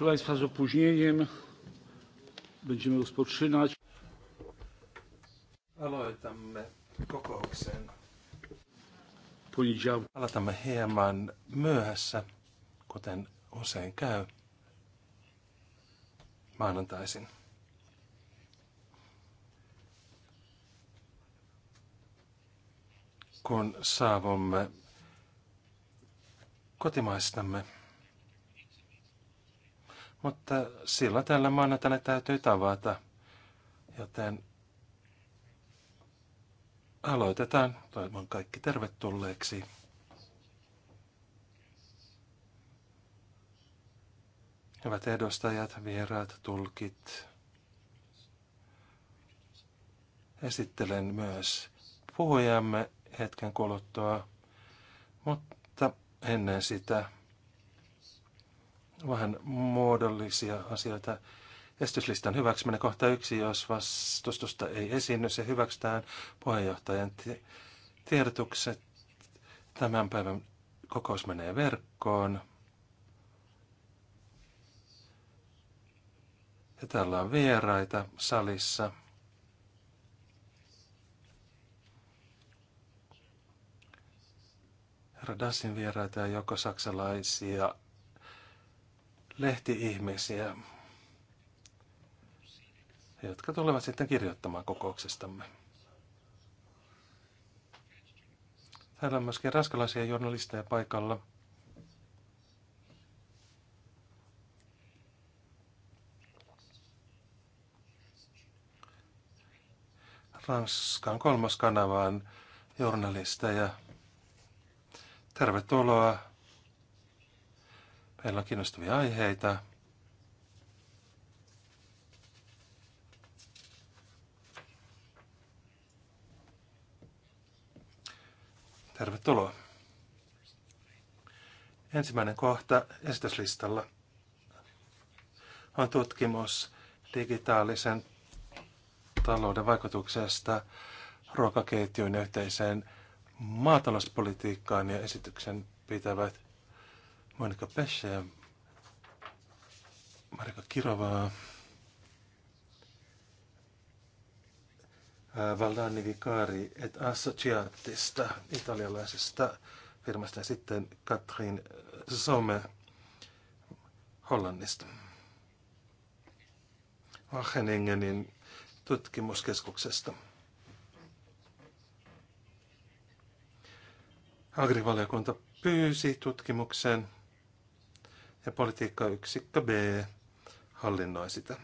proszę państwa z opóźnieniem będziemy rozpoczynać aloitamme kokouksen poniedziałku aloitamme hieman myöhässä kuten usein käy maanantaisin kun saavumme kotimaistamme mutta silloin tällä maanantaina täytyy tavata. Joten aloitetaan. Toivon kaikki tervetulleeksi. Hyvät edustajat, vieraat, tulkit. Esittelen myös puhujamme hetken kuluttua, mutta ennen sitä vähän muodollisia asioita. Estyslistan hyväksyminen kohta yksi, jos vastustusta ei esiinny, se hyväksytään puheenjohtajan tiedotukset. Tämän päivän kokous menee verkkoon. Ja täällä on vieraita salissa. Herra Dassin vieraita ja joko saksalaisia lehtiihmisiä, jotka tulevat sitten kirjoittamaan kokouksestamme. Täällä on myöskin raskalaisia journalisteja paikalla. Ranskan kolmas kanavaan journalisteja. Tervetuloa Meillä on kiinnostavia aiheita. Tervetuloa. Ensimmäinen kohta esityslistalla on tutkimus digitaalisen talouden vaikutuksesta ruokaketjun yhteiseen maatalouspolitiikkaan ja esityksen pitävät Monika Pesce ja Marika Kirovaa. Valdani Vicari et Associatista, italialaisesta firmasta, ja sitten Katrin Somme Hollannista. Wageningenin tutkimuskeskuksesta. Agrivaliokunta pyysi tutkimuksen ja politiikkayksikkö B hallinnoi sitä.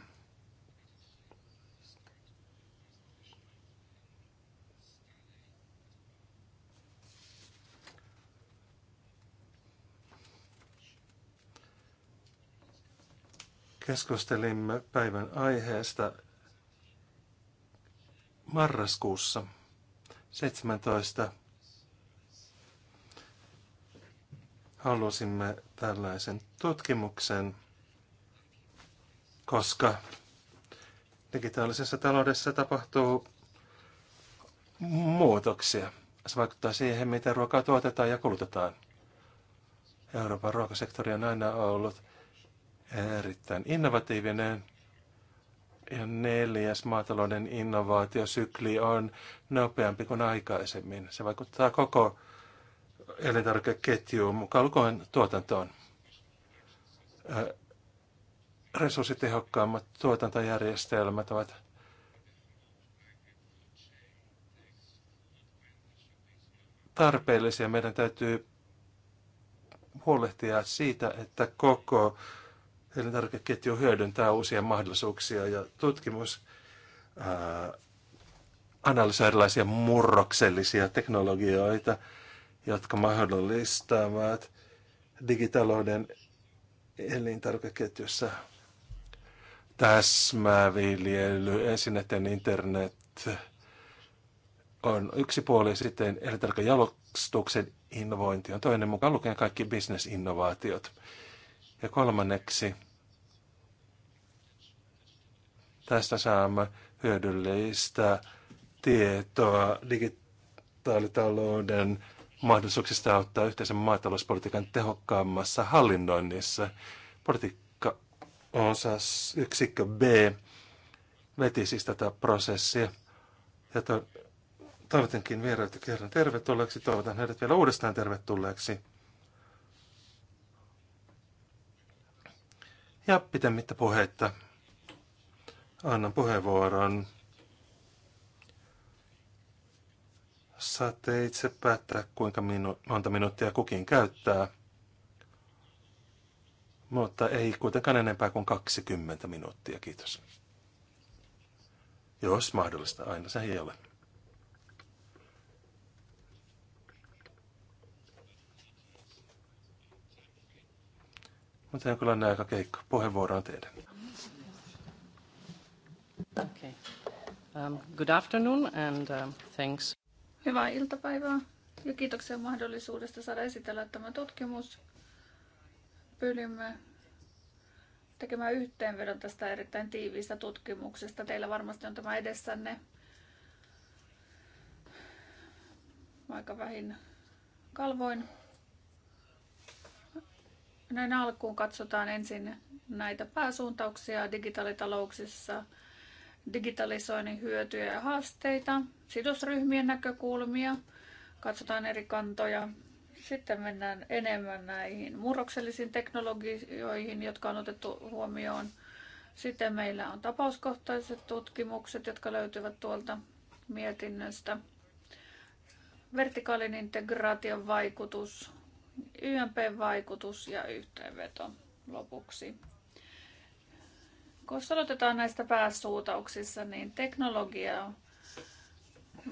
Keskustelimme päivän aiheesta marraskuussa 17. halusimme tällaisen tutkimuksen, koska digitaalisessa taloudessa tapahtuu muutoksia. Se vaikuttaa siihen, miten ruokaa tuotetaan ja kulutetaan. Euroopan ruokasektori on aina ollut erittäin innovatiivinen. Ja neljäs maatalouden innovaatiosykli on nopeampi kuin aikaisemmin. Se vaikuttaa koko elintarvikeketjuun, mukaan lukoon tuotantoon. Resurssitehokkaammat tuotantojärjestelmät ovat tarpeellisia. Meidän täytyy huolehtia siitä, että koko elintarvikeketju hyödyntää uusia mahdollisuuksia ja tutkimus analysoi erilaisia murroksellisia teknologioita jotka mahdollistavat digitalouden elintarvikeketjussa täsmäviljely, että internet on yksi puoli, sitten elintarvikejalostuksen innovointi on toinen, mukaan lukien kaikki bisnesinnovaatiot. Ja kolmanneksi tästä saamme hyödyllistä tietoa digitaalitalouden mahdollisuuksista auttaa yhteisen maatalouspolitiikan tehokkaammassa hallinnoinnissa. Politiikka on saas yksikkö B veti siis tätä prosessia. Ja to, toivotankin vieraita kerran tervetulleeksi, toivotan heidät vielä uudestaan tervetulleeksi. Ja pitemmittä puheitta annan puheenvuoron Saatte itse päättää, kuinka minu- monta minuuttia kukin käyttää, mutta ei kuitenkaan enempää kuin 20 minuuttia, kiitos. Jos mahdollista, aina se ei ole. Mutta en kyllä aika keikka. Puheenvuoro on teidän. Okay. Um, good afternoon and um, thanks. Hyvää iltapäivää ja kiitoksia mahdollisuudesta saada esitellä tämä tutkimus. Pyrimme tekemään yhteenvedon tästä erittäin tiiviistä tutkimuksesta. Teillä varmasti on tämä edessänne aika vähin kalvoin. Näin alkuun katsotaan ensin näitä pääsuuntauksia digitaalitalouksissa, digitalisoinnin hyötyjä ja haasteita – sidosryhmien näkökulmia, katsotaan eri kantoja. Sitten mennään enemmän näihin murroksellisiin teknologioihin, jotka on otettu huomioon. Sitten meillä on tapauskohtaiset tutkimukset, jotka löytyvät tuolta mietinnöstä. Vertikaalin integraation vaikutus, YMP-vaikutus ja yhteenveto lopuksi. Kun aloitetaan näistä pääsuutauksissa, niin teknologia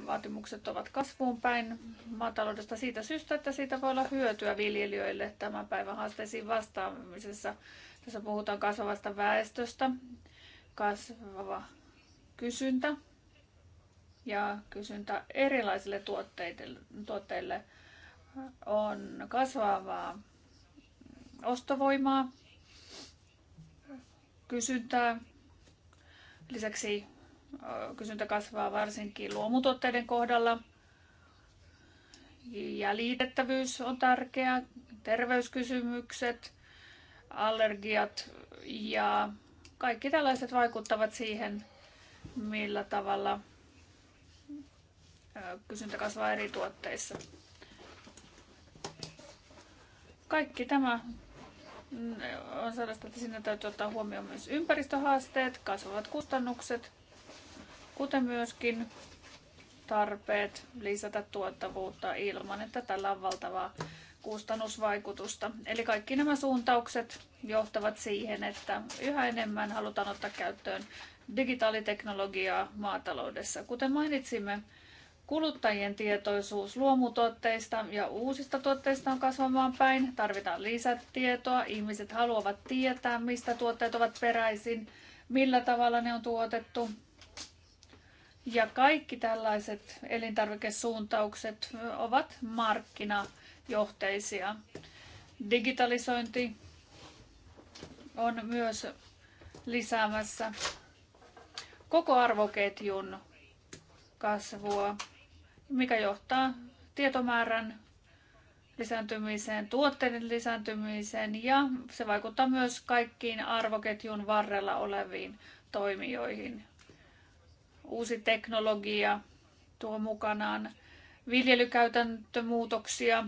vaatimukset ovat kasvuun päin maataloudesta siitä syystä, että siitä voi olla hyötyä viljelijöille tämän päivän haasteisiin vastaamisessa. Tässä puhutaan kasvavasta väestöstä, kasvava kysyntä ja kysyntä erilaisille tuotteille, tuotteille on kasvavaa ostovoimaa, kysyntää, lisäksi Kysyntä kasvaa varsinkin luomutuotteiden kohdalla. Ja liitettävyys on tärkeää, terveyskysymykset, allergiat ja kaikki tällaiset vaikuttavat siihen, millä tavalla kysyntä kasvaa eri tuotteissa. Kaikki tämä mm, on sellaista, että sinne täytyy ottaa huomioon myös ympäristöhaasteet, kasvavat kustannukset – kuten myöskin tarpeet lisätä tuottavuutta ilman, että tällä on valtavaa kustannusvaikutusta. Eli kaikki nämä suuntaukset johtavat siihen, että yhä enemmän halutaan ottaa käyttöön digitaaliteknologiaa maataloudessa. Kuten mainitsimme, kuluttajien tietoisuus luomutuotteista ja uusista tuotteista on kasvamaan päin. Tarvitaan lisätietoa. Ihmiset haluavat tietää, mistä tuotteet ovat peräisin, millä tavalla ne on tuotettu ja kaikki tällaiset elintarvikesuuntaukset ovat markkinajohteisia. Digitalisointi on myös lisäämässä koko arvoketjun kasvua, mikä johtaa tietomäärän lisääntymiseen, tuotteiden lisääntymiseen ja se vaikuttaa myös kaikkiin arvoketjun varrella oleviin toimijoihin. Uusi teknologia tuo mukanaan viljelykäytäntömuutoksia,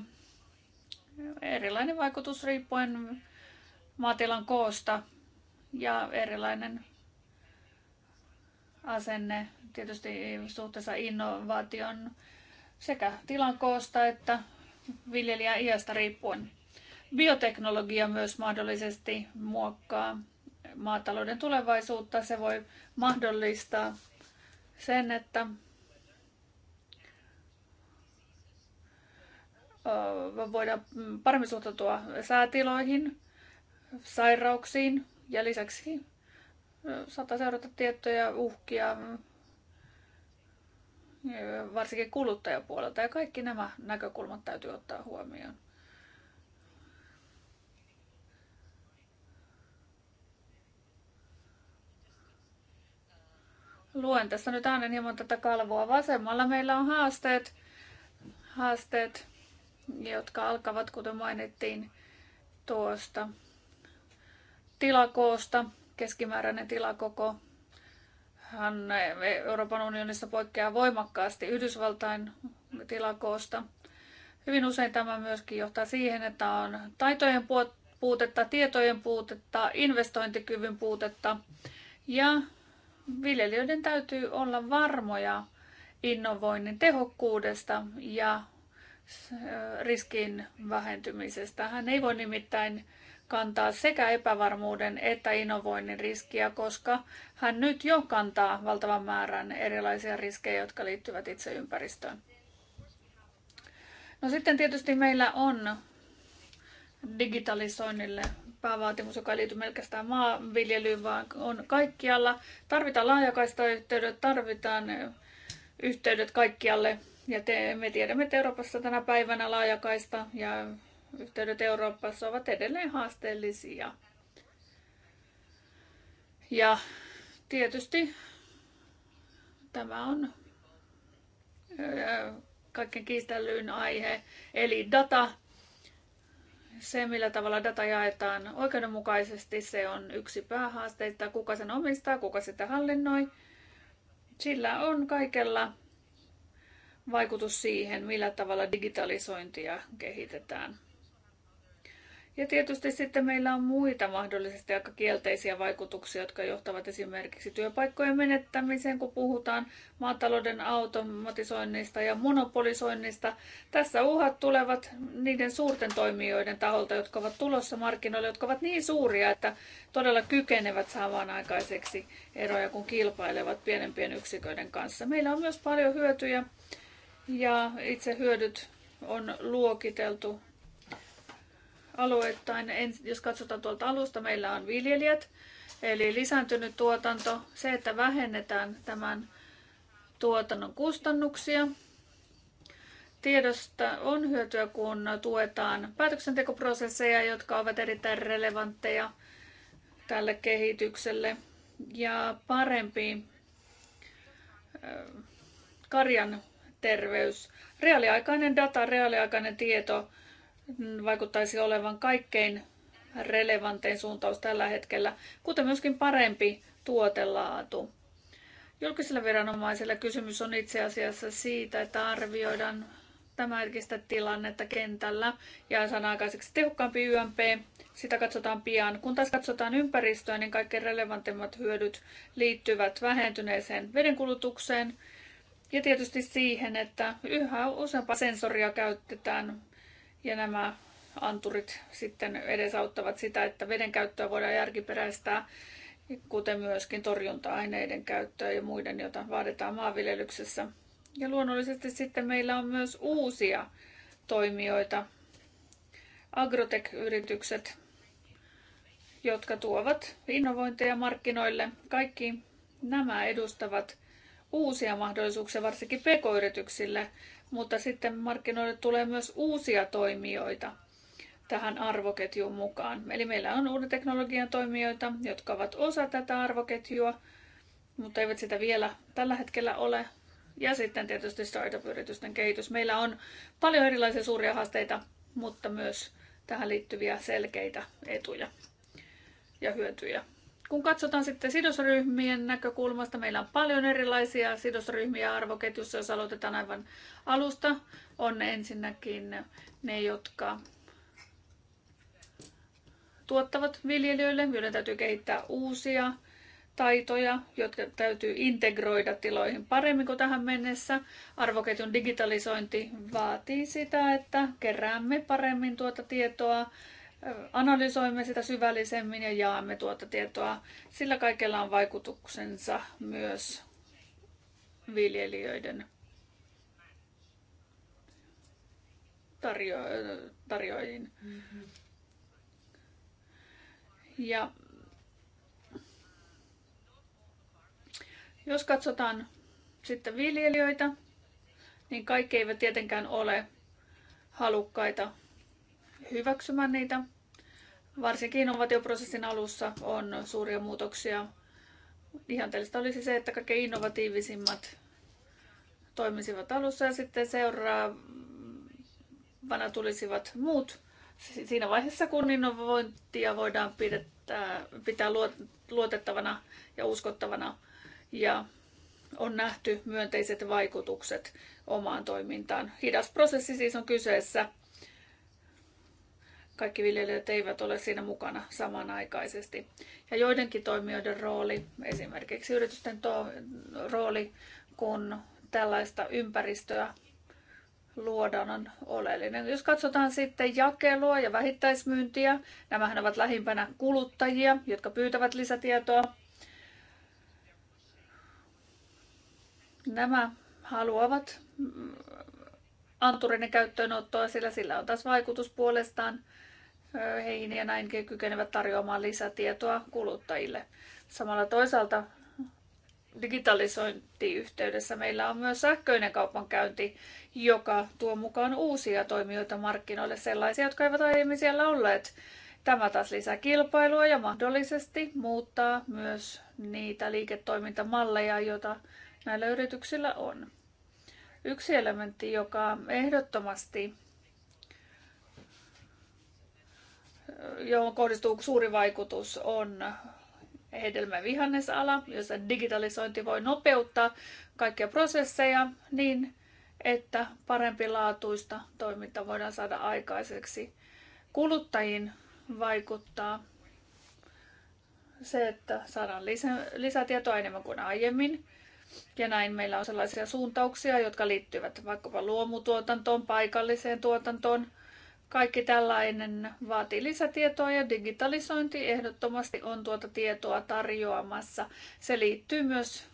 erilainen vaikutus riippuen maatilan koosta ja erilainen asenne tietysti suhteessa innovaation sekä tilan koosta että viljelijän iästä riippuen. Bioteknologia myös mahdollisesti muokkaa maatalouden tulevaisuutta. Se voi mahdollistaa sen, että voidaan paremmin suhtautua säätiloihin, sairauksiin ja lisäksi saattaa seurata tiettyjä uhkia varsinkin kuluttajapuolelta ja kaikki nämä näkökulmat täytyy ottaa huomioon. Luen tässä nyt aina hieman tätä kalvoa. Vasemmalla meillä on haasteet, haasteet jotka alkavat, kuten mainittiin, tuosta tilakoosta, keskimääräinen tilakoko. Hän Euroopan unionissa poikkeaa voimakkaasti Yhdysvaltain tilakoosta. Hyvin usein tämä myöskin johtaa siihen, että on taitojen puutetta, tietojen puutetta, investointikyvyn puutetta ja viljelijöiden täytyy olla varmoja innovoinnin tehokkuudesta ja riskin vähentymisestä. Hän ei voi nimittäin kantaa sekä epävarmuuden että innovoinnin riskiä, koska hän nyt jo kantaa valtavan määrän erilaisia riskejä, jotka liittyvät itse ympäristöön. No sitten tietysti meillä on digitalisoinnille päävaatimus, joka liittyy melkein maanviljelyyn, vaan on kaikkialla. Tarvitaan laajakaistayhteydet, tarvitaan yhteydet kaikkialle. Ja te, me tiedämme, että Euroopassa tänä päivänä laajakaista ja yhteydet Euroopassa ovat edelleen haasteellisia. Ja tietysti tämä on kaiken kiistelyyn aihe, eli data se, millä tavalla data jaetaan oikeudenmukaisesti, se on yksi päähaasteita, Kuka sen omistaa, kuka sitä hallinnoi. Sillä on kaikella vaikutus siihen, millä tavalla digitalisointia kehitetään. Ja tietysti sitten meillä on muita mahdollisesti aika kielteisiä vaikutuksia, jotka johtavat esimerkiksi työpaikkojen menettämiseen, kun puhutaan maatalouden automatisoinnista ja monopolisoinnista. Tässä uhat tulevat niiden suurten toimijoiden taholta, jotka ovat tulossa markkinoille, jotka ovat niin suuria, että todella kykenevät saamaan aikaiseksi eroja, kun kilpailevat pienempien yksiköiden kanssa. Meillä on myös paljon hyötyjä ja itse hyödyt on luokiteltu alueittain. Jos katsotaan tuolta alusta, meillä on viljelijät, eli lisääntynyt tuotanto, se, että vähennetään tämän tuotannon kustannuksia. Tiedosta on hyötyä, kun tuetaan päätöksentekoprosesseja, jotka ovat erittäin relevantteja tälle kehitykselle ja parempi karjan terveys. Reaaliaikainen data, reaaliaikainen tieto vaikuttaisi olevan kaikkein relevantein suuntaus tällä hetkellä, kuten myöskin parempi tuotelaatu. Julkisella viranomaisella kysymys on itse asiassa siitä, että arvioidaan tämänhetkistä tilannetta kentällä ja saadaan aikaiseksi tehokkaampi YMP. Sitä katsotaan pian. Kun taas katsotaan ympäristöä, niin kaikkein relevantimmat hyödyt liittyvät vähentyneeseen vedenkulutukseen ja tietysti siihen, että yhä useampaa sensoria käytetään ja nämä anturit sitten edesauttavat sitä, että veden käyttöä voidaan järkiperäistää, kuten myöskin torjunta-aineiden käyttöä ja muiden, joita vaaditaan maanviljelyksessä. Ja luonnollisesti sitten meillä on myös uusia toimijoita, agrotech-yritykset, jotka tuovat innovointeja markkinoille. Kaikki nämä edustavat uusia mahdollisuuksia varsinkin pk-yrityksille mutta sitten markkinoille tulee myös uusia toimijoita tähän arvoketjuun mukaan. Eli meillä on uuden teknologian toimijoita, jotka ovat osa tätä arvoketjua, mutta eivät sitä vielä tällä hetkellä ole. Ja sitten tietysti startup-yritysten kehitys. Meillä on paljon erilaisia suuria haasteita, mutta myös tähän liittyviä selkeitä etuja ja hyötyjä. Kun katsotaan sitten sidosryhmien näkökulmasta, meillä on paljon erilaisia sidosryhmiä arvoketjussa, jos aloitetaan aivan alusta. On ensinnäkin ne, jotka tuottavat viljelijöille, joiden täytyy kehittää uusia taitoja, jotka täytyy integroida tiloihin paremmin kuin tähän mennessä. Arvoketjun digitalisointi vaatii sitä, että keräämme paremmin tuota tietoa analysoimme sitä syvällisemmin ja jaamme tuota tietoa. Sillä kaikella on vaikutuksensa myös viljelijöiden tarjo- tarjoajiin. Mm-hmm. Ja jos katsotaan sitten viljelijöitä, niin kaikki eivät tietenkään ole halukkaita hyväksymään niitä varsinkin innovaatioprosessin alussa on suuria muutoksia. Ihanteellista olisi se, että kaikki innovatiivisimmat toimisivat alussa ja sitten seuraavana tulisivat muut siinä vaiheessa, kun innovointia voidaan pidettää, pitää luotettavana ja uskottavana ja on nähty myönteiset vaikutukset omaan toimintaan. Hidas prosessi siis on kyseessä kaikki viljelijät eivät ole siinä mukana samanaikaisesti. Ja joidenkin toimijoiden rooli, esimerkiksi yritysten to- rooli, kun tällaista ympäristöä luodaan, on oleellinen. Jos katsotaan sitten jakelua ja vähittäismyyntiä, nämähän ovat lähimpänä kuluttajia, jotka pyytävät lisätietoa. Nämä haluavat mm, anturinen käyttöönottoa, sillä sillä on taas vaikutus puolestaan heihin ja näin kykenevät tarjoamaan lisätietoa kuluttajille. Samalla toisaalta digitalisointiyhteydessä meillä on myös sähköinen kaupankäynti, joka tuo mukaan uusia toimijoita markkinoille, sellaisia, jotka eivät aiemmin siellä olleet. Tämä taas lisää kilpailua ja mahdollisesti muuttaa myös niitä liiketoimintamalleja, joita näillä yrityksillä on. Yksi elementti, joka ehdottomasti johon kohdistuu suuri vaikutus, on hedelmä- vihannesala, jossa digitalisointi voi nopeuttaa kaikkia prosesseja niin, että parempi laatuista toimintaa voidaan saada aikaiseksi. Kuluttajiin vaikuttaa se, että saadaan lisä, lisätietoa enemmän kuin aiemmin. Ja näin meillä on sellaisia suuntauksia, jotka liittyvät vaikkapa luomutuotantoon, paikalliseen tuotantoon – kaikki tällainen vaatii lisätietoa ja digitalisointi ehdottomasti on tuota tietoa tarjoamassa. Se liittyy myös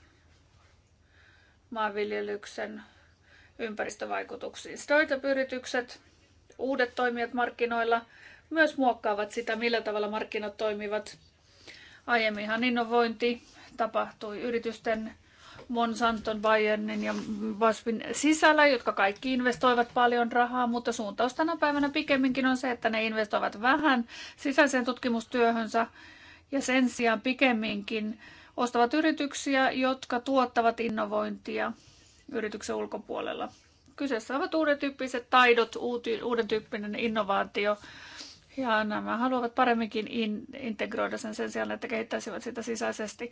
maanviljelyksen ympäristövaikutuksiin. Startup-yritykset, uudet toimijat markkinoilla myös muokkaavat sitä, millä tavalla markkinat toimivat. Aiemminhan innovointi tapahtui yritysten Monsanton, Bayernin ja Vaspin sisällä, jotka kaikki investoivat paljon rahaa, mutta suuntaus tänä päivänä pikemminkin on se, että ne investoivat vähän sisäiseen tutkimustyöhönsä ja sen sijaan pikemminkin ostavat yrityksiä, jotka tuottavat innovointia yrityksen ulkopuolella. Kyseessä ovat uuden tyyppiset taidot, uuden tyyppinen innovaatio ja nämä haluavat paremminkin in, integroida sen sen sijaan, että kehittäisivät sitä sisäisesti.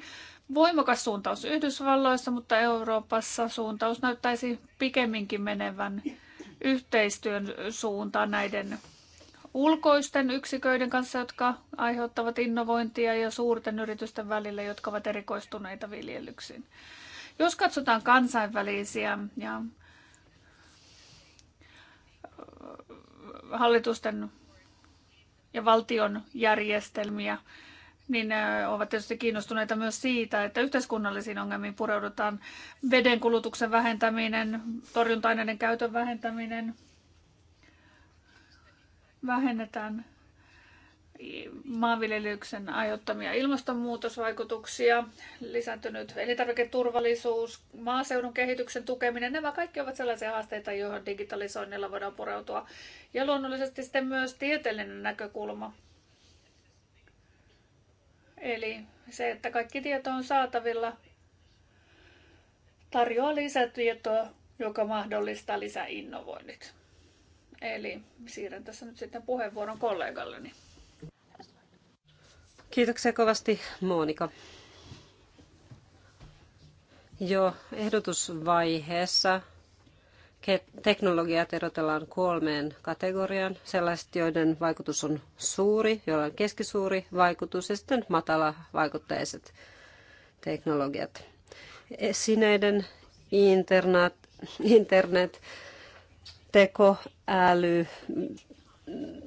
Voimakas suuntaus Yhdysvalloissa, mutta Euroopassa suuntaus näyttäisi pikemminkin menevän yhteistyön suuntaan näiden ulkoisten yksiköiden kanssa, jotka aiheuttavat innovointia ja suurten yritysten välillä, jotka ovat erikoistuneita viljelyksiin. Jos katsotaan kansainvälisiä ja hallitusten ja valtion järjestelmiä, niin ovat tietysti kiinnostuneita myös siitä, että yhteiskunnallisiin ongelmiin pureudutaan. Veden kulutuksen vähentäminen, torjunta-aineiden käytön vähentäminen, vähennetään maanviljelyksen aiheuttamia ilmastonmuutosvaikutuksia, lisääntynyt elintarviketurvallisuus, maaseudun kehityksen tukeminen, nämä kaikki ovat sellaisia haasteita, joihin digitalisoinnilla voidaan pureutua. Ja luonnollisesti sitten myös tieteellinen näkökulma. Eli se, että kaikki tieto on saatavilla, tarjoaa lisätietoa, joka mahdollistaa lisäinnovoinnit. Eli siirrän tässä nyt sitten puheenvuoron kollegalleni. Kiitoksia kovasti, Monika. Jo ehdotusvaiheessa teknologiat erotellaan kolmeen kategoriaan. Sellaiset, joiden vaikutus on suuri, joilla on keskisuuri vaikutus ja sitten matalavaikutteiset teknologiat. Esineiden internet, internet tekoäly,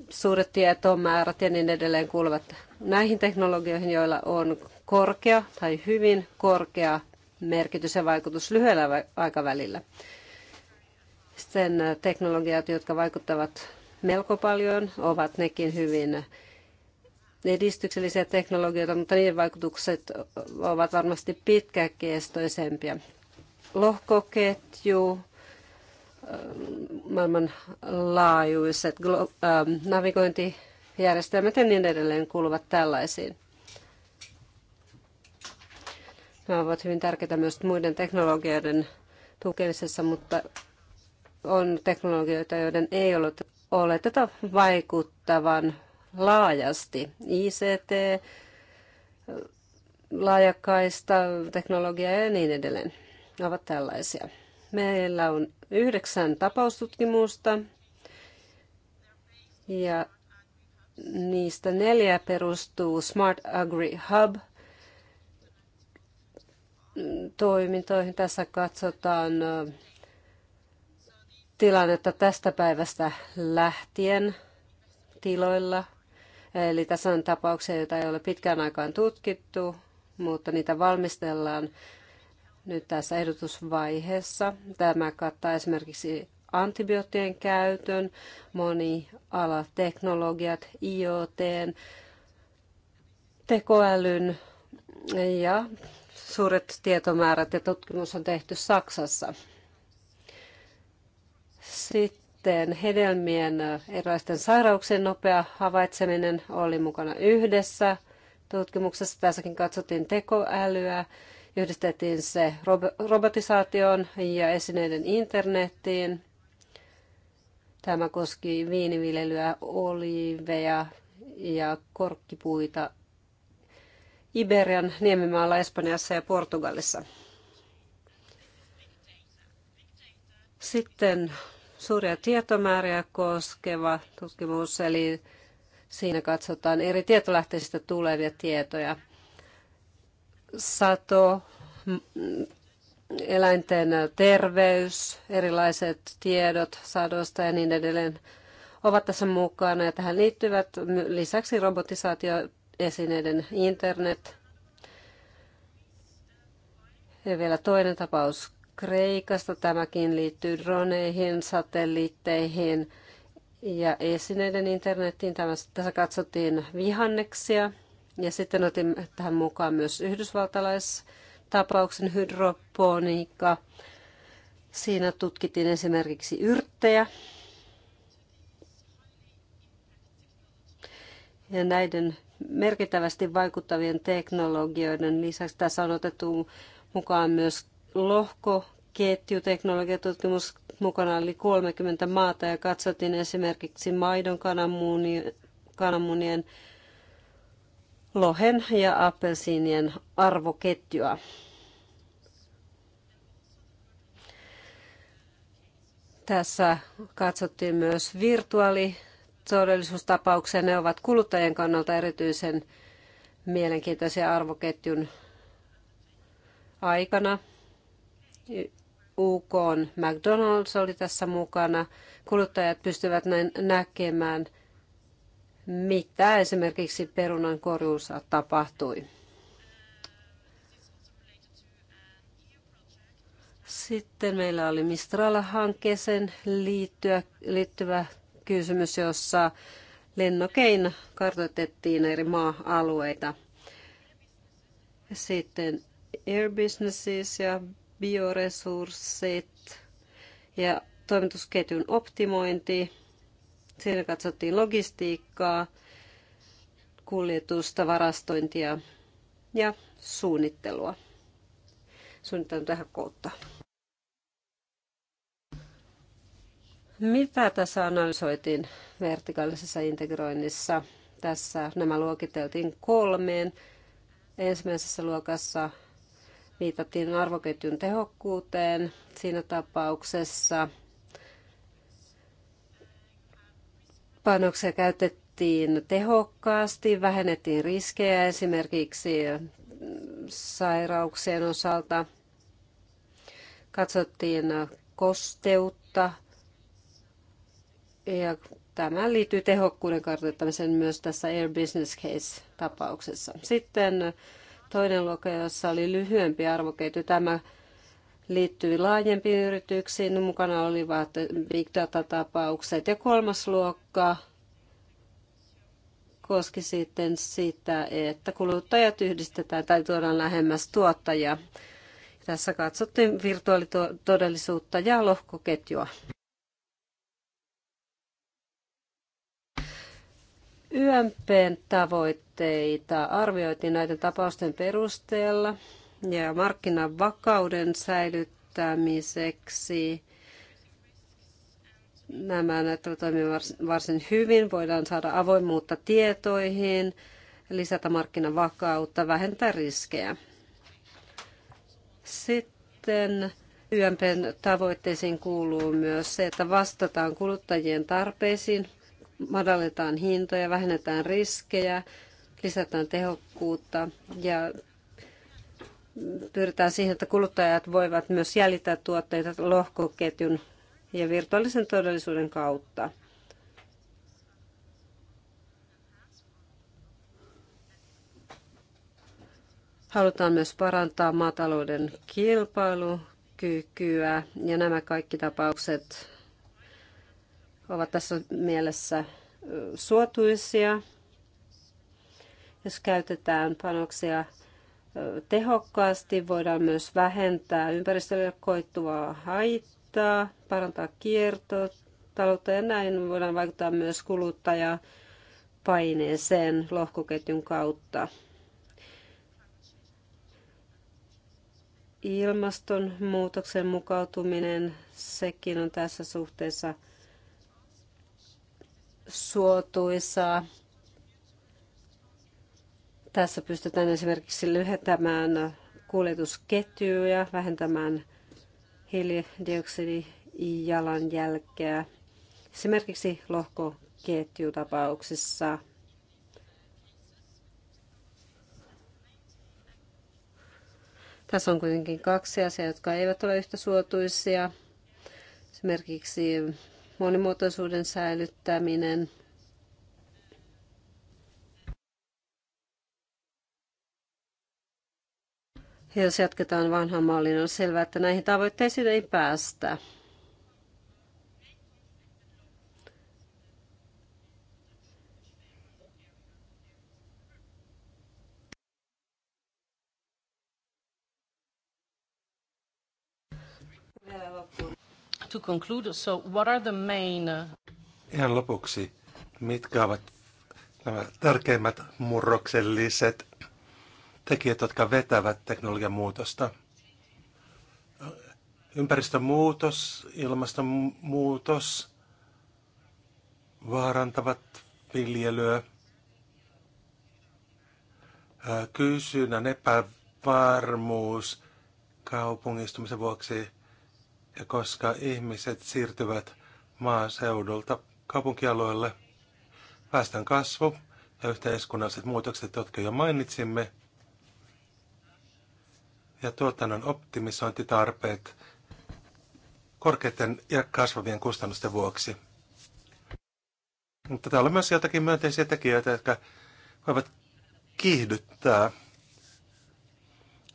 suuret tietomäärät ja niin edelleen kuuluvat näihin teknologioihin, joilla on korkea tai hyvin korkea merkitys ja vaikutus lyhyellä aikavälillä. Sen teknologiat, jotka vaikuttavat melko paljon, ovat nekin hyvin edistyksellisiä teknologioita, mutta niiden vaikutukset ovat varmasti pitkäkestoisempia. Lohkoketju, maailmanlaajuiset navigointi järjestelmät ja niin edelleen kuuluvat tällaisiin. Nämä ovat hyvin tärkeitä myös muiden teknologioiden tukemisessa, mutta on teknologioita, joiden ei ollut oleteta vaikuttavan laajasti. ICT, laajakaista, teknologia ja niin edelleen ovat tällaisia. Meillä on yhdeksän tapaustutkimusta ja Niistä neljä perustuu Smart Agri Hub toimintoihin. Tässä katsotaan tilannetta tästä päivästä lähtien tiloilla. Eli tässä on tapauksia, joita ei ole pitkään aikaan tutkittu, mutta niitä valmistellaan nyt tässä ehdotusvaiheessa. Tämä kattaa esimerkiksi antibioottien käytön, monialateknologiat, IoT, tekoälyn ja suuret tietomäärät ja tutkimus on tehty Saksassa. Sitten hedelmien erilaisten sairauksien nopea havaitseminen oli mukana yhdessä tutkimuksessa. Tässäkin katsottiin tekoälyä, yhdistettiin se robotisaatioon ja esineiden internettiin. Tämä koski viiniviljelyä, oliiveja ja korkkipuita Iberian niemimaalla Espanjassa ja Portugalissa. Sitten suuria tietomääriä koskeva tutkimus, eli siinä katsotaan eri tietolähteistä tulevia tietoja. Sato, eläinten terveys, erilaiset tiedot sadosta ja niin edelleen ovat tässä mukana. Ja tähän liittyvät lisäksi robotisaatioesineiden internet. Ja vielä toinen tapaus Kreikasta. Tämäkin liittyy droneihin, satelliitteihin ja esineiden internettiin. Tässä katsottiin vihanneksia. Ja sitten otin tähän mukaan myös yhdysvaltalais- tapauksen hydroponiikka. Siinä tutkittiin esimerkiksi yrttejä. Ja näiden merkittävästi vaikuttavien teknologioiden lisäksi tässä on otettu mukaan myös lohkoketjuteknologiatutkimus mukana oli 30 maata ja katsottiin esimerkiksi maidon kananmunien, lohen ja appelsiinien arvoketjua. Tässä katsottiin myös virtuaalitodellisuustapauksia. Ne ovat kuluttajien kannalta erityisen mielenkiintoisia arvoketjun aikana. UK on McDonald's oli tässä mukana. Kuluttajat pystyvät näin näkemään, mitä esimerkiksi perunan korjuussa tapahtui. Sitten meillä oli Mistral-hankkeeseen liittyvä kysymys, jossa lennokein kartoitettiin eri maa-alueita. Sitten air businesses ja bioresurssit ja toimitusketjun optimointi. Siinä katsottiin logistiikkaa, kuljetusta, varastointia ja suunnittelua tähän tehokkuutta. Mitä tässä analysoitiin vertikaalisessa integroinnissa? Tässä nämä luokiteltiin kolmeen. Ensimmäisessä luokassa viitattiin arvoketjun tehokkuuteen siinä tapauksessa. Panoksia käytettiin tehokkaasti, vähennettiin riskejä esimerkiksi sairauksien osalta. Katsottiin kosteutta ja tämä liittyy tehokkuuden kartoittamiseen myös tässä Air Business Case-tapauksessa. Sitten toinen luokka, jossa oli lyhyempi arvoketju, tämä liittyi laajempiin yrityksiin. Mukana olivat big data-tapaukset ja kolmas luokka – koski sitten sitä, että kuluttajat yhdistetään tai tuodaan lähemmäs tuottajia. Tässä katsottiin virtuaalitodellisuutta ja lohkoketjua. YMPn tavoitteita arvioitiin näiden tapausten perusteella ja markkinan vakauden säilyttämiseksi Nämä näyttävät toimivan varsin hyvin. Voidaan saada avoimuutta tietoihin, lisätä markkinavakautta, vähentää riskejä. Sitten YMPn tavoitteisiin kuuluu myös se, että vastataan kuluttajien tarpeisiin, madalletaan hintoja, vähennetään riskejä, lisätään tehokkuutta ja pyritään siihen, että kuluttajat voivat myös jäljittää tuotteita lohkoketjun ja virtuaalisen todellisuuden kautta. Halutaan myös parantaa maatalouden kilpailukykyä ja nämä kaikki tapaukset ovat tässä mielessä suotuisia. Jos käytetään panoksia tehokkaasti, voidaan myös vähentää ympäristölle koituvaa haittaa kuluttaa, parantaa kiertotaloutta ja näin voidaan vaikuttaa myös kuluttajapaineeseen lohkoketjun kautta. Ilmastonmuutoksen mukautuminen, sekin on tässä suhteessa suotuisaa. Tässä pystytään esimerkiksi lyhentämään kuljetusketjuja, vähentämään hiilidioksidijalanjälkeä. Esimerkiksi lohkoketjutapauksissa Tässä on kuitenkin kaksi asiaa, jotka eivät ole yhtä suotuisia. Esimerkiksi monimuotoisuuden säilyttäminen – Jos jatketaan vanhan mallin, on selvää, että näihin tavoitteisiin ei päästä. To conclude, so what are the main... Uh, Ihan lopuksi, mitkä ovat nämä tärkeimmät murrokselliset tekijät, jotka vetävät teknologian muutosta. Ympäristömuutos, ilmastonmuutos vaarantavat viljelyä. Kysynnän epävarmuus kaupungistumisen vuoksi ja koska ihmiset siirtyvät maaseudulta kaupunkialueelle, väestön kasvu ja yhteiskunnalliset muutokset, jotka jo mainitsimme, ja tuotannon optimisointitarpeet korkeiden ja kasvavien kustannusten vuoksi. Mutta täällä on myös jotakin myönteisiä tekijöitä, jotka voivat kiihdyttää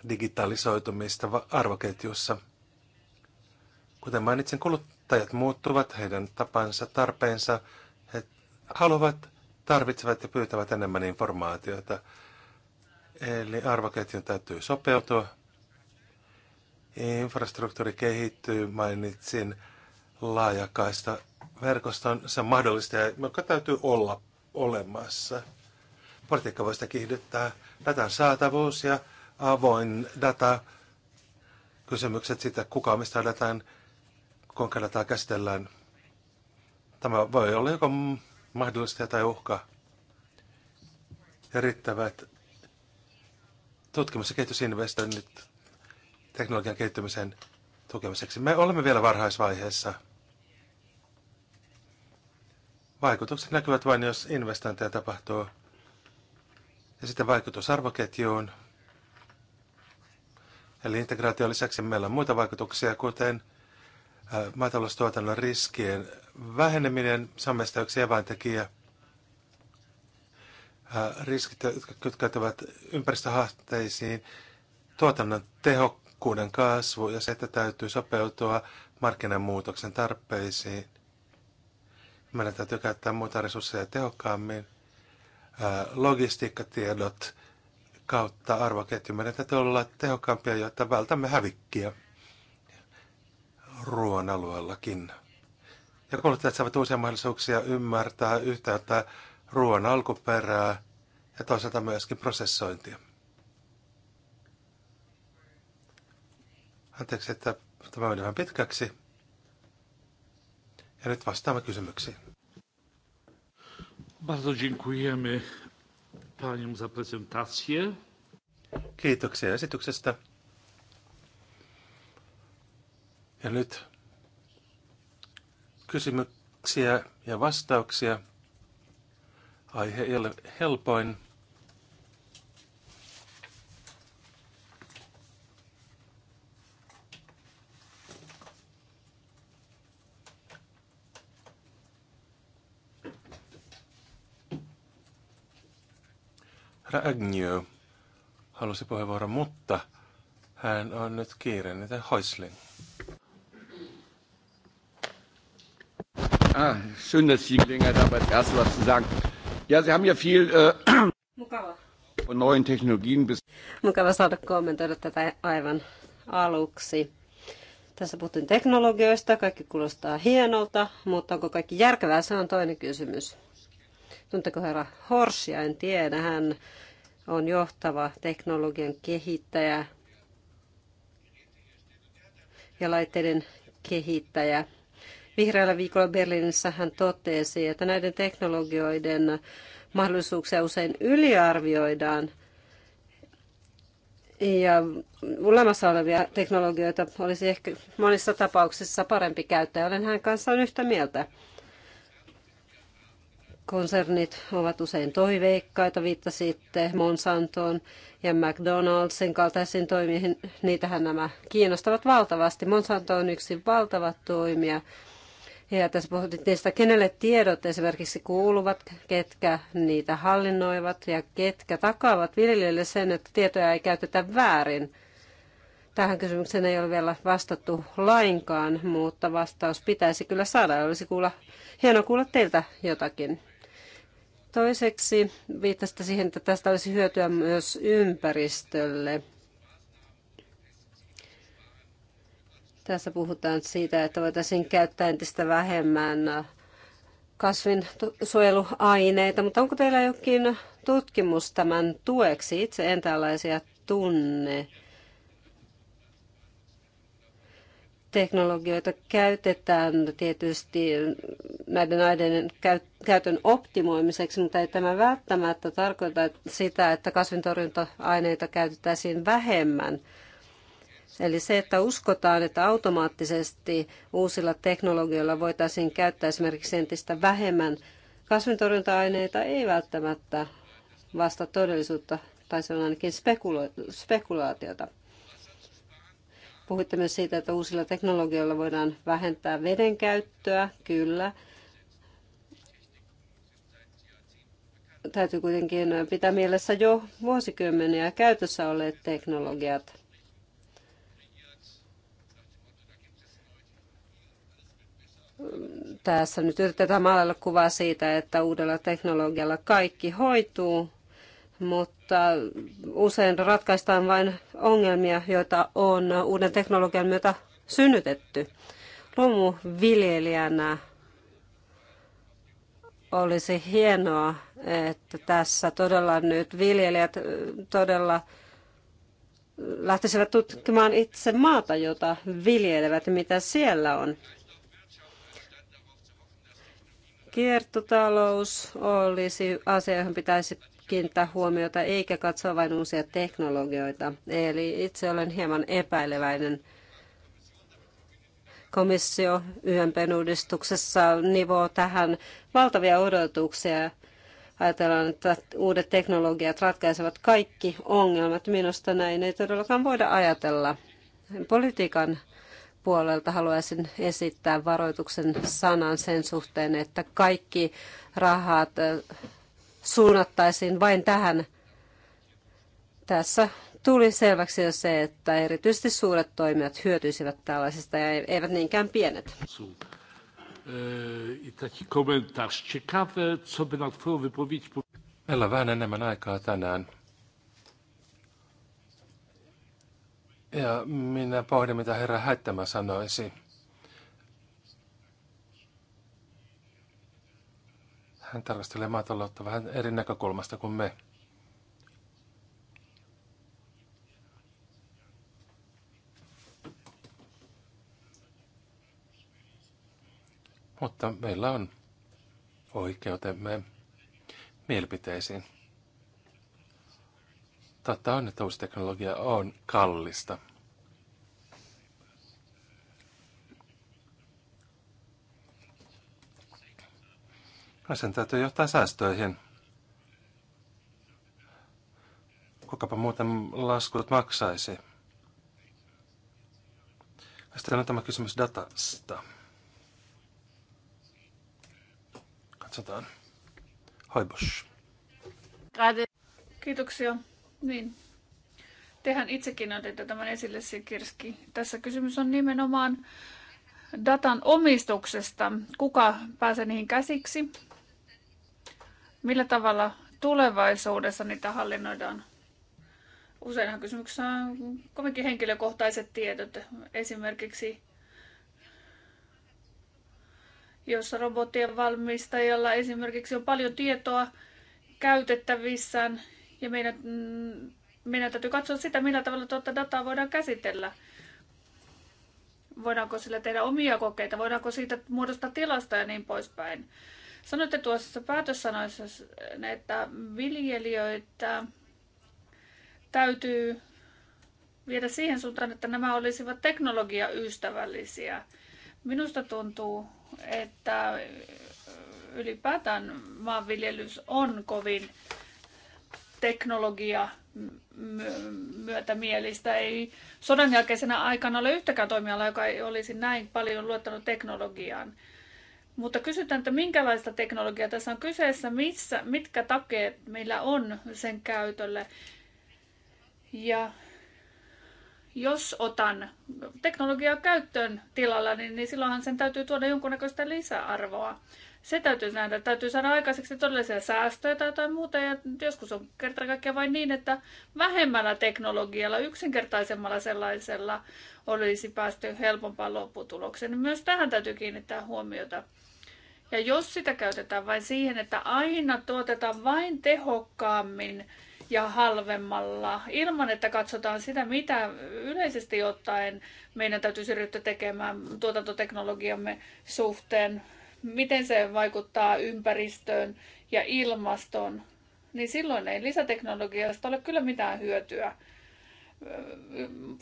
digitalisoitumista arvoketjussa. Kuten mainitsin, kuluttajat muuttuvat, heidän tapansa, tarpeensa, he haluavat, tarvitsevat ja pyytävät enemmän informaatiota. Eli arvoketjun täytyy sopeutua infrastruktuuri kehittyy, mainitsin laajakaista verkoston, se on mahdollista, joka täytyy olla olemassa. Politiikka voi sitä kiihdyttää. Datan saatavuus ja avoin data, kysymykset siitä, kuka omistaa datan, kuinka dataa käsitellään. Tämä voi olla joko mahdollista tai uhka. Ja riittävät tutkimus- ja kehitysinvestoinnit teknologian kehittymisen tukemiseksi. Me olemme vielä varhaisvaiheessa. Vaikutukset näkyvät vain, jos investointeja tapahtuu. Ja sitten vaikutus arvoketjuun. Eli integraation lisäksi meillä on muita vaikutuksia, kuten maataloustuotannon riskien väheneminen, sammeista yksi eväintekijä. riskit, jotka kytkeytyvät ympäristöhaasteisiin, tuotannon tehokkuus, kuuden kasvu ja se, että täytyy sopeutua markkinamuutoksen tarpeisiin. Meidän täytyy käyttää muita resursseja tehokkaammin. Logistiikkatiedot kautta arvoketju. Meidän täytyy olla tehokkaampia, jotta vältämme hävikkiä ruoan alueellakin. Ja kuluttajat saavat uusia mahdollisuuksia ymmärtää yhtäältä ruoan alkuperää ja toisaalta myöskin prosessointia. Anteeksi, että tämä oli vähän pitkäksi. Ja nyt vastaamme kysymyksiin. Bardzo dziękujemy paniom za prezentację. Kiitoksia esityksestä. Ja nyt kysymyksiä ja vastauksia. Aihe ei ole helpoin. herra Agnew halusi puheenvuoron, mutta hän on nyt kiireinen, joten Häusling. Ah, schön, dass Sie gelingen, da als erstes was zu sagen. Ja, Sie haben ja viel äh, von neuen Technologien bis... Mukava saada kommentoida tätä aivan aluksi. Tässä puhuttiin teknologioista, kaikki kuulostaa hienolta, mutta onko kaikki järkevää, se on toinen kysymys. Tunteeko herra Horsia? En tiedä. Hän on johtava teknologian kehittäjä ja laitteiden kehittäjä. Vihreällä viikolla Berliinissä hän totesi, että näiden teknologioiden mahdollisuuksia usein yliarvioidaan ja olemassa olevia teknologioita olisi ehkä monissa tapauksissa parempi käyttää. Olen hänen kanssaan yhtä mieltä. Konsernit ovat usein toiveikkaita, viittasitte Monsantoon ja McDonaldsin kaltaisiin toimiin. Niitähän nämä kiinnostavat valtavasti. Monsanto on yksi valtava toimija. Ja tässä pohdittiin sitä, kenelle tiedot esimerkiksi kuuluvat, ketkä niitä hallinnoivat ja ketkä takaavat viljelijöille sen, että tietoja ei käytetä väärin. Tähän kysymykseen ei ole vielä vastattu lainkaan, mutta vastaus pitäisi kyllä saada olisi kuulla, hienoa kuulla teiltä jotakin. Toiseksi viittasitte siihen, että tästä olisi hyötyä myös ympäristölle. Tässä puhutaan siitä, että voitaisiin käyttää entistä vähemmän kasvinsuojeluaineita, mutta onko teillä jokin tutkimus tämän tueksi? Itse en tällaisia tunne. teknologioita käytetään tietysti näiden aineiden käytön optimoimiseksi, mutta ei tämä välttämättä tarkoita sitä, että kasvintorjunta-aineita käytettäisiin vähemmän. Eli se, että uskotaan, että automaattisesti uusilla teknologioilla voitaisiin käyttää esimerkiksi entistä vähemmän kasvintorjunta-aineita, ei välttämättä vasta todellisuutta, tai se on ainakin spekulaatiota. Puhuitte myös siitä, että uusilla teknologioilla voidaan vähentää veden käyttöä, kyllä. Täytyy kuitenkin pitää mielessä jo vuosikymmeniä käytössä olleet teknologiat. Tässä nyt yritetään maalailla kuvaa siitä, että uudella teknologialla kaikki hoituu, mutta mutta usein ratkaistaan vain ongelmia, joita on uuden teknologian myötä synnytetty. Luomuviljelijänä olisi hienoa, että tässä todella nyt viljelijät todella lähtisivät tutkimaan itse maata, jota viljelevät ja mitä siellä on. Kiertotalous olisi asia, johon pitäisi kiinnittää huomiota eikä katsoa vain uusia teknologioita. Eli itse olen hieman epäileväinen. Komissio YMPn uudistuksessa nivoo tähän valtavia odotuksia. Ajatellaan, että uudet teknologiat ratkaisevat kaikki ongelmat. Minusta näin ei todellakaan voida ajatella. Politiikan puolelta haluaisin esittää varoituksen sanan sen suhteen, että kaikki rahat suunnattaisiin vain tähän. Tässä tuli selväksi jo se, että erityisesti suuret toimijat hyötyisivät tällaisesta ja eivät niinkään pienet. Meillä on vähän enemmän aikaa tänään. Ja minä pohdin, mitä herra Häittämä sanoisi. Hän tarkastelee maataloutta vähän eri näkökulmasta kuin me. Mutta meillä on oikeutemme mielipiteisiin. Totta on, että uusi teknologia on kallista. sen täytyy johtaa säästöihin. Kukapa muuten laskut maksaisi? Sitten on tämä kysymys datasta. Katsotaan. Hoibush. Kiitoksia. Niin. Tehän itsekin otitte tämän esille, Sikirski. Tässä kysymys on nimenomaan datan omistuksesta. Kuka pääsee niihin käsiksi? millä tavalla tulevaisuudessa niitä hallinnoidaan. Useinhan kysymyksessä on kovinkin henkilökohtaiset tiedot. Esimerkiksi jos robottien valmistajalla esimerkiksi on paljon tietoa käytettävissään ja meidän, meidän täytyy katsoa sitä, millä tavalla tuota dataa voidaan käsitellä. Voidaanko sillä tehdä omia kokeita, voidaanko siitä muodostaa tilasta ja niin poispäin. Sanoitte tuossa päätössanoissa, että viljelijöitä täytyy viedä siihen suuntaan, että nämä olisivat teknologiaystävällisiä. Minusta tuntuu, että ylipäätään maanviljelys on kovin teknologia myötämielistä. Ei sodan jälkeisenä aikana ole yhtäkään toimialaa, joka ei olisi näin paljon luottanut teknologiaan. Mutta kysytään, että minkälaista teknologiaa tässä on kyseessä, missä, mitkä takeet meillä on sen käytölle. Ja jos otan teknologiaa käyttöön tilalla, niin, niin silloinhan sen täytyy tuoda jonkunnäköistä lisäarvoa. Se täytyy nähdä, täytyy saada aikaiseksi todellisia säästöjä tai jotain muuta. Ja joskus on kerta kaikkiaan vain niin, että vähemmällä teknologialla, yksinkertaisemmalla sellaisella olisi päästy helpompaan lopputulokseen. Myös tähän täytyy kiinnittää huomiota. Ja jos sitä käytetään vain siihen, että aina tuotetaan vain tehokkaammin ja halvemmalla, ilman että katsotaan sitä, mitä yleisesti ottaen meidän täytyisi ryhtyä tekemään tuotantoteknologiamme suhteen, miten se vaikuttaa ympäristöön ja ilmastoon, niin silloin ei lisäteknologiasta ole kyllä mitään hyötyä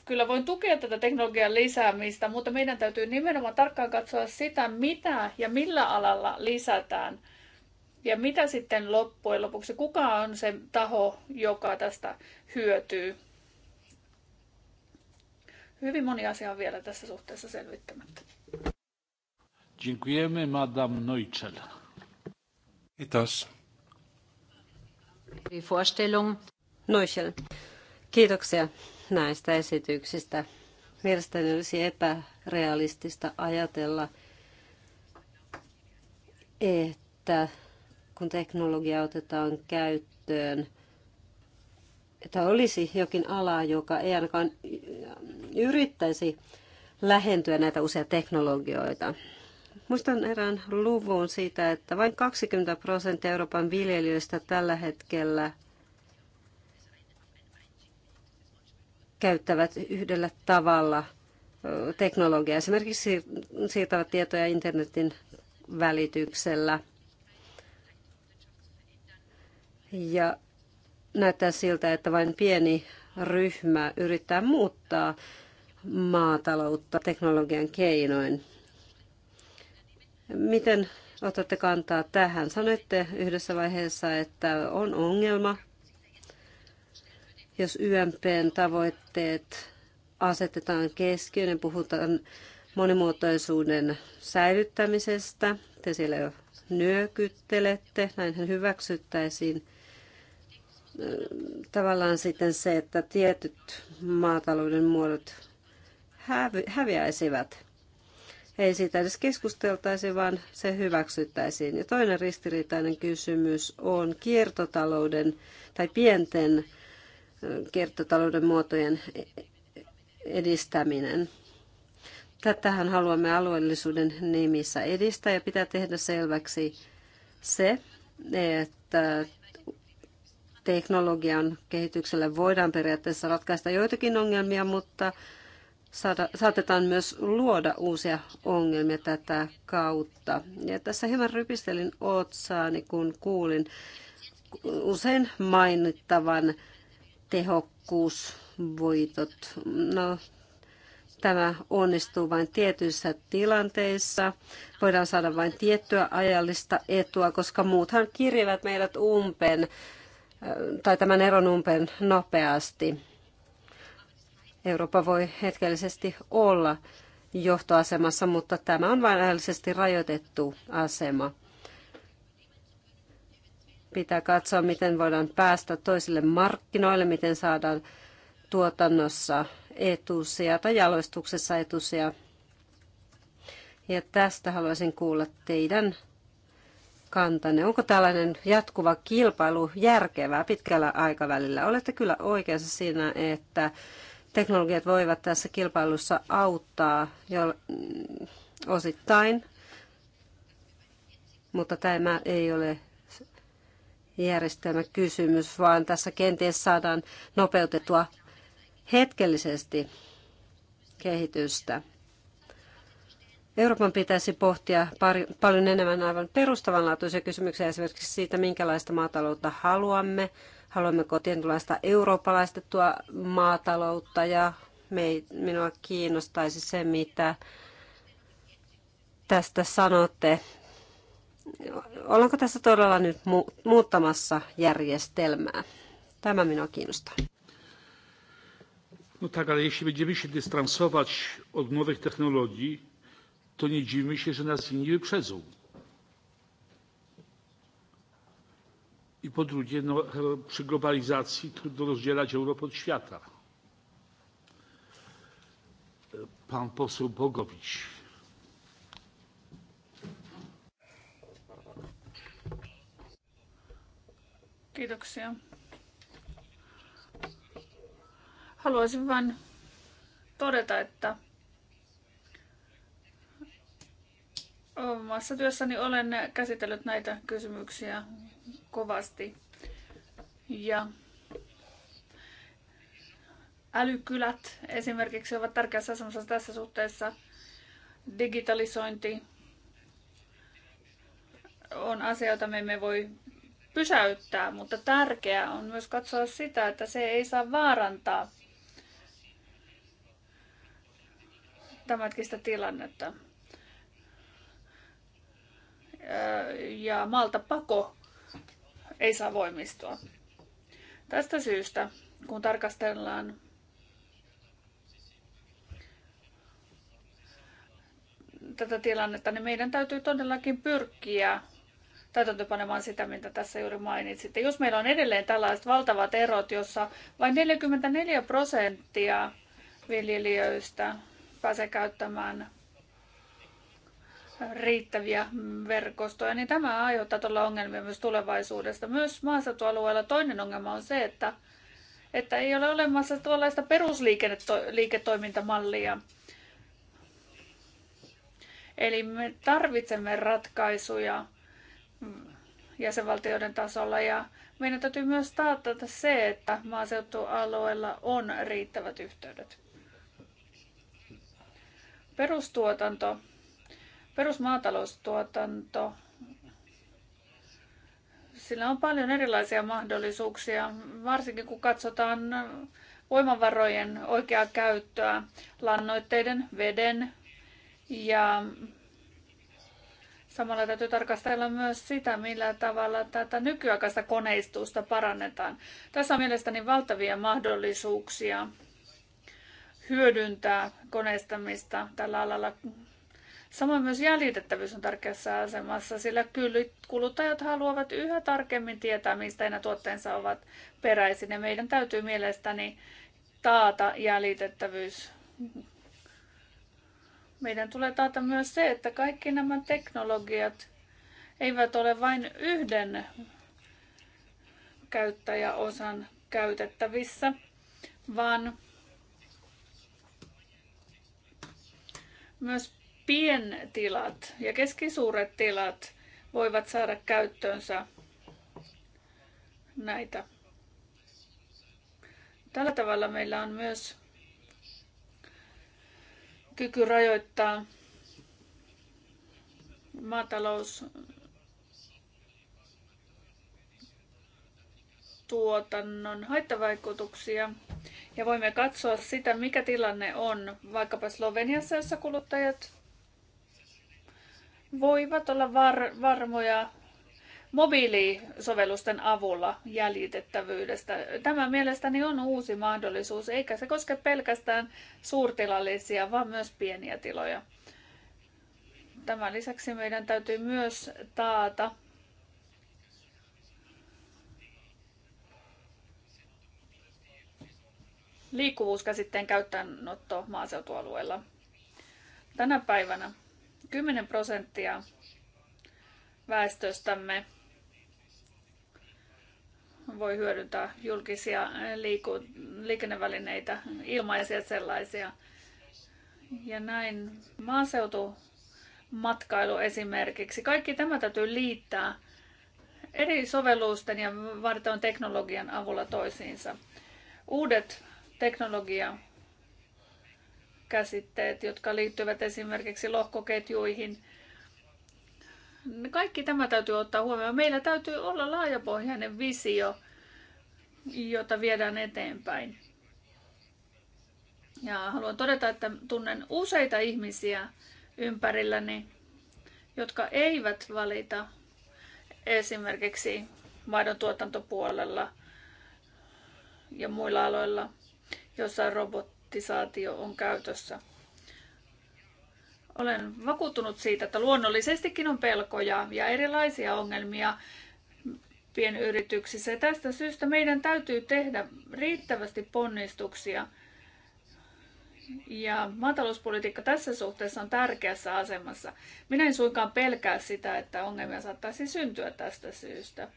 kyllä voin tukea tätä teknologian lisäämistä, mutta meidän täytyy nimenomaan tarkkaan katsoa sitä, mitä ja millä alalla lisätään ja mitä sitten loppujen lopuksi, kuka on se taho, joka tästä hyötyy. Hyvin moni asia on vielä tässä suhteessa selvittämättä. Dziękujemy, Madame Neuchel. Kiitos. Vorstellung. Neuchel. Kiitoksia näistä esityksistä. Mielestäni olisi epärealistista ajatella, että kun teknologia otetaan käyttöön, että olisi jokin ala, joka ei ainakaan yrittäisi lähentyä näitä uusia teknologioita. Muistan erään luvun siitä, että vain 20 prosenttia Euroopan viljelijöistä tällä hetkellä käyttävät yhdellä tavalla teknologiaa. Esimerkiksi siirtävät tietoja internetin välityksellä. Ja näyttää siltä, että vain pieni ryhmä yrittää muuttaa maataloutta teknologian keinoin. Miten otatte kantaa tähän? Sanoitte yhdessä vaiheessa, että on ongelma jos YMPn tavoitteet asetetaan keskiöön, niin puhutaan monimuotoisuuden säilyttämisestä. Te siellä jo nyökyttelette, näinhän hyväksyttäisiin tavallaan sitten se, että tietyt maatalouden muodot häviäisivät. Ei siitä edes keskusteltaisi, vaan se hyväksyttäisiin. Ja toinen ristiriitainen kysymys on kiertotalouden tai pienten kiertotalouden muotojen edistäminen. Tätähän haluamme alueellisuuden nimissä edistää ja pitää tehdä selväksi se, että teknologian kehitykselle voidaan periaatteessa ratkaista joitakin ongelmia, mutta saada, saatetaan myös luoda uusia ongelmia tätä kautta. Ja tässä hieman rypistelin otsaani, kun kuulin usein mainittavan tehokkuusvoitot. No, tämä onnistuu vain tietyissä tilanteissa. Voidaan saada vain tiettyä ajallista etua, koska muuthan kirjivät meidät umpeen tai tämän eron umpeen nopeasti. Eurooppa voi hetkellisesti olla johtoasemassa, mutta tämä on vain ajallisesti rajoitettu asema. Pitää katsoa, miten voidaan päästä toisille markkinoille, miten saadaan tuotannossa etusia tai jalostuksessa etusia. Ja tästä haluaisin kuulla teidän kantanne. Onko tällainen jatkuva kilpailu järkevää pitkällä aikavälillä? Olette kyllä oikeassa siinä, että teknologiat voivat tässä kilpailussa auttaa jo osittain, mutta tämä ei ole järjestelmäkysymys, vaan tässä kenties saadaan nopeutettua hetkellisesti kehitystä. Euroopan pitäisi pohtia pari, paljon enemmän aivan perustavanlaatuisia kysymyksiä esimerkiksi siitä, minkälaista maataloutta haluamme. Haluammeko tietynlaista eurooppalaistettua maataloutta ja me, minua kiinnostaisi se, mitä tästä sanotte ollaanko tässä todella nyt muuttamassa järjestelmää? Tämä minua kiinnostaa. No tak, ale jeśli będziemy się dystansować od nowych technologii, to nie dziwmy się, że nas inni wyprzedzą. I po drugie, no, przy globalizacji trudno rozdzielać Europę od świata. Pan poseł Bogowicz. Kiitoksia. Haluaisin vain todeta, että omassa työssäni olen käsitellyt näitä kysymyksiä kovasti. Ja älykylät esimerkiksi ovat tärkeässä asemassa tässä suhteessa. Digitalisointi on asia, jota me emme voi pysäyttää, mutta tärkeää on myös katsoa sitä, että se ei saa vaarantaa tämänhetkistä tilannetta. Ja Malta pako ei saa voimistua. Tästä syystä, kun tarkastellaan tätä tilannetta, niin meidän täytyy todellakin pyrkiä täytäntöpanemaan sitä, mitä tässä juuri mainitsitte. Jos meillä on edelleen tällaiset valtavat erot, jossa vain 44 prosenttia viljelijöistä pääsee käyttämään riittäviä verkostoja, niin tämä aiheuttaa tuolla ongelmia myös tulevaisuudesta. Myös maaseutualueella toinen ongelma on se, että, että ei ole olemassa tuollaista perusliiketoimintamallia. Eli me tarvitsemme ratkaisuja jäsenvaltioiden tasolla ja meidän täytyy myös taata se, että maaseutualueella on riittävät yhteydet. Perustuotanto, perusmaataloustuotanto, sillä on paljon erilaisia mahdollisuuksia, varsinkin kun katsotaan voimavarojen oikeaa käyttöä, lannoitteiden, veden ja Samalla täytyy tarkastella myös sitä, millä tavalla tätä nykyaikaista koneistusta parannetaan. Tässä on mielestäni valtavia mahdollisuuksia hyödyntää koneistamista tällä alalla. Samoin myös jäljitettävyys on tärkeässä asemassa, sillä kuluttajat haluavat yhä tarkemmin tietää, mistä heidän tuotteensa ovat peräisin. Ja meidän täytyy mielestäni taata jäljitettävyys meidän tulee taata myös se, että kaikki nämä teknologiat eivät ole vain yhden käyttäjäosan käytettävissä, vaan myös pientilat ja keskisuuret tilat voivat saada käyttöönsä näitä. Tällä tavalla meillä on myös kyky rajoittaa maatalous tuotannon haittavaikutuksia ja voimme katsoa sitä, mikä tilanne on vaikkapa Sloveniassa, jossa kuluttajat voivat olla var- varmoja mobiilisovellusten avulla jäljitettävyydestä. Tämä mielestäni on uusi mahdollisuus, eikä se koske pelkästään suurtilallisia, vaan myös pieniä tiloja. Tämän lisäksi meidän täytyy myös taata liikkuvuuskäsitteen käyttöönotto maaseutualueella. Tänä päivänä 10 prosenttia väestöstämme voi hyödyntää julkisia liiku- liikennevälineitä, ilmaisia sellaisia. Ja näin maaseutu matkailu esimerkiksi. Kaikki tämä täytyy liittää eri sovellusten ja varten teknologian avulla toisiinsa. Uudet teknologia käsitteet, jotka liittyvät esimerkiksi lohkoketjuihin – kaikki tämä täytyy ottaa huomioon. Meillä täytyy olla laajapohjainen visio, jota viedään eteenpäin. Ja haluan todeta, että tunnen useita ihmisiä ympärilläni, jotka eivät valita esimerkiksi maidon tuotantopuolella ja muilla aloilla, jossa robottisaatio on käytössä. Olen vakuuttunut siitä, että luonnollisestikin on pelkoja ja erilaisia ongelmia pienyrityksissä. Ja tästä syystä meidän täytyy tehdä riittävästi ponnistuksia. Ja maatalouspolitiikka tässä suhteessa on tärkeässä asemassa. Minä en suinkaan pelkää sitä, että ongelmia saattaisi syntyä tästä syystä.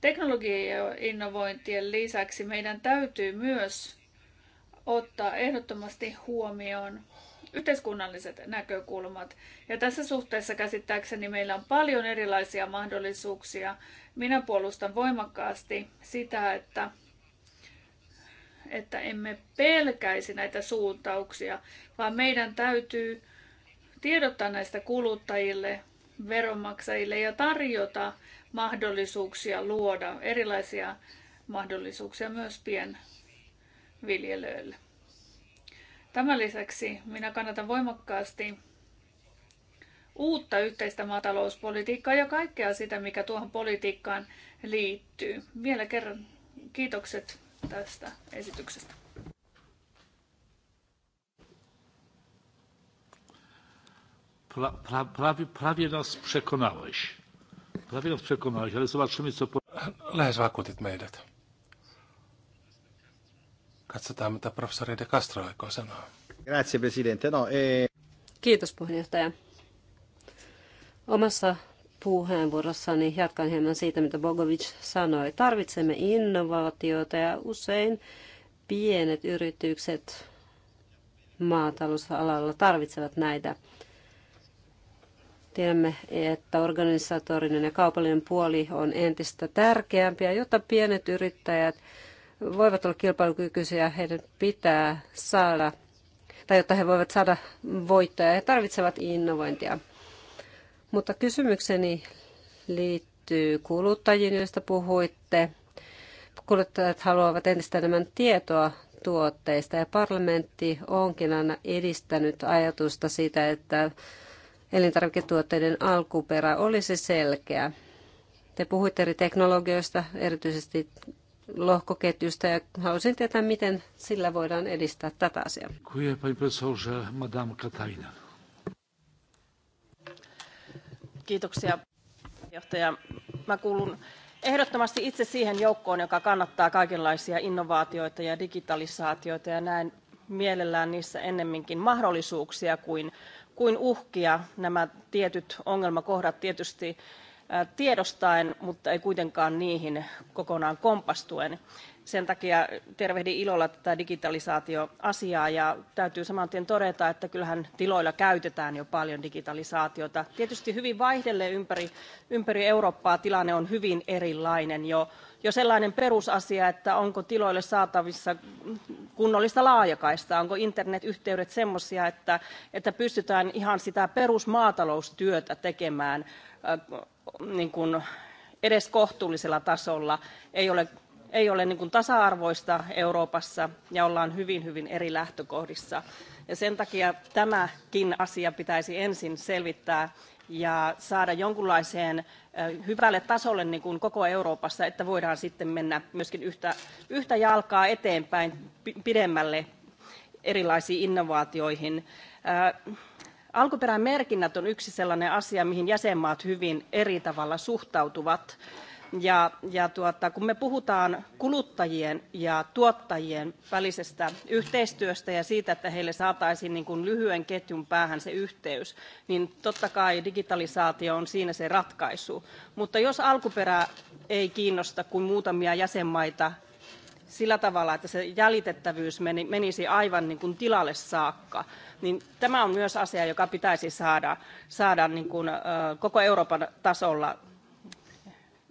Teknologian ja innovointien lisäksi meidän täytyy myös ottaa ehdottomasti huomioon yhteiskunnalliset näkökulmat. Ja tässä suhteessa käsittääkseni meillä on paljon erilaisia mahdollisuuksia. Minä puolustan voimakkaasti sitä, että, että emme pelkäisi näitä suuntauksia, vaan meidän täytyy tiedottaa näistä kuluttajille, veronmaksajille ja tarjota mahdollisuuksia luoda erilaisia mahdollisuuksia myös pienviljelijöille. Tämän lisäksi minä kannatan voimakkaasti uutta yhteistä maatalouspolitiikkaa ja kaikkea sitä, mikä tuohon politiikkaan liittyy. Vielä kerran kiitokset tästä esityksestä. Pra, pra, prawie, prawie nas przekonałeś. Prawie nas przekonałeś, ale zobaczymy co... Lähes vakuutit meidät. Katsotaan, mitä professori De Castro aikoo sanoa. Grazie, presidente. No, e... Kiitos, puheenjohtaja. Omassa puheenvuorossani jatkan hieman siitä, mitä Bogovic sanoi. Tarvitsemme innovaatioita ja usein pienet yritykset maatalousalalla tarvitsevat näitä. Tiedämme, että organisatorinen ja kaupallinen puoli on entistä tärkeämpiä, jotta pienet yrittäjät – voivat olla kilpailukykyisiä, heidän pitää saada, tai jotta he voivat saada voittoja, he tarvitsevat innovointia. Mutta kysymykseni liittyy kuluttajiin, joista puhuitte. Kuluttajat haluavat entistä enemmän tietoa tuotteista ja parlamentti onkin aina edistänyt ajatusta siitä, että elintarviketuotteiden alkuperä olisi selkeä. Te puhuitte eri teknologioista, erityisesti lohkoketjusta ja haluaisin tietää, miten sillä voidaan edistää tätä asiaa. Dziękuję profesorze, madame Katainen. Kiitoksia johtaja. Mä kuulun ehdottomasti itse siihen joukkoon, joka kannattaa kaikenlaisia innovaatioita ja digitalisaatioita ja näin mielellään niissä ennemminkin mahdollisuuksia kuin, kuin uhkia. Nämä tietyt ongelmakohdat tietysti tiedostaen, mutta ei kuitenkaan niihin kokonaan kompastuen. Sen takia tervehdin ilolla tätä digitalisaatioasiaa ja täytyy saman tien todeta, että kyllähän tiloilla käytetään jo paljon digitalisaatiota. Tietysti hyvin vaihdelle ympäri, ympäri Eurooppaa tilanne on hyvin erilainen jo jo sellainen perusasia, että onko tiloille saatavissa kunnollista laajakaistaa, onko internetyhteydet semmoisia, että, että pystytään ihan sitä perusmaataloustyötä tekemään niin kuin edes kohtuullisella tasolla. Ei ole, ei ole niin kuin tasa-arvoista Euroopassa ja ollaan hyvin, hyvin eri lähtökohdissa. Ja sen takia tämäkin asia pitäisi ensin selvittää ja saada jonkunlaiseen hyvälle tasolle niin kuin koko Euroopassa, että voidaan sitten mennä myöskin yhtä, yhtä jalkaa eteenpäin pidemmälle erilaisiin innovaatioihin alkuperämerkinnät on yksi sellainen asia, mihin jäsenmaat hyvin eri tavalla suhtautuvat. Ja, ja tuota, kun me puhutaan kuluttajien ja tuottajien välisestä yhteistyöstä ja siitä, että heille saataisiin niin kuin lyhyen ketjun päähän se yhteys, niin totta kai digitalisaatio on siinä se ratkaisu. Mutta jos alkuperä ei kiinnosta kuin muutamia jäsenmaita, sillä tavalla, että se jäljitettävyys meni, menisi aivan niin kuin tilalle saakka, niin tämä on myös asia, joka pitäisi saada, saada niin kuin, koko Euroopan tasolla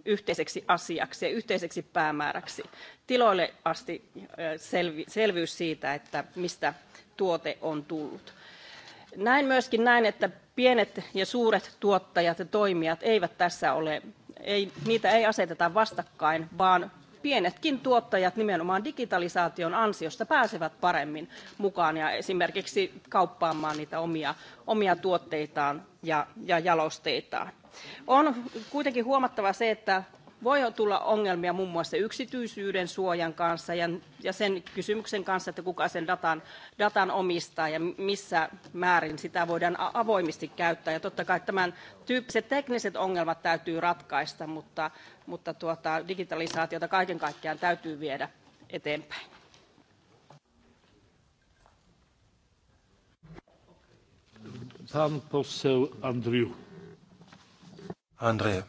yhteiseksi asiaksi ja yhteiseksi päämääräksi. Tiloille asti selvi, selvyys siitä, että mistä tuote on tullut. Näin myöskin näin, että pienet ja suuret tuottajat ja toimijat eivät tässä ole, ei, niitä ei aseteta vastakkain, vaan pienetkin tuottajat nimenomaan digitalisaation ansiosta pääsevät paremmin mukaan ja esimerkiksi kauppaamaan niitä omia, omia tuotteitaan ja, ja jalosteitaan. On kuitenkin huomattava se, että voi tulla ongelmia muun muassa yksityisyyden suojan kanssa ja, ja sen kysymyksen kanssa, että kuka sen datan, datan omistaa ja missä määrin sitä voidaan avoimesti käyttää. Ja totta kai tämän tyyppiset tekniset ongelmat täytyy ratkaista, mutta, mutta tuota, digitalisaatiota kaiken kaikkiaan täytyy viedä eteenpäin. Pan poseł Andriu. Andrzej.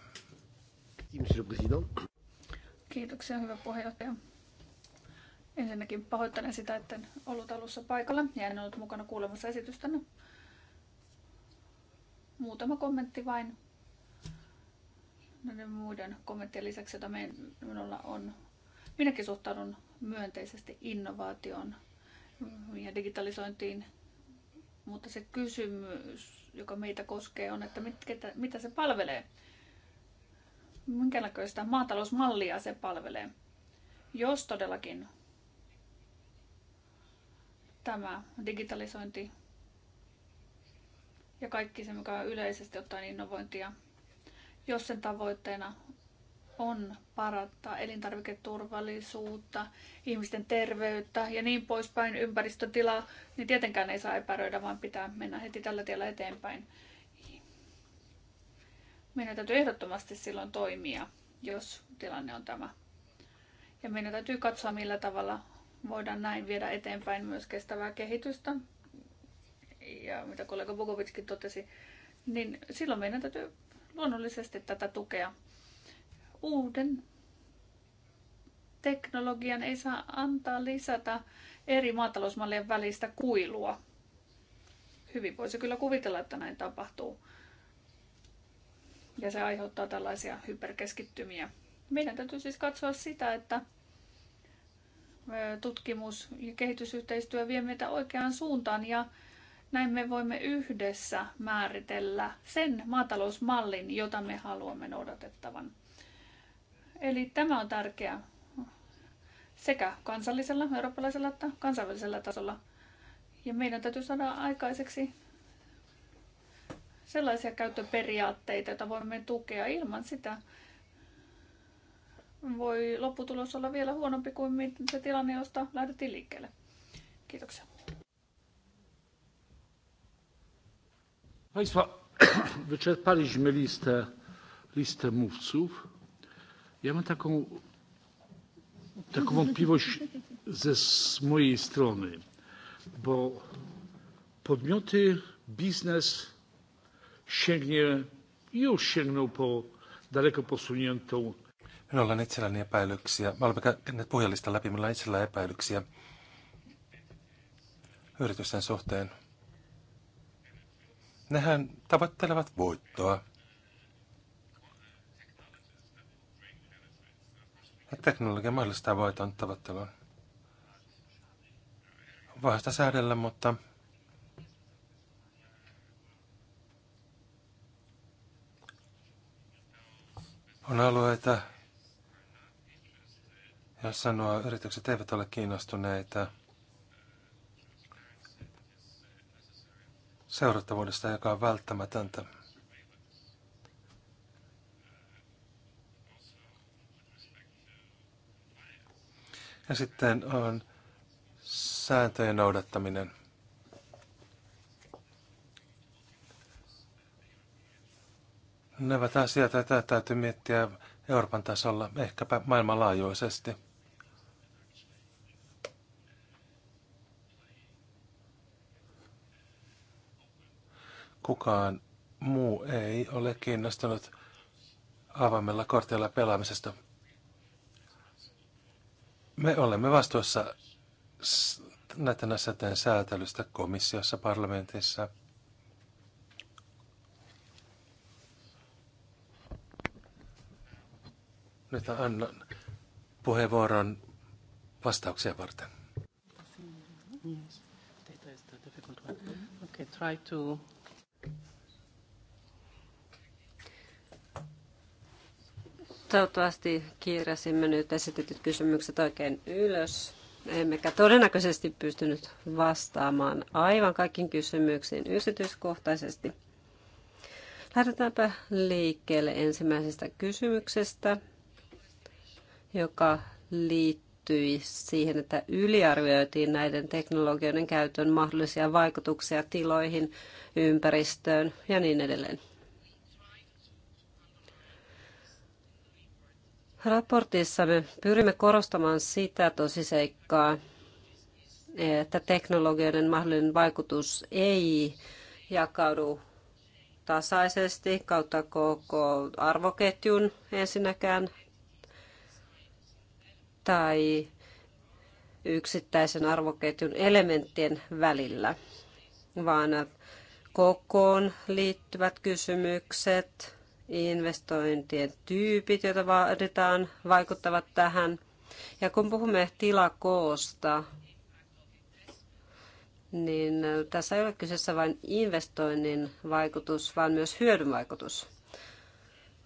Kiitoksia, hyvä puheenjohtaja. Ensinnäkin pahoittelen sitä, että en ollut alussa paikalla ja en ollut mukana kuulemassa esitystänne. No, muutama kommentti vain näiden no, muiden kommenttien lisäksi, joita minulla on. Minäkin suhtaudun myönteisesti innovaatioon ja digitalisointiin, mutta se kysymys, joka meitä koskee, on, että mitä se palvelee minkälaista maatalousmallia se palvelee. Jos todellakin tämä digitalisointi ja kaikki se, mikä on yleisesti ottaen innovointia, jos sen tavoitteena on parantaa elintarviketurvallisuutta, ihmisten terveyttä ja niin poispäin, ympäristötilaa, niin tietenkään ei saa epäröidä, vaan pitää mennä heti tällä tiellä eteenpäin. Meidän täytyy ehdottomasti silloin toimia, jos tilanne on tämä. Ja meidän täytyy katsoa, millä tavalla voidaan näin viedä eteenpäin myös kestävää kehitystä. Ja mitä kollega Bukovitskin totesi, niin silloin meidän täytyy luonnollisesti tätä tukea. Uuden teknologian ei saa antaa lisätä eri maatalousmallien välistä kuilua. Hyvin voisi kyllä kuvitella, että näin tapahtuu ja se aiheuttaa tällaisia hyperkeskittymiä. Meidän täytyy siis katsoa sitä, että tutkimus- ja kehitysyhteistyö vie meitä oikeaan suuntaan ja näin me voimme yhdessä määritellä sen maatalousmallin, jota me haluamme noudatettavan. Eli tämä on tärkeää sekä kansallisella, eurooppalaisella että kansainvälisellä tasolla. Ja meidän täytyy saada aikaiseksi sellaisia käyttöperiaatteita, joita voimme tukea ilman sitä, voi lopputulos olla vielä huonompi kuin se tilanne, josta lähdettiin liikkeelle. Kiitoksia. Państwa, wyczerpaliśmy listę, listę mówców. Ja mam taką, taką wątpliwość ze, z mojej strony, bo podmioty, biznes, sięgnie, już sięgnął po daleko posuniętą. Minulla on itselläni epäilyksiä. Me olemme käyneet puhujalista läpi, minulla on itsellä epäilyksiä yritysten suhteen. Nehän tavoittelevat voittoa. Ja teknologia mahdollistaa voiton tavoittelun. Voihan säädellä, mutta On alueita, joissa nuo yritykset eivät ole kiinnostuneita seurattavuudesta, joka on välttämätöntä. Ja sitten on sääntöjen noudattaminen. Ne ovat asiat, joita täytyy miettiä Euroopan tasolla, ehkäpä maailmanlaajuisesti. Kukaan muu ei ole kiinnostunut avaimella kortilla pelaamisesta. Me olemme vastuussa näiden asioiden säätelystä komissiossa, parlamentissa – Nyt annan puheenvuoron vastauksia varten. Toivottavasti kirjasimme nyt esitetyt kysymykset oikein ylös. Emmekä todennäköisesti pystynyt vastaamaan aivan kaikkiin kysymyksiin yksityiskohtaisesti. Lähdetäänpä liikkeelle ensimmäisestä kysymyksestä joka liittyi siihen, että yliarvioitiin näiden teknologioiden käytön mahdollisia vaikutuksia tiloihin, ympäristöön ja niin edelleen. Raportissa me pyrimme korostamaan sitä tosiseikkaa, että teknologioiden mahdollinen vaikutus ei jakaudu tasaisesti kautta koko arvoketjun ensinnäkään tai yksittäisen arvoketjun elementtien välillä, vaan kokoon liittyvät kysymykset, investointien tyypit, joita vaaditaan, vaikuttavat tähän. Ja kun puhumme tilakoosta, niin tässä ei ole kyseessä vain investoinnin vaikutus, vaan myös hyödyn vaikutus.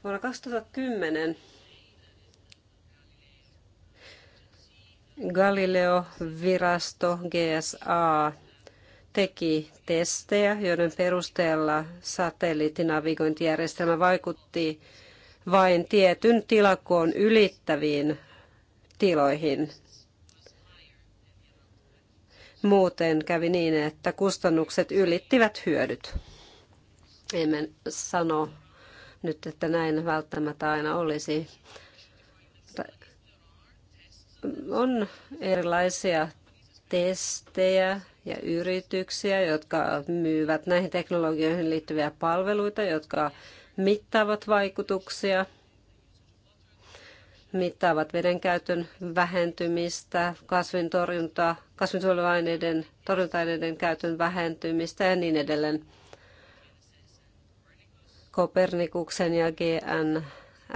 Vuonna 2010 Galileo-virasto GSA teki testejä, joiden perusteella satelliittinavigointijärjestelmä vaikutti vain tietyn tilakoon ylittäviin tiloihin. Muuten kävi niin, että kustannukset ylittivät hyödyt. Emme sano nyt, että näin välttämättä aina olisi on erilaisia testejä ja yrityksiä, jotka myyvät näihin teknologioihin liittyviä palveluita, jotka mittaavat vaikutuksia, mittaavat vedenkäytön vähentymistä, kasvintorjunta, kasvinsuojeluaineiden, torjunta-aineiden käytön vähentymistä ja niin edelleen. Kopernikuksen ja GN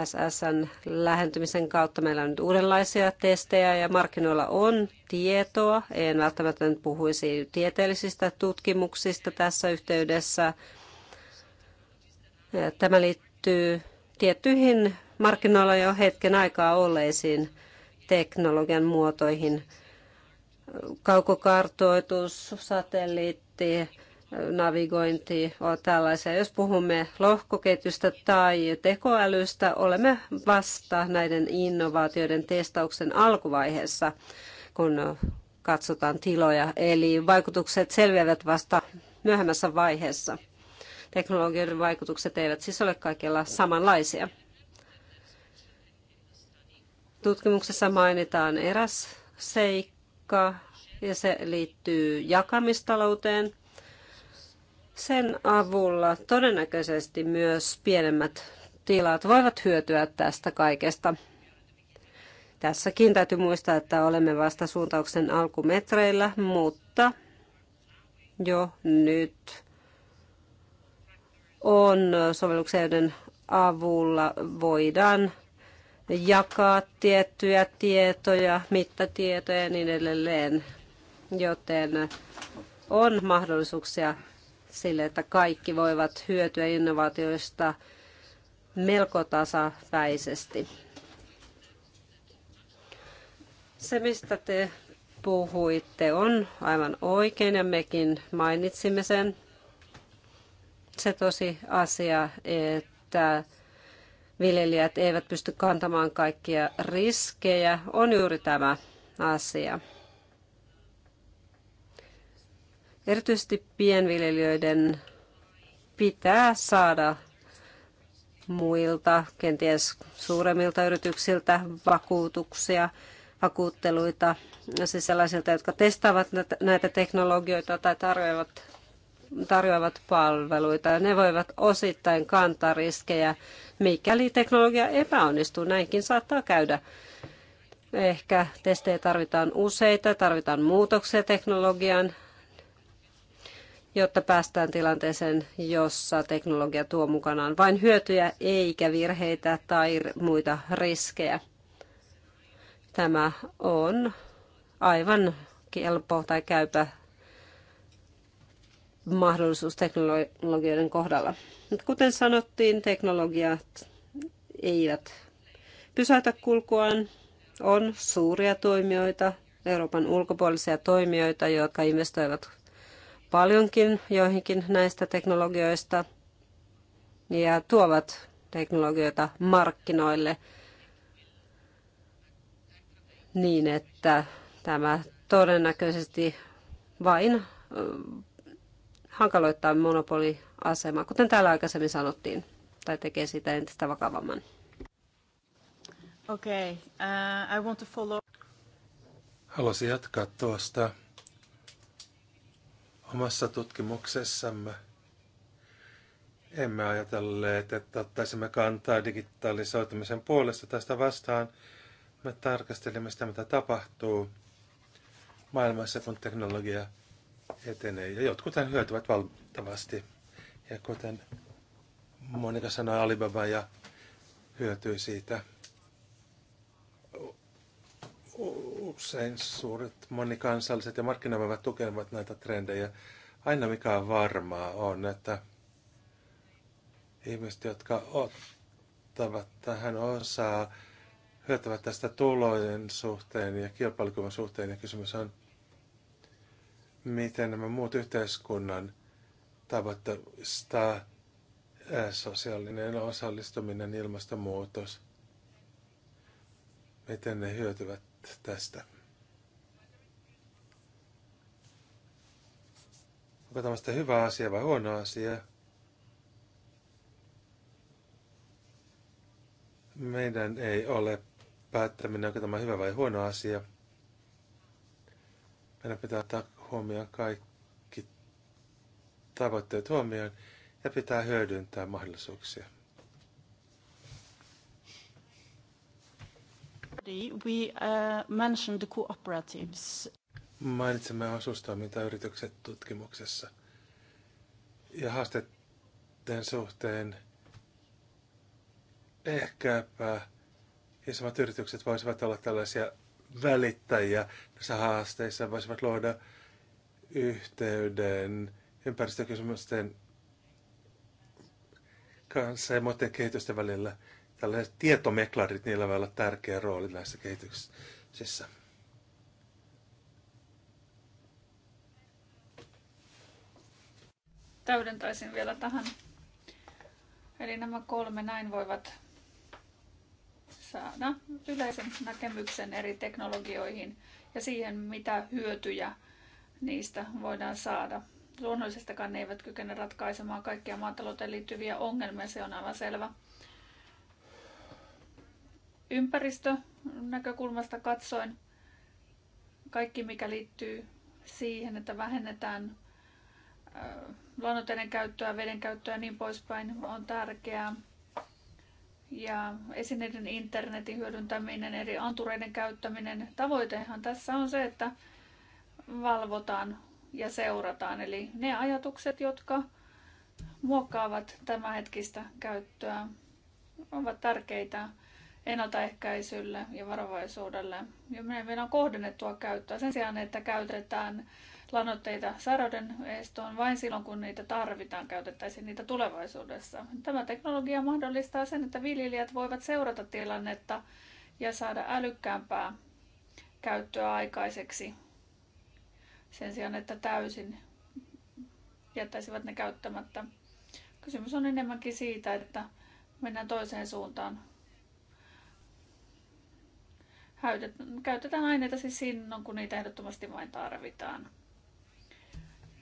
SSN lähentymisen kautta meillä on nyt uudenlaisia testejä ja markkinoilla on tietoa. En välttämättä nyt puhuisi tieteellisistä tutkimuksista tässä yhteydessä. Tämä liittyy tiettyihin markkinoilla jo hetken aikaa olleisiin teknologian muotoihin. Kaukokartoitus, satelliitti, navigointi on tällaisia. Jos puhumme lohkoketjusta tai tekoälystä, olemme vasta näiden innovaatioiden testauksen alkuvaiheessa, kun katsotaan tiloja. Eli vaikutukset selviävät vasta myöhemmässä vaiheessa. Teknologioiden vaikutukset eivät siis ole kaikilla samanlaisia. Tutkimuksessa mainitaan eräs seikka, ja se liittyy jakamistalouteen – sen avulla todennäköisesti myös pienemmät tilat voivat hyötyä tästä kaikesta. Tässäkin täytyy muistaa, että olemme vasta suuntauksen alkumetreillä, mutta jo nyt on sovellukseiden avulla voidaan jakaa tiettyjä tietoja, mittatietoja ja niin edelleen, joten on mahdollisuuksia sille, että kaikki voivat hyötyä innovaatioista melko tasapäisesti. Se, mistä te puhuitte, on aivan oikein ja mekin mainitsimme sen. Se tosi asia, että viljelijät eivät pysty kantamaan kaikkia riskejä, on juuri tämä asia. Erityisesti pienviljelijöiden pitää saada muilta, kenties suuremmilta yrityksiltä vakuutuksia, vakuutteluita, siis sellaisilta, jotka testaavat näitä teknologioita tai tarjoavat, tarjoavat palveluita. Ne voivat osittain kantaa riskejä, mikäli teknologia epäonnistuu. Näinkin saattaa käydä. Ehkä testejä tarvitaan useita, tarvitaan muutoksia teknologian jotta päästään tilanteeseen, jossa teknologia tuo mukanaan vain hyötyjä eikä virheitä tai muita riskejä. Tämä on aivan kelpo tai käypä mahdollisuus teknologioiden kohdalla. Kuten sanottiin, teknologiat eivät pysäytä kulkuaan. On suuria toimijoita, Euroopan ulkopuolisia toimijoita, jotka investoivat paljonkin joihinkin näistä teknologioista ja tuovat teknologioita markkinoille niin, että tämä todennäköisesti vain hankaloittaa monopoliasemaa, kuten täällä aikaisemmin sanottiin, tai tekee sitä entistä vakavamman. Okei, okay. uh, I want to follow. Haluaisin jatkaa tuosta Omassa tutkimuksessamme emme ajatelleet, että ottaisimme kantaa digitalisoitumisen puolesta tästä vastaan. Me tarkastelimme sitä, mitä tapahtuu maailmassa, kun teknologia etenee. Ja jotkut hyötyvät valtavasti. Ja kuten Monika sanoi, Alibaba ja hyötyy siitä – usein suuret monikansalliset ja markkinavoimat tukevat näitä trendejä. Aina mikä on varmaa on, että ihmiset, jotka ottavat tähän osaa, hyötyvät tästä tulojen suhteen ja kilpailukyvyn suhteen. Ja kysymys on, miten nämä muut yhteiskunnan tavoitteista sosiaalinen osallistuminen, ilmastonmuutos, miten ne hyötyvät puhuivat tästä. Onko tämä sitten hyvä asia vai huono asia? Meidän ei ole päättäminen, onko tämä hyvä vai huono asia. Meidän pitää ottaa huomioon kaikki tavoitteet huomioon ja pitää hyödyntää mahdollisuuksia. study, we mitä uh, mentioned the cooperatives. Mainitsemme tutkimuksessa ja haasteiden suhteen ehkäpä isommat yritykset voisivat olla tällaisia välittäjiä näissä haasteissa, voisivat luoda yhteyden ympäristökysymysten kanssa ja muiden kehitysten välillä tällaiset tietomeklarit, niillä voi olla tärkeä rooli näissä kehityksissä. Täydentäisin vielä tähän. Eli nämä kolme näin voivat saada yleisen näkemyksen eri teknologioihin ja siihen, mitä hyötyjä niistä voidaan saada. Luonnollisestakaan ne eivät kykene ratkaisemaan kaikkia maatalouteen liittyviä ongelmia, se on aivan selvä ympäristönäkökulmasta katsoen kaikki, mikä liittyy siihen, että vähennetään lannoitteiden käyttöä, veden käyttöä ja niin poispäin, on tärkeää. Ja esineiden internetin hyödyntäminen, eri antureiden käyttäminen. Tavoitehan tässä on se, että valvotaan ja seurataan. Eli ne ajatukset, jotka muokkaavat tämänhetkistä käyttöä, ovat tärkeitä ennaltaehkäisylle ja varovaisuudelle. Ja meillä on kohdennettua käyttöä sen sijaan, että käytetään lannoitteita sairauden estoon vain silloin, kun niitä tarvitaan, käytettäisiin niitä tulevaisuudessa. Tämä teknologia mahdollistaa sen, että viljelijät voivat seurata tilannetta ja saada älykkäämpää käyttöä aikaiseksi sen sijaan, että täysin jättäisivät ne käyttämättä. Kysymys on enemmänkin siitä, että mennään toiseen suuntaan käytetään aineita siis silloin, kun niitä ehdottomasti vain tarvitaan.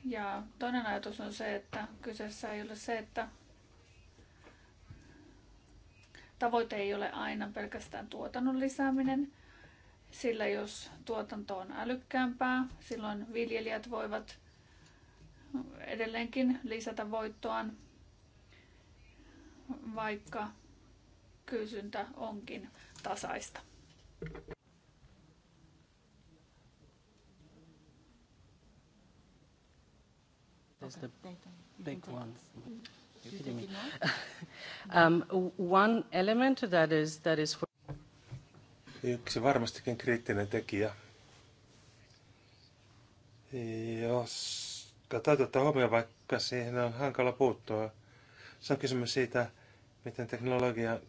Ja toinen ajatus on se, että kyseessä ei ole se, että tavoite ei ole aina pelkästään tuotannon lisääminen, sillä jos tuotanto on älykkäämpää, silloin viljelijät voivat edelleenkin lisätä voittoaan, vaikka kysyntä onkin tasaista. That's the big one. Mm-hmm. um, one element that is, that is for... Yksi varmastikin kriittinen tekijä. Jos katsotaan huomioon, vaikka siihen on hankala puuttua. Se on kysymys siitä, miten teknologia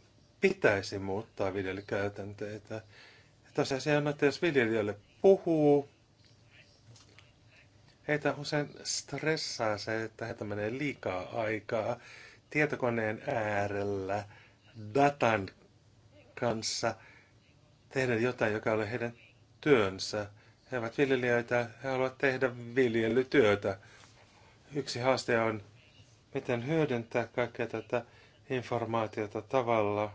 pitäisi muuttaa viljelykäytänteitä. se on, että jos viljelijöille puhuu, Heitä usein stressaa se, että heitä menee liikaa aikaa tietokoneen äärellä datan kanssa tehdä jotain, joka ei ole heidän työnsä. He ovat viljelijöitä, he haluavat tehdä viljelytyötä. Yksi haaste on, miten hyödyntää kaikkea tätä informaatiota tavalla,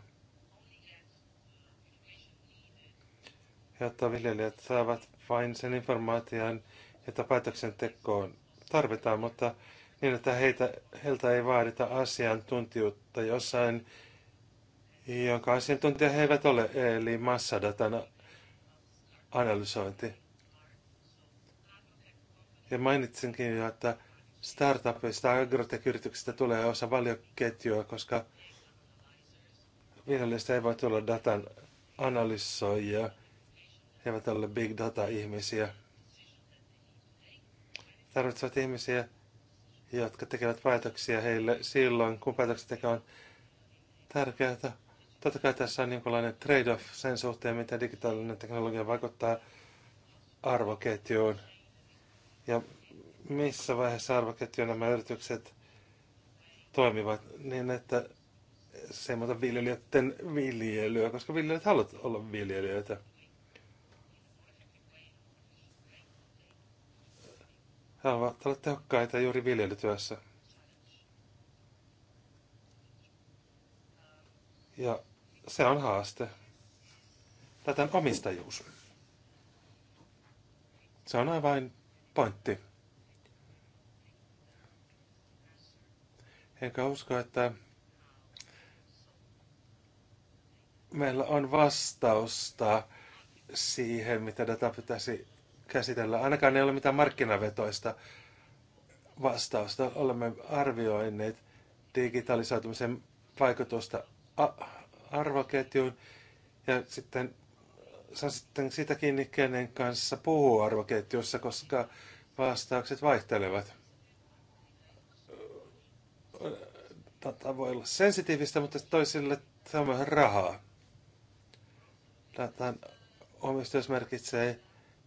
jotta viljelijät saavat vain sen informaation, että päätöksentekoon tarvitaan, mutta niin, että heitä, heiltä ei vaadita asiantuntijuutta jossain, jonka asiantuntija he eivät ole, eli massadatan analysointi. Ja mainitsinkin jo, että startupista, agrotech-yrityksistä tulee osa valioketjua, koska virallista ei voi tulla datan analysoijia. He eivät ole big data-ihmisiä tarvitsevat ihmisiä, jotka tekevät päätöksiä heille silloin, kun päätöksenteko on tärkeää. Totta kai tässä on jonkinlainen trade-off sen suhteen, mitä digitaalinen teknologia vaikuttaa arvoketjuun. Ja missä vaiheessa arvoketjuun nämä yritykset toimivat niin, että se ei muuta viljelijöiden viljelyä, koska viljelijät haluavat olla viljelijöitä. He ovat olleet tehokkaita juuri viljelytyössä. Ja se on haaste. Tätän omistajuus. Se on aivan pointti. Enkä usko, että meillä on vastausta siihen, mitä data pitäisi käsitellä. Ainakaan ei ole mitään markkinavetoista vastausta. Olemme arvioineet digitalisoitumisen vaikutusta arvoketjuun ja sitten saa sitten sitä kiinni, kenen kanssa puhuu arvoketjussa, koska vastaukset vaihtelevat. Tätä voi olla sensitiivistä, mutta toisille tämä on rahaa. Datan omistus merkitsee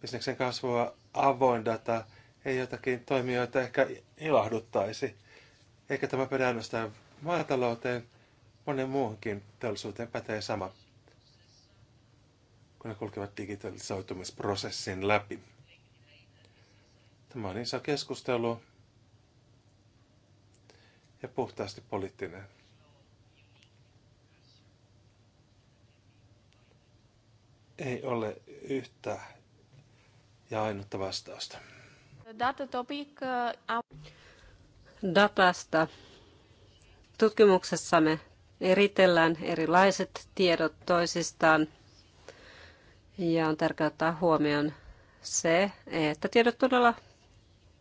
bisneksen kasvua avoin data ei jotakin toimijoita ehkä ilahduttaisi. Eikä tämä pidä ainoastaan maatalouteen, monen muuhunkin teollisuuteen pätee sama, kun ne kulkevat digitalisoitumisprosessin läpi. Tämä on iso keskustelu ja puhtaasti poliittinen. Ei ole yhtä ja ainutta vastausta. Data topic, äh, Datasta. Tutkimuksessamme eritellään erilaiset tiedot toisistaan ja on tärkeää ottaa huomioon se, että tiedot todella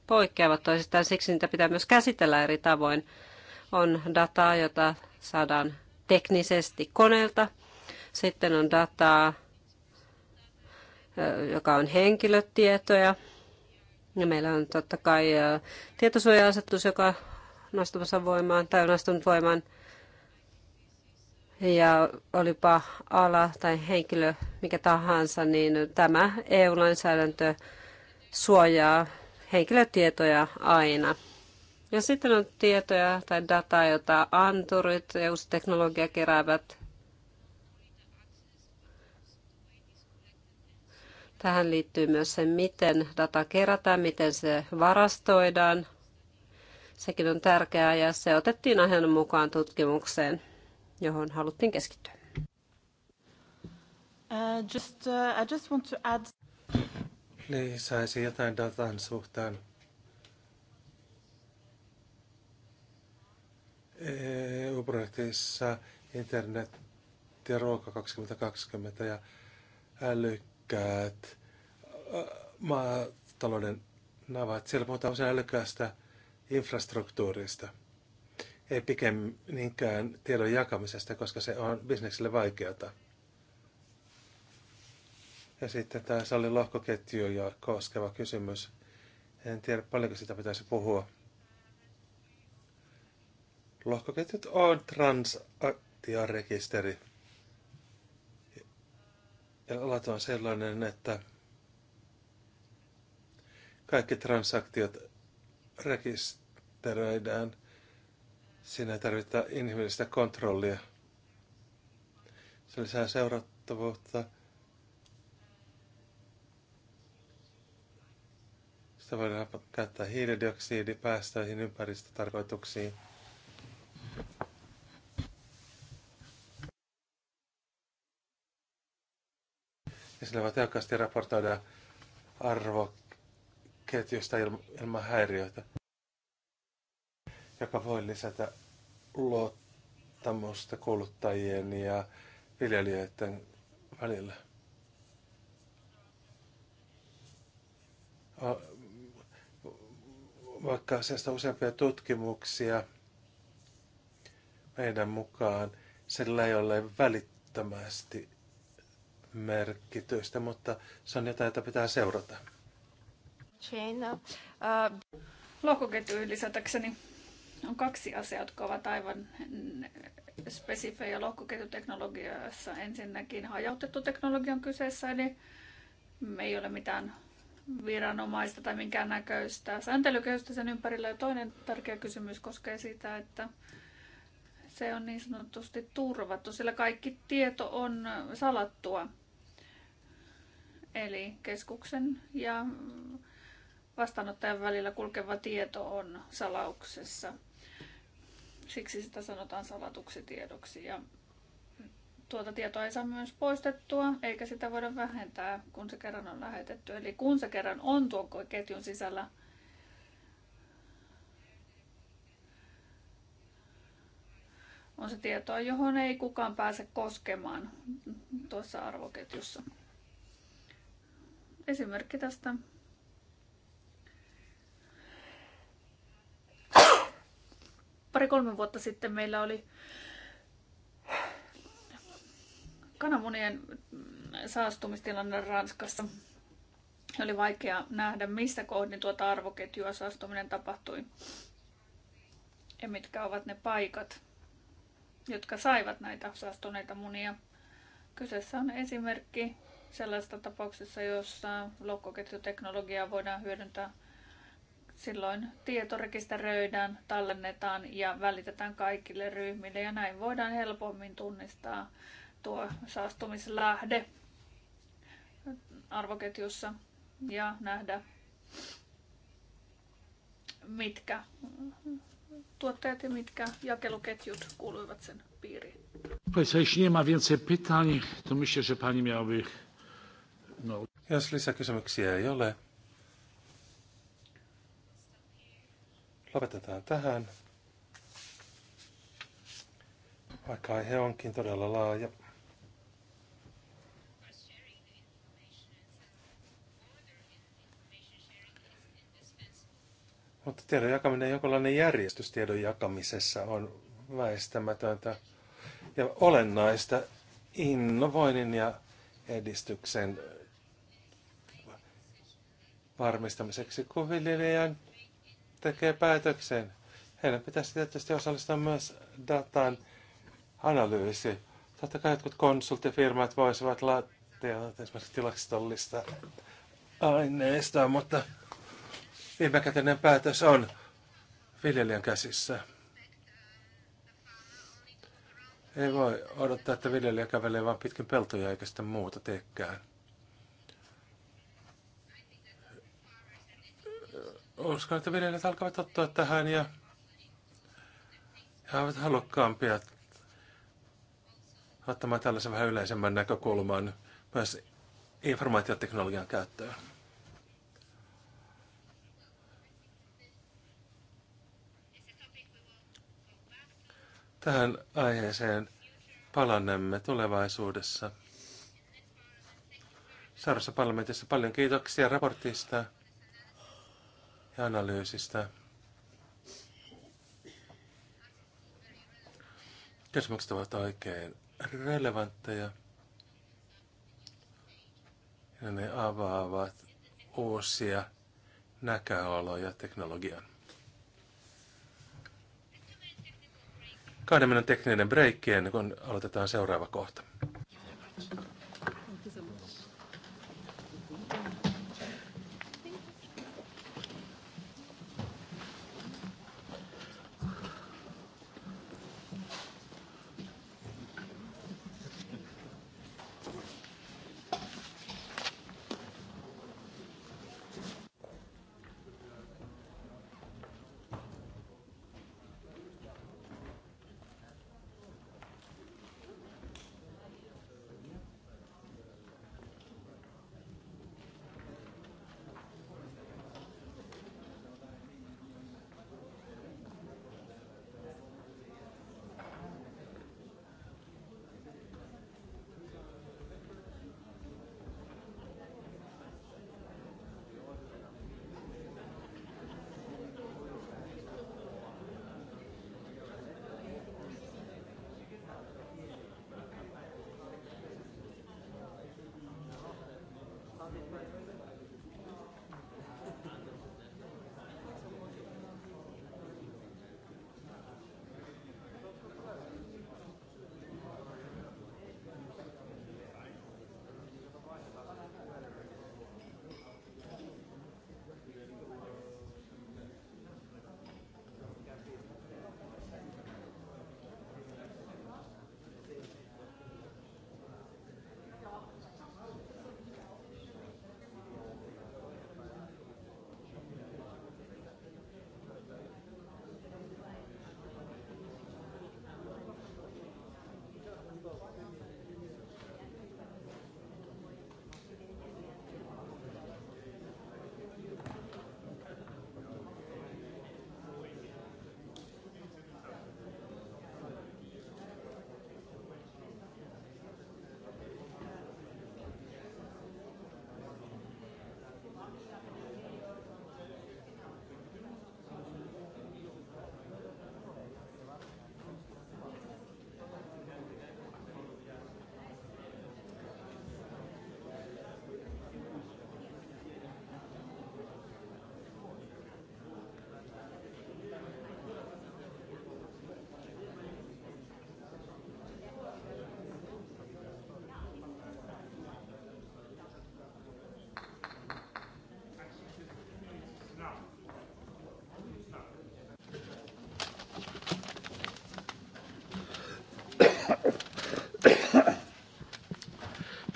poikkeavat toisistaan, siksi niitä pitää myös käsitellä eri tavoin. On dataa, jota saadaan teknisesti koneelta, sitten on dataa, joka on henkilötietoja. Ja meillä on totta kai tietosuoja-asetus, joka on astumassa voimaan tai on astunut voimaan. Ja olipa ala tai henkilö mikä tahansa, niin tämä EU-lainsäädäntö suojaa henkilötietoja aina. Ja sitten on tietoja tai dataa, jota anturit ja uusi teknologia keräävät Tähän liittyy myös se, miten data kerätään, miten se varastoidaan. Sekin on tärkeää ja se otettiin aiheena mukaan tutkimukseen, johon haluttiin keskittyä. Uh, just, Lisäisin uh, niin, jotain datan suhteen EU-projektissa Internet ja Ruoka 2020 ja äly älykkäät maatalouden navat. Siellä puhutaan usein älykkäästä infrastruktuurista. Ei pikemminkään tiedon jakamisesta, koska se on bisnekselle vaikeata. Ja sitten tämä sali oli ja koskeva kysymys. En tiedä paljonko sitä pitäisi puhua. Lohkoketjut on transaktiorekisteri. rekisteri ja on sellainen, että kaikki transaktiot rekisteröidään. Sinä tarvitaan inhimillistä kontrollia. Se lisää seurattavuutta. Sitä voidaan käyttää hiilidioksidipäästöihin, ympäristötarkoituksiin – ja sillä voi tehokkaasti raportoida arvoketjusta ilman häiriöitä, joka voi lisätä luottamusta kuluttajien ja viljelijöiden välillä. Vaikka asiasta useampia tutkimuksia meidän mukaan, sillä ei ole välittömästi merkitystä, mutta se on jotain, jota pitää seurata. China. Uh... Äh, lohkoketjuihin lisätäkseni on kaksi asiaa, jotka ovat aivan spesifejä lohkoketjuteknologiassa. Ensinnäkin hajautettu teknologia on kyseessä, eli me ei ole mitään viranomaista tai näköistä sääntelykehystä sen ympärillä. Ja toinen tärkeä kysymys koskee sitä, että se on niin sanotusti turvattu, sillä kaikki tieto on salattua. Eli keskuksen ja vastaanottajan välillä kulkeva tieto on salauksessa. Siksi sitä sanotaan salatuksi tiedoksi. Ja tuota tietoa ei saa myös poistettua, eikä sitä voida vähentää, kun se kerran on lähetetty. Eli kun se kerran on tuon ketjun sisällä, on se tietoa, johon ei kukaan pääse koskemaan tuossa arvoketjussa. Esimerkki tästä pari-kolme vuotta sitten meillä oli kananmunien saastumistilanne Ranskassa. Oli vaikea nähdä, mistä kohdin tuota arvoketjua saastuminen tapahtui ja mitkä ovat ne paikat, jotka saivat näitä saastuneita munia. Kyseessä on esimerkki sellaisessa tapauksessa, jossa loukkoketjuteknologiaa voidaan hyödyntää. Silloin tieto rekisteröidään, tallennetaan ja välitetään kaikille ryhmille ja näin voidaan helpommin tunnistaa tuo saastumislähde arvoketjussa ja nähdä, mitkä tuotteet ja mitkä jakeluketjut kuuluivat sen piiriin. Państwo, jeśli nie ma pytań, to myślę, że Pani miałaby no. Jos lisäkysymyksiä ei ole, lopetetaan tähän. Vaikka aihe onkin todella laaja. Mutta tiedon jakaminen, jonkinlainen järjestys tiedon jakamisessa on väistämätöntä ja olennaista innovoinnin ja edistyksen varmistamiseksi, kun viljelijä tekee päätöksen. Heidän pitäisi tietysti osallistua myös datan analyysi. Totta kai jotkut konsulttifirmat voisivat laittaa esimerkiksi tilastollista aineistoa, mutta viimekätinen päätös on viljelijän käsissä. Ei voi odottaa, että viljelijä kävelee vain pitkin peltoja eikä sitä muuta tekään. uskon, että viljelijät alkavat ottaa tähän ja he ovat halukkaampia ottamaan tällaisen vähän yleisemmän näkökulman myös informaatioteknologian käyttöön. Tähän aiheeseen palannemme tulevaisuudessa. Saarassa parlamentissa paljon kiitoksia raportista ja analyysistä. Kysymykset ovat oikein relevantteja. Ja ne avaavat uusia näköaloja teknologian. Kahden minuutin tekninen breikki ennen kuin aloitetaan seuraava kohta.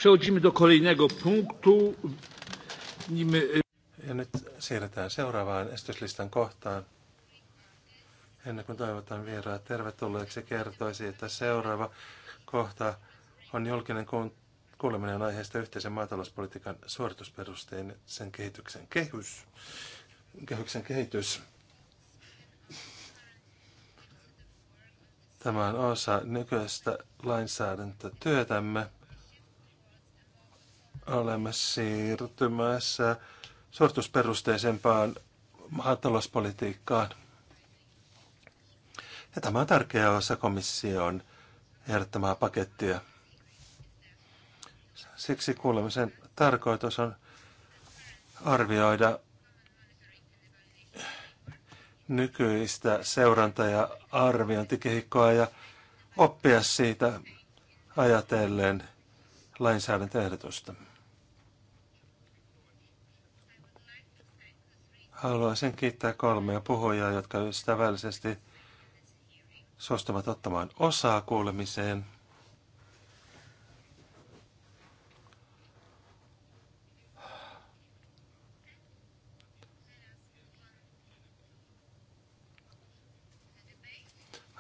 Przechodzimy do kolejnego punktu. Ja nyt siirretään seuraavaan esityslistan kohtaan. Ennen kuin toivotan vieraat tervetulleeksi, kertoisi, että seuraava kohta on julkinen kuuleminen aiheesta yhteisen maatalouspolitiikan suoritusperustein sen kehityksen kehys. Kehyksen kehitys. Tämä on osa nykyistä lainsäädäntötyötämme olemme siirtymässä suoritusperusteisempaan maatalouspolitiikkaan. Ja tämä on tärkeä osa komission ehdottamaa pakettia. Siksi kuulemisen tarkoitus on arvioida nykyistä seuranta- ja arviointikehikkoa ja oppia siitä ajatellen lainsäädäntöehdotusta. Haluaisin kiittää kolmea puhujaa, jotka ystävällisesti suostuvat ottamaan osaa kuulemiseen.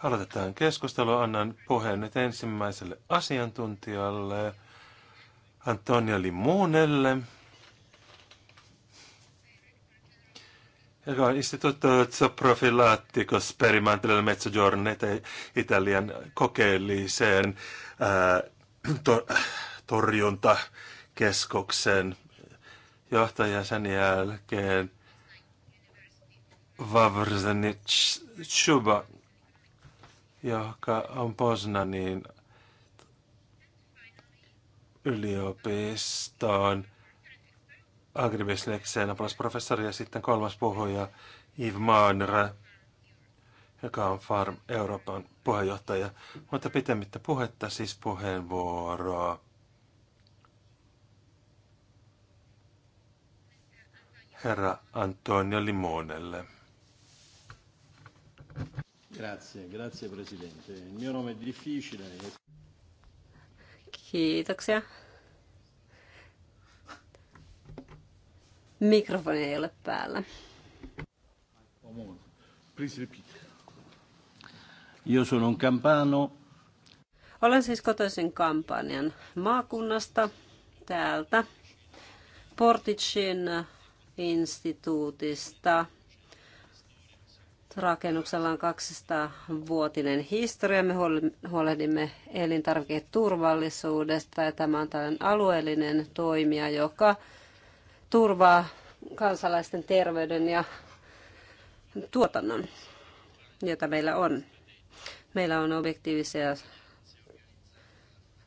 Aloitetaan keskustelu. Annan puheen nyt ensimmäiselle asiantuntijalle, Antonio Limunelle. Ego Istituto Zooprofilattico Sperimentale Mezzogiornete Italian kokeelliseen äh, to, torjuntakeskuksen johtajan sen jälkeen Vavrzenic Chuba, joka on Poznanin yliopistoon agribusinesseen professori ja sitten kolmas puhuja Yves Maanre, joka on Farm Euroopan puheenjohtaja. Mutta pitemmittä puhetta, siis puheenvuoroa. Herra Antonio Limonelle. Grazie, grazie Presidente. Il mio nome è difficile. Kiitoksia. Mikrofoni ei ole päällä. Io sono un campano. Olen siis kotoisin Kampanjan maakunnasta täältä Porticin instituutista. Rakennuksella on 200-vuotinen historia. Me huolehdimme elintarviketurvallisuudesta ja tämä on tällainen alueellinen toimija, joka turvaa kansalaisten terveyden ja tuotannon, jota meillä on. Meillä on objektiivisia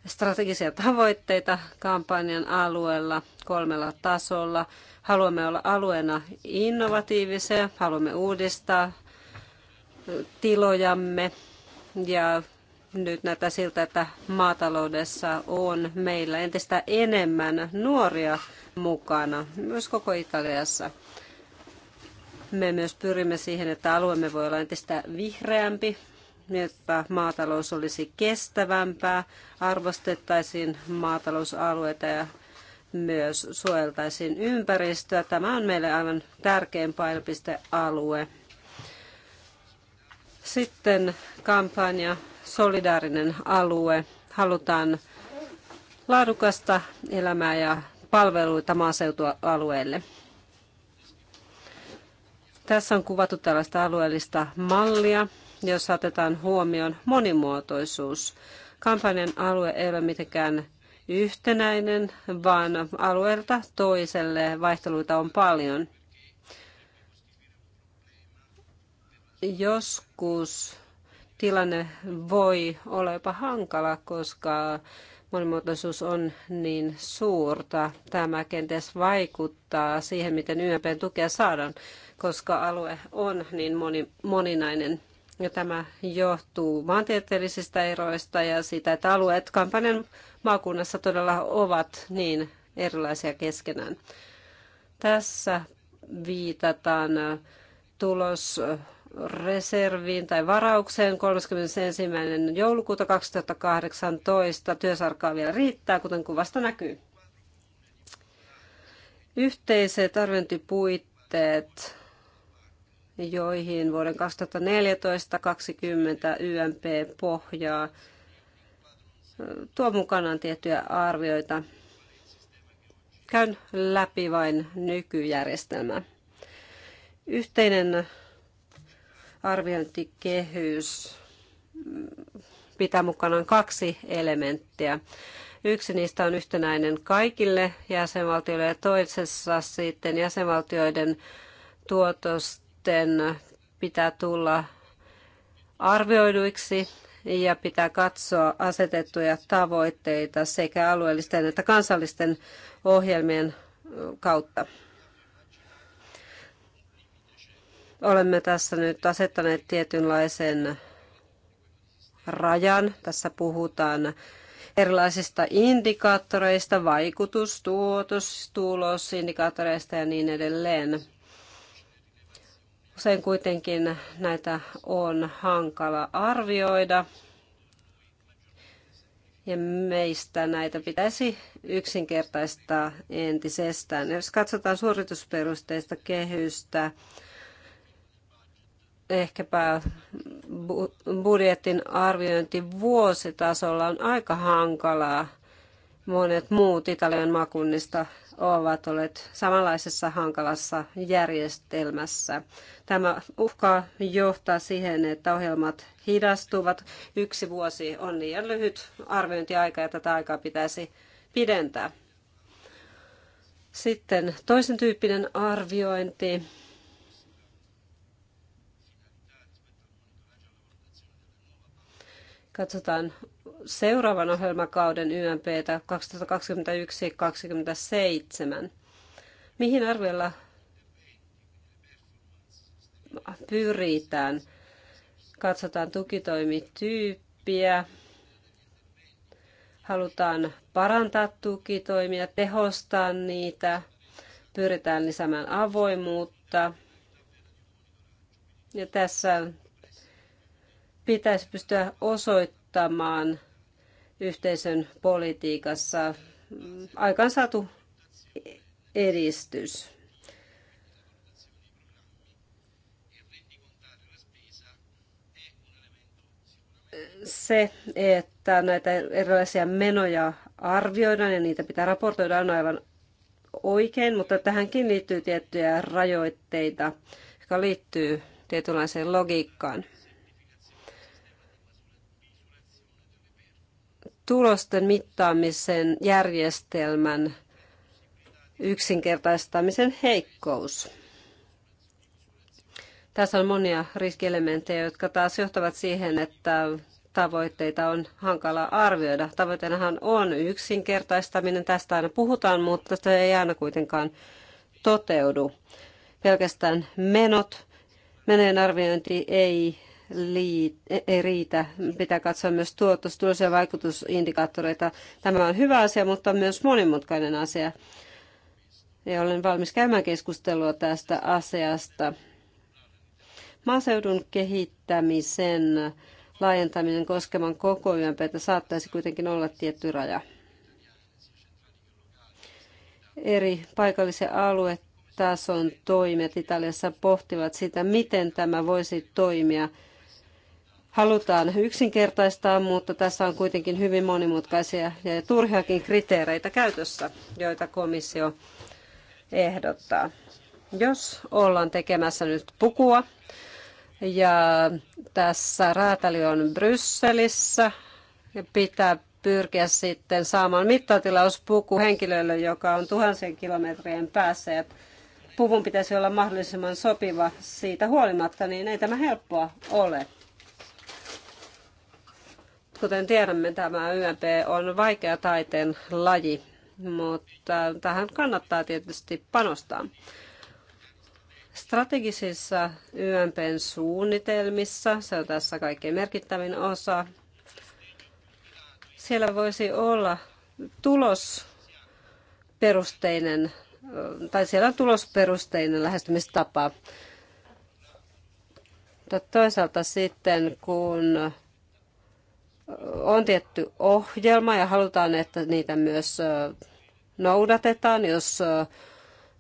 strategisia tavoitteita kampanjan alueella kolmella tasolla. Haluamme olla alueena innovatiivisia, haluamme uudistaa tilojamme ja nyt näyttää siltä, että maataloudessa on meillä entistä enemmän nuoria mukana, myös koko Italiassa. Me myös pyrimme siihen, että alueemme voi olla entistä vihreämpi, niin että maatalous olisi kestävämpää, arvostettaisiin maatalousalueita ja myös suojeltaisiin ympäristöä. Tämä on meille aivan tärkein painopistealue. Sitten kampanja solidaarinen alue. Halutaan laadukasta elämää ja palveluita maaseutualueelle. Tässä on kuvattu tällaista alueellista mallia, jossa otetaan huomioon monimuotoisuus. Kampanjan alue ei ole mitenkään yhtenäinen, vaan alueelta toiselle vaihteluita on paljon. Joskus tilanne voi olla jopa hankala, koska monimuotoisuus on niin suurta. Tämä kenties vaikuttaa siihen, miten YMPn tukea saadaan, koska alue on niin moni, moninainen. Ja tämä johtuu maantieteellisistä eroista ja siitä, että alueet kampanjan maakunnassa todella ovat niin erilaisia keskenään. Tässä viitataan tulos reserviin tai varaukseen 31. joulukuuta 2018. Työsarkaa vielä riittää, kuten kuvasta näkyy. Yhteiset arviointipuitteet, joihin vuoden 2014-2020 YMP pohjaa, tuo mukanaan tiettyjä arvioita. Käyn läpi vain nykyjärjestelmää. Yhteinen arviointikehys pitää mukanaan kaksi elementtiä. Yksi niistä on yhtenäinen kaikille jäsenvaltioille ja toisessa sitten jäsenvaltioiden tuotosten pitää tulla arvioiduiksi ja pitää katsoa asetettuja tavoitteita sekä alueellisten että kansallisten ohjelmien kautta. Olemme tässä nyt asettaneet tietynlaisen rajan. Tässä puhutaan erilaisista indikaattoreista, vaikutus, tuotos, tulos, indikaattoreista ja niin edelleen. Usein kuitenkin näitä on hankala arvioida ja meistä näitä pitäisi yksinkertaistaa entisestään. Jos katsotaan suoritusperusteista kehystä, ehkäpä budjetin arviointi vuositasolla on aika hankalaa. Monet muut Italian maakunnista ovat olleet samanlaisessa hankalassa järjestelmässä. Tämä uhkaa johtaa siihen, että ohjelmat hidastuvat. Yksi vuosi on liian lyhyt arviointiaika ja tätä aikaa pitäisi pidentää. Sitten toisen tyyppinen arviointi katsotaan seuraavan ohjelmakauden YMPtä 2021-2027. Mihin arvioilla pyritään? Katsotaan tukitoimityyppiä, halutaan parantaa tukitoimia, tehostaa niitä, pyritään lisäämään avoimuutta. Ja tässä pitäisi pystyä osoittamaan yhteisön politiikassa aikansaatu edistys. Se, että näitä erilaisia menoja arvioidaan ja niitä pitää raportoida on aivan oikein, mutta tähänkin liittyy tiettyjä rajoitteita, jotka liittyy tietynlaiseen logiikkaan. tulosten mittaamisen järjestelmän yksinkertaistamisen heikkous. Tässä on monia riskielementtejä, jotka taas johtavat siihen, että tavoitteita on hankala arvioida. Tavoitteenahan on yksinkertaistaminen, tästä aina puhutaan, mutta se ei aina kuitenkaan toteudu. Pelkästään menot, menojen arviointi ei E- ei riitä. Pitää katsoa myös tuotos, tulos- ja vaikutusindikaattoreita. Tämä on hyvä asia, mutta myös monimutkainen asia. Ja olen valmis käymään keskustelua tästä asiasta. Maaseudun kehittämisen laajentaminen koskeman koko YMPtä saattaisi kuitenkin olla tietty raja. Eri paikallisen aluetason toimet Italiassa pohtivat sitä, miten tämä voisi toimia – halutaan yksinkertaistaa, mutta tässä on kuitenkin hyvin monimutkaisia ja turhiakin kriteereitä käytössä, joita komissio ehdottaa. Jos ollaan tekemässä nyt pukua, ja tässä räätäli on Brysselissä, ja pitää pyrkiä sitten saamaan mittatilauspuku henkilölle, joka on tuhansien kilometrien päässä. Ja puvun pitäisi olla mahdollisimman sopiva siitä huolimatta, niin ei tämä helppoa ole. Kuten tiedämme, tämä YMP on vaikea taiteen laji, mutta tähän kannattaa tietysti panostaa. Strategisissa YMPn suunnitelmissa, se on tässä kaikkein merkittävin osa, siellä voisi olla tulosperusteinen, tai siellä on tulosperusteinen lähestymistapa. toisaalta sitten, kun on tietty ohjelma ja halutaan, että niitä myös noudatetaan, jos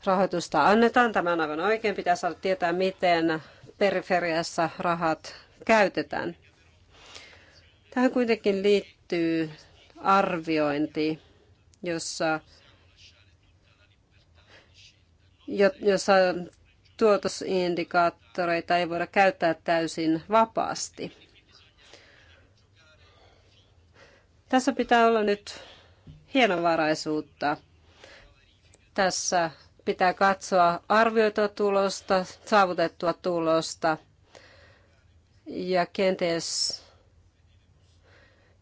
rahoitusta annetaan. Tämä on aivan oikein. Pitää saada tietää, miten periferiassa rahat käytetään. Tähän kuitenkin liittyy arviointi, jossa, jossa tuotosindikaattoreita ei voida käyttää täysin vapaasti. Tässä pitää olla nyt hienovaraisuutta. Tässä pitää katsoa arvioitua tulosta, saavutettua tulosta ja kenties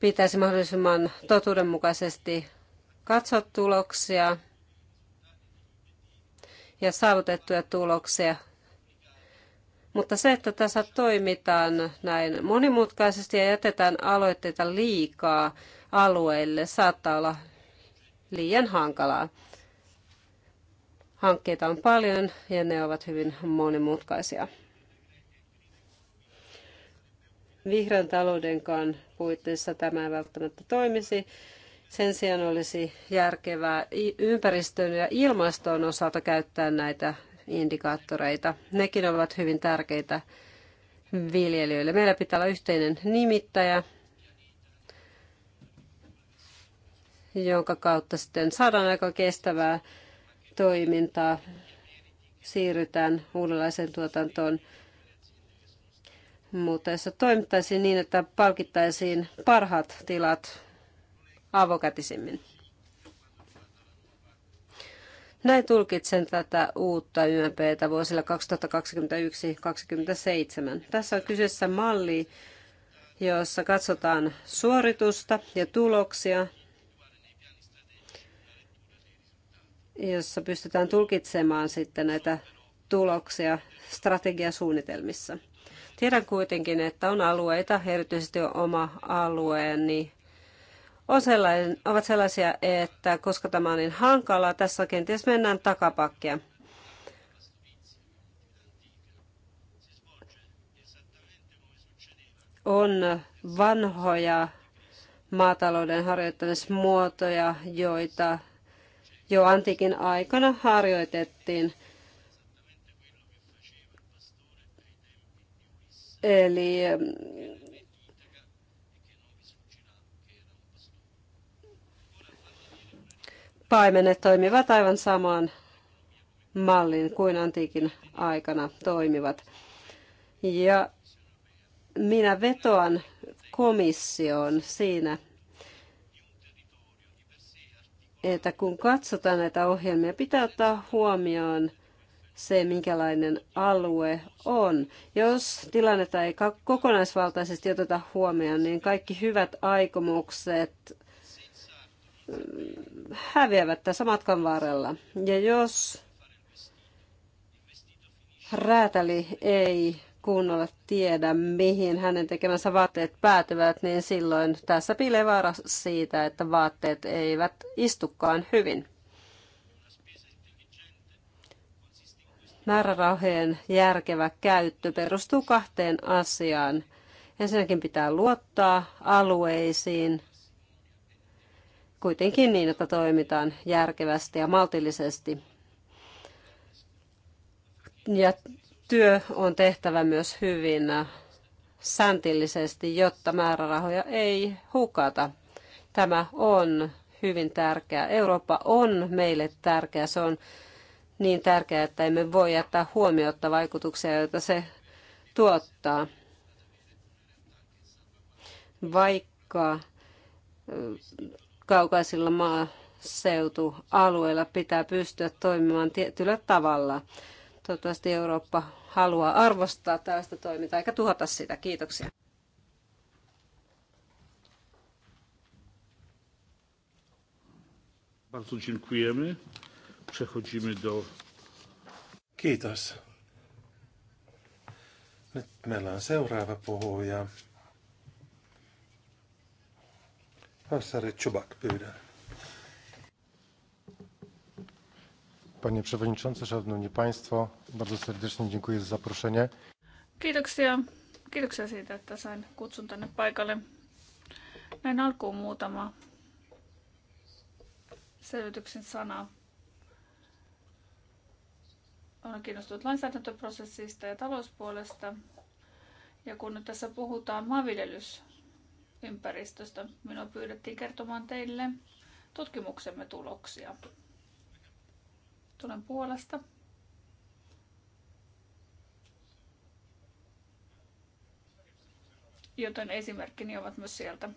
pitäisi mahdollisimman totuudenmukaisesti katsoa tuloksia ja saavutettuja tuloksia. Mutta se, että tässä toimitaan näin monimutkaisesti ja jätetään aloitteita liikaa, alueille saattaa olla liian hankalaa. Hankkeita on paljon ja ne ovat hyvin monimutkaisia. Vihreän taloudenkaan puitteissa tämä ei välttämättä toimisi. Sen sijaan olisi järkevää ympäristön ja ilmaston osalta käyttää näitä indikaattoreita. Nekin ovat hyvin tärkeitä viljelijöille. Meillä pitää olla yhteinen nimittäjä jonka kautta sitten saadaan aika kestävää toimintaa, siirrytään uudenlaiseen tuotantoon. Mutta jos toimittaisiin niin, että palkittaisiin parhaat tilat avokätisemmin. Näin tulkitsen tätä uutta YMPtä vuosilla 2021-2027. Tässä on kyseessä malli, jossa katsotaan suoritusta ja tuloksia jossa pystytään tulkitsemaan sitten näitä tuloksia strategiasuunnitelmissa. Tiedän kuitenkin, että on alueita, erityisesti oma alueeni, on sellainen, ovat sellaisia, että koska tämä on niin hankalaa, tässä kenties mennään takapakkia. On vanhoja maatalouden harjoittamismuotoja, joita jo antiikin aikana harjoitettiin. Eli mm, paimenet toimivat aivan samaan mallin kuin antiikin aikana toimivat. Ja minä vetoan komissioon siinä, että kun katsotaan näitä ohjelmia, pitää ottaa huomioon se, minkälainen alue on. Jos tilannetta ei kokonaisvaltaisesti oteta huomioon, niin kaikki hyvät aikomukset mm, häviävät tässä matkan varrella. Ja jos räätäli ei kunnolla tiedä, mihin hänen tekemänsä vaatteet päätyvät, niin silloin tässä piilee vaara siitä, että vaatteet eivät istukaan hyvin. Määrärahojen järkevä käyttö perustuu kahteen asiaan. Ensinnäkin pitää luottaa alueisiin, kuitenkin niin, että toimitaan järkevästi ja maltillisesti. Ja työ on tehtävä myös hyvin säntillisesti, jotta määrärahoja ei hukata. Tämä on hyvin tärkeää. Eurooppa on meille tärkeä. Se on niin tärkeää, että emme voi jättää huomiota vaikutuksia, joita se tuottaa. Vaikka kaukaisilla maaseutualueilla pitää pystyä toimimaan tietyllä tavalla. Toivottavasti Eurooppa haluaa arvostaa tällaista toimintaa eikä tuhota sitä. Kiitoksia. Bardzo dziękujemy. Przechodzimy do... Kiitos. Nyt meillä on seuraava puhuja. Hassari Chubak pyydän. Panie Przewodniczący, Szanowni Państwo, bardzo serdecznie dziękuję za zaproszenie. Kiitoksia. Kiitoksia siitä, että sain kutsun tänne paikalle. Näin alkuun muutama selvityksen sana. Olen kiinnostunut lainsäädäntöprosessista ja talouspuolesta. Ja kun nyt tässä puhutaan maanviljelysympäristöstä, minua pyydettiin kertomaan teille tutkimuksemme tuloksia. Tulen puolesta. Joten esimerkkini ovat myös sieltä.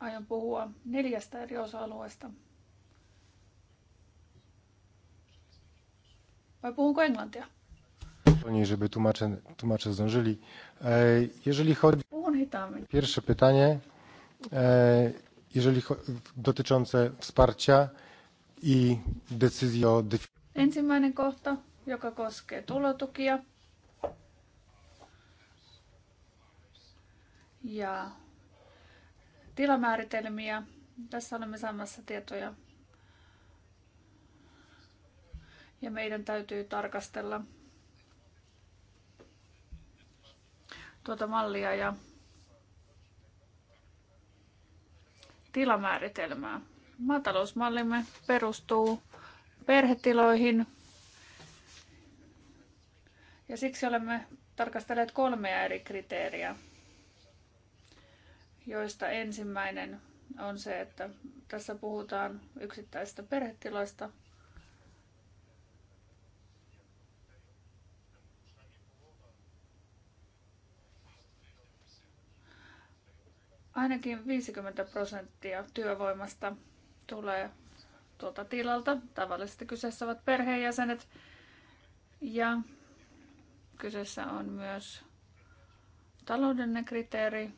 Aion puhua neljästä eri osa-alueesta. Vai puhunko englantia? Oni, żeby tłumacze, tłumacze zdążyli. E, jeżeli chodzi... Puhun Pierwsze pytanie. E, jeżeli dotyczące wsparcia i decyzji o... Ensimmäinen kohta, joka koskee tulotukia. Ja tilamääritelmiä. Tässä olemme saamassa tietoja. Ja meidän täytyy tarkastella tuota mallia ja tilamääritelmää. Maatalousmallimme perustuu perhetiloihin ja siksi olemme tarkastelleet kolmea eri kriteeriä, joista ensimmäinen on se, että tässä puhutaan yksittäisistä perhetiloista – ainakin 50 prosenttia työvoimasta tulee tuolta tilalta. Tavallisesti kyseessä ovat perheenjäsenet ja kyseessä on myös taloudellinen kriteeri.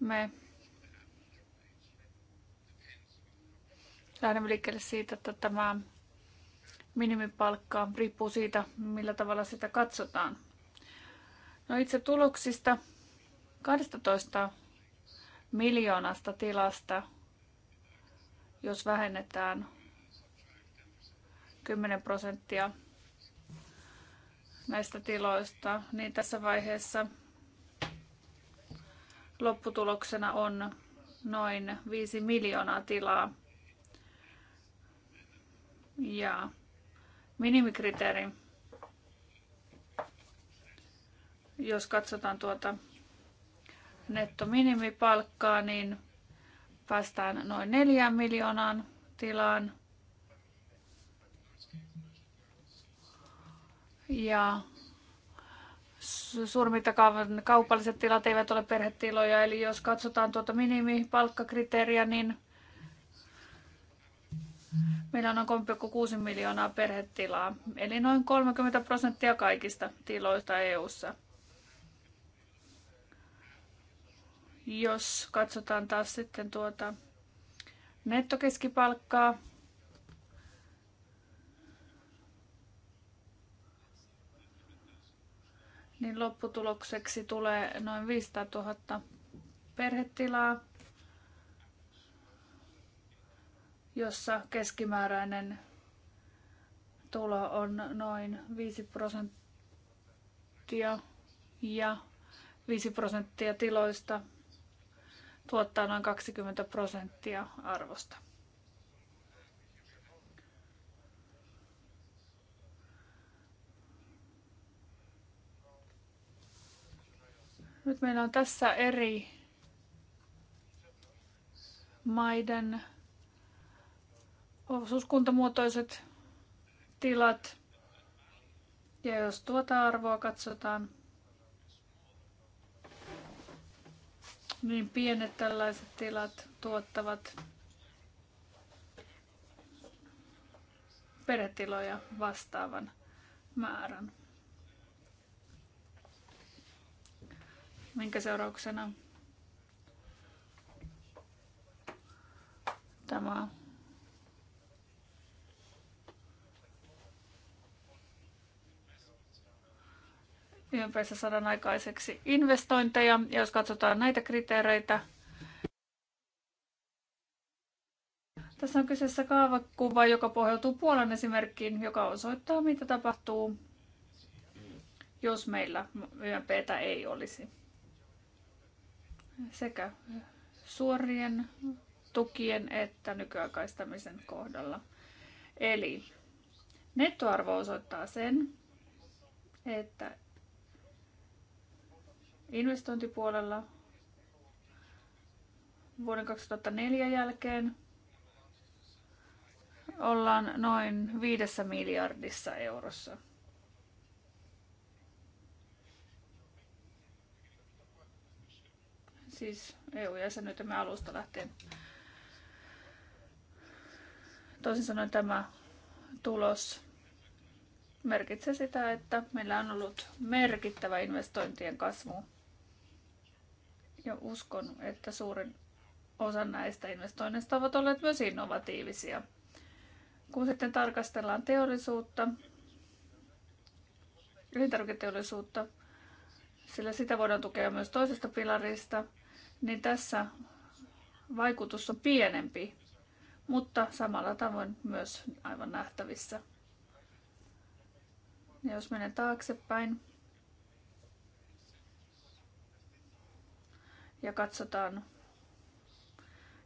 Me lähdemme liikkeelle siitä, että tämä minimipalkkaa, riippuu siitä, millä tavalla sitä katsotaan. No itse tuloksista 12 miljoonasta tilasta, jos vähennetään 10 prosenttia näistä tiloista, niin tässä vaiheessa lopputuloksena on noin 5 miljoonaa tilaa. Ja minimikriteeri, jos katsotaan tuota nettominimipalkkaa, niin päästään noin 4 miljoonaan tilaan. Ja suurmittakaavan kaupalliset tilat eivät ole perhetiloja, eli jos katsotaan tuota minimipalkkakriteeriä, niin Meillä on noin 3,6 miljoonaa perhetilaa, eli noin 30 prosenttia kaikista tiloista EU:ssa. Jos katsotaan taas sitten tuota nettokeskipalkkaa, niin lopputulokseksi tulee noin 500 000 perhetilaa jossa keskimääräinen tulo on noin 5 prosenttia ja 5 prosenttia tiloista tuottaa noin 20 prosenttia arvosta. Nyt meillä on tässä eri maiden osuuskuntamuotoiset tilat. Ja jos tuota arvoa katsotaan, niin pienet tällaiset tilat tuottavat peretiloja vastaavan määrän. Minkä seurauksena tämä ympäristö saadaan aikaiseksi investointeja. Ja jos katsotaan näitä kriteereitä, tässä on kyseessä kaavakuva, joka pohjautuu Puolan esimerkkiin, joka osoittaa, mitä tapahtuu, jos meillä YMPtä ei olisi. Sekä suorien tukien että nykyaikaistamisen kohdalla. Eli nettoarvo osoittaa sen, että investointipuolella vuoden 2004 jälkeen ollaan noin viidessä miljardissa eurossa. Siis EU-jäsenyytemme alusta lähtien. Toisin sanoen tämä tulos merkitsee sitä, että meillä on ollut merkittävä investointien kasvu ja uskon, että suurin osa näistä investoinneista ovat olleet myös innovatiivisia. Kun sitten tarkastellaan teollisuutta, elintarviketeollisuutta, sillä sitä voidaan tukea myös toisesta pilarista, niin tässä vaikutus on pienempi, mutta samalla tavoin myös aivan nähtävissä. Ja jos menen taaksepäin, ja katsotaan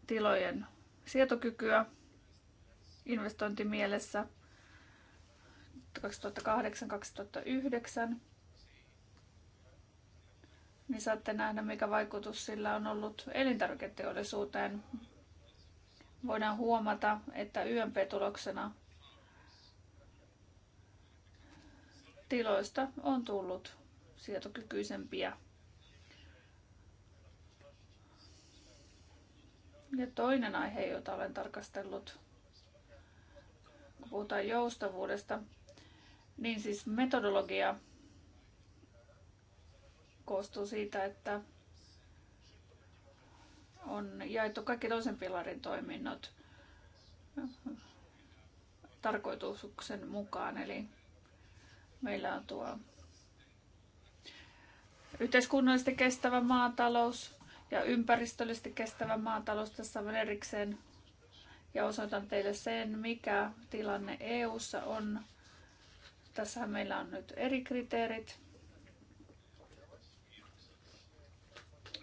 tilojen sietokykyä investointimielessä 2008-2009, niin saatte nähdä, mikä vaikutus sillä on ollut elintarviketeollisuuteen. Voidaan huomata, että YMP-tuloksena tiloista on tullut sietokykyisempiä Ja toinen aihe, jota olen tarkastellut, kun puhutaan joustavuudesta, niin siis metodologia koostuu siitä, että on jaettu kaikki toisen pilarin toiminnot tarkoituksen mukaan. Eli meillä on tuo yhteiskunnallisesti kestävä maatalous, ja ympäristöllisesti kestävä maatalous tässä on erikseen. Ja osoitan teille sen, mikä tilanne EU:ssa on. tässä meillä on nyt eri kriteerit.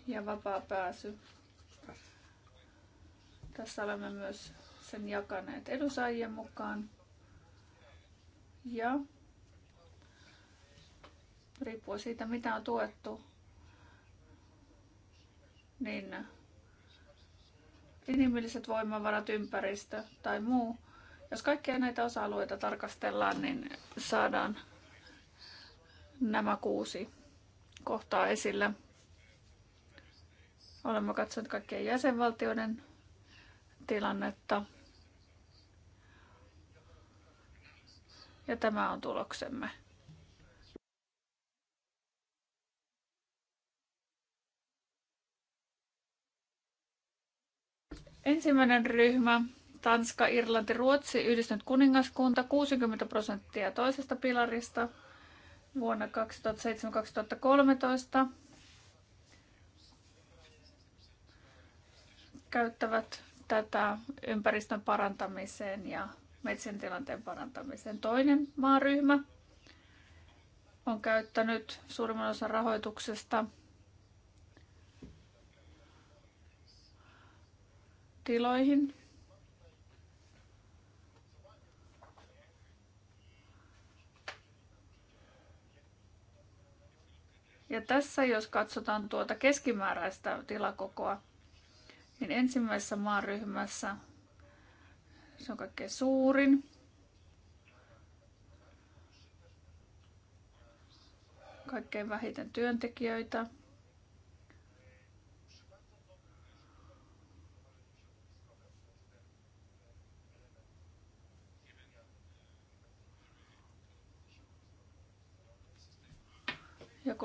Ja vapaa pääsy. Tässä olemme myös sen jakaneet edusajien mukaan. Ja riippuu siitä, mitä on tuettu, niin inhimilliset voimavarat, ympäristö tai muu. Jos kaikkia näitä osa-alueita tarkastellaan, niin saadaan nämä kuusi kohtaa esille. Olemme katsoneet kaikkien jäsenvaltioiden tilannetta. Ja tämä on tuloksemme. Ensimmäinen ryhmä, Tanska, Irlanti, Ruotsi, Yhdistynyt kuningaskunta, 60 prosenttia toisesta pilarista vuonna 2007-2013 käyttävät tätä ympäristön parantamiseen ja metsien tilanteen parantamiseen. Toinen maaryhmä on käyttänyt suurimman osan rahoituksesta – tiloihin. Ja tässä jos katsotaan tuota keskimääräistä tilakokoa, niin ensimmäisessä maaryhmässä se on kaikkein suurin. Kaikkein vähiten työntekijöitä,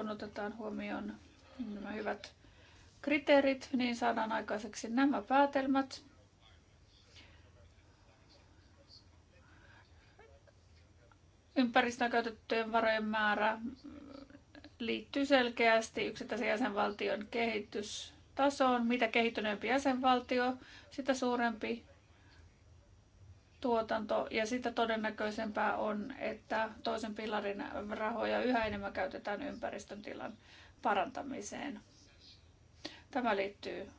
kun otetaan huomioon nämä hyvät kriteerit, niin saadaan aikaiseksi nämä päätelmät. Ympäristön käytettyjen varojen määrä liittyy selkeästi yksittäisen jäsenvaltion kehitystasoon. Mitä kehittyneempi jäsenvaltio, sitä suurempi tuotanto ja sitä todennäköisempää on, että toisen pilarin rahoja yhä enemmän käytetään ympäristön tilan parantamiseen. Tämä liittyy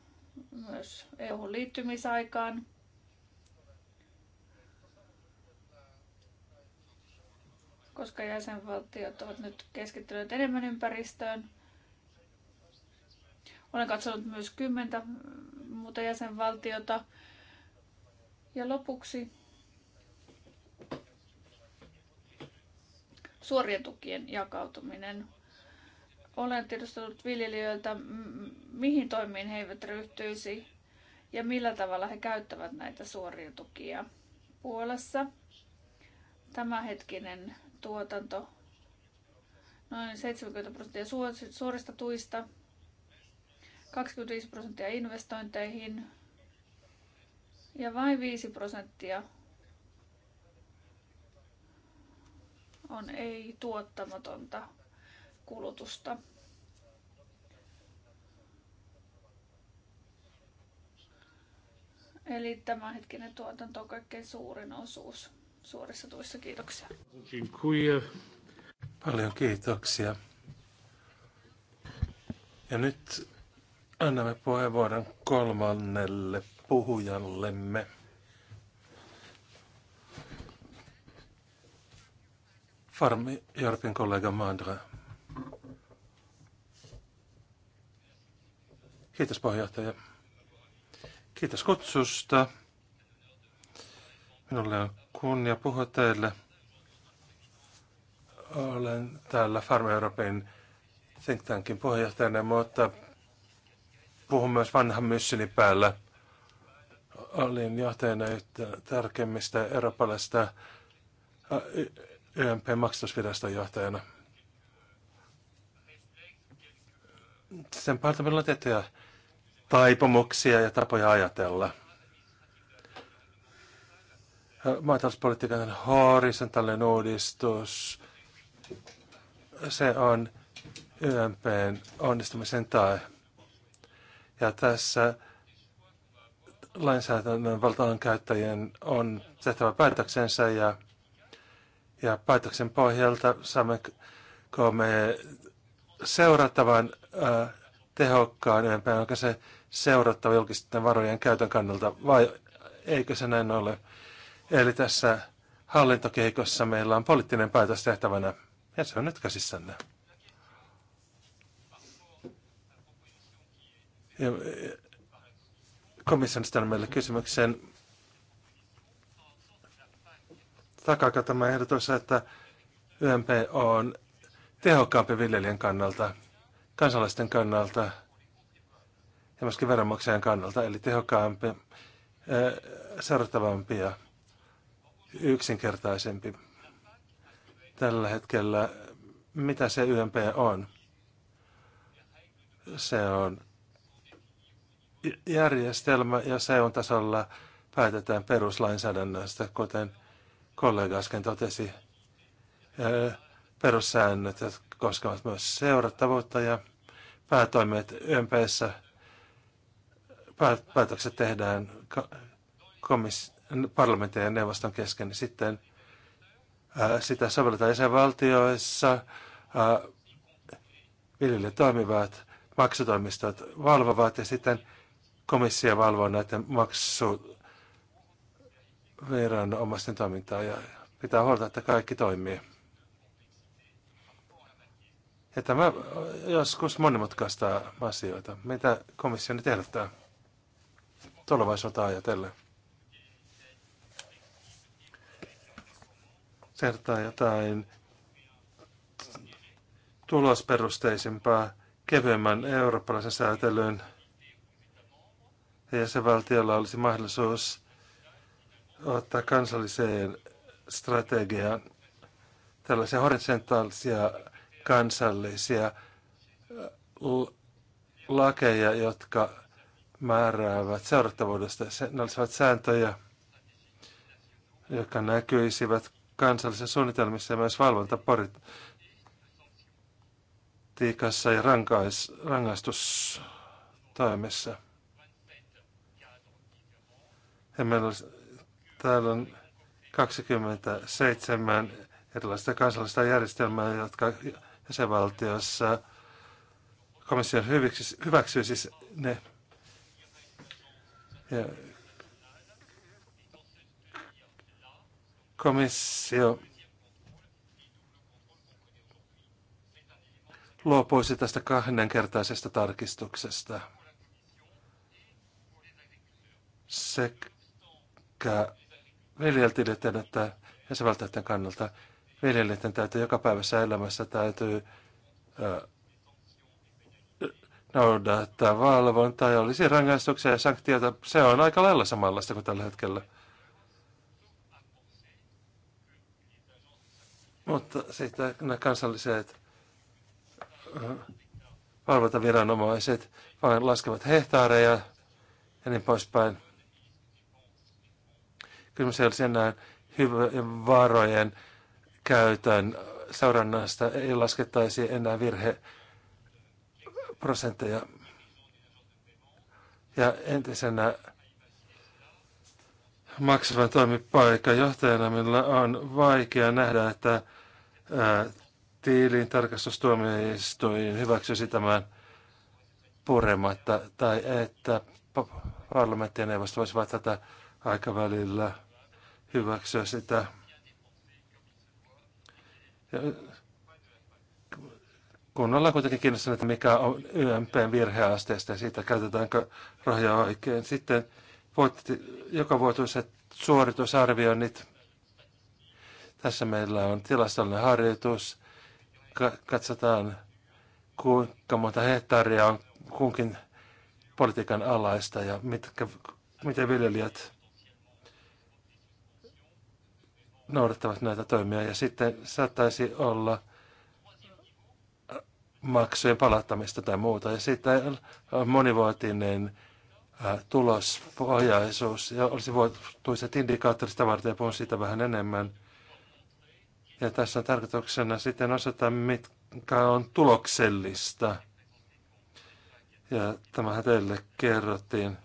myös EU:n liittymisaikaan koska jäsenvaltiot ovat nyt keskittyneet enemmän ympäristöön. Olen katsonut myös kymmentä muuta jäsenvaltiota. Ja lopuksi suorien tukien jakautuminen. Olen tiedostanut viljelijöiltä, mihin toimiin he eivät ryhtyisi ja millä tavalla he käyttävät näitä suoria tukia. Puolassa tämänhetkinen tuotanto noin 70 prosenttia suorista tuista, 25 prosenttia investointeihin ja vain 5 prosenttia on ei-tuottamatonta kulutusta. Eli tämänhetkinen tuotanto on kaikkein suurin osuus suorissa tuissa. Kiitoksia. Paljon kiitoksia. Ja nyt annamme puheenvuoron kolmannelle puhujallemme. Farm European kollega Mandra. Kiitos puheenjohtaja. Kiitos kutsusta. Minulle on kunnia puhua teille. Olen täällä Farm European think tankin puheenjohtajana, mutta puhun myös vanhan myssini päällä. Olin johtajana yhtä tärkeimmistä eurooppalaisista ÖMP maksatusviraston johtajana. Sen partamilla on tiettyjä taipumuksia ja tapoja ajatella. Maatalouspolitiikan horisontaalinen uudistus, se on YMPn onnistumisen tae. Ja tässä lainsäädännön valtaan käyttäjien on tehtävä päätöksensä ja ja päätöksen pohjalta saamme me seurattavan äh, tehokkaan ylempään, onko se seurattava julkisten varojen käytön kannalta vai eikö se näin ole? Eli tässä hallintokehikossa meillä on poliittinen päätös tehtävänä ja se on nyt käsissänne. Komissionista on meille kysymyksen, takakatama ehdotus, että YMP on tehokkaampi viljelijän kannalta, kansalaisten kannalta ja myöskin veronmaksajan kannalta, eli tehokkaampi, seurattavampi ja yksinkertaisempi tällä hetkellä, mitä se YMP on. Se on järjestelmä ja se on tasolla päätetään peruslainsäädännöstä, kuten kollega äsken totesi, perussäännöt, jotka koskevat myös seurattavuutta ja päätoimet ympäissä Päätökset tehdään komis- parlamentin ja neuvoston kesken. Sitten sitä sovelletaan jäsenvaltioissa. Viljelijät toimivat, maksutoimistot valvovat ja sitten komissio valvoo näiden maksu viranomaisten toimintaa ja pitää huolta, että kaikki toimii. Ja tämä joskus monimutkaista asioita. Mitä komissio nyt ehdottaa tulevaisuutta ajatellen? Se ehdottaa jotain tulosperusteisempaa, kevyemmän eurooppalaisen säätelyyn. Ja valtiolla olisi mahdollisuus ottaa kansalliseen strategiaan tällaisia horisontaalisia kansallisia äh, lakeja, jotka määräävät seurattavuudesta. ne olisivat sääntöjä, jotka näkyisivät kansallisissa suunnitelmissa ja myös valvontapolitiikassa ja rankais, rangaistustoimissa. Ja meillä olisi Täällä on 27 erilaista kansallista järjestelmää, jotka jäsenvaltiossa komissio hyväksyy, hyväksyy siis ne. Ja komissio luopuisi tästä kahdenkertaisesta tarkistuksesta sekä viljelijöiden että jäsenvaltioiden kannalta viljelijöiden täytyy joka päivässä elämässä täytyy noudattaa valvontaa ja olisi rangaistuksia ja sanktioita. Se on aika lailla samanlaista kuin tällä hetkellä. Mutta sitten nämä kansalliset valvontaviranomaiset vain laskevat hehtaareja ja niin poispäin. Kysymys ei olisi enää varojen käytön seurannasta, ei laskettaisi enää virheprosentteja. Ja entisenä maksavan toimipaikan johtajana minulla on vaikea nähdä, että tiilin tarkastustuomioistuin hyväksyisi tämän purematta, tai että parlamentti ja neuvosto voisivat tätä aikavälillä hyväksyä sitä. Ja kun ollaan kuitenkin että mikä on YMPn virheasteesta ja siitä käytetäänkö rahoja oikein. Sitten voit joka vuotuiset suoritusarvioinnit. Tässä meillä on tilastollinen harjoitus. Katsotaan, kuinka monta hehtaaria on kunkin politiikan alaista ja mitkä, miten viljelijät noudattavat näitä toimia ja sitten saattaisi olla maksujen palauttamista tai muuta. Ja sitten monivuotinen tulospohjaisuus ja olisi vuotuiset indikaattorista varten ja puhun siitä vähän enemmän. Ja tässä on tarkoituksena sitten osata, mitkä on tuloksellista. Ja tämähän teille kerrottiin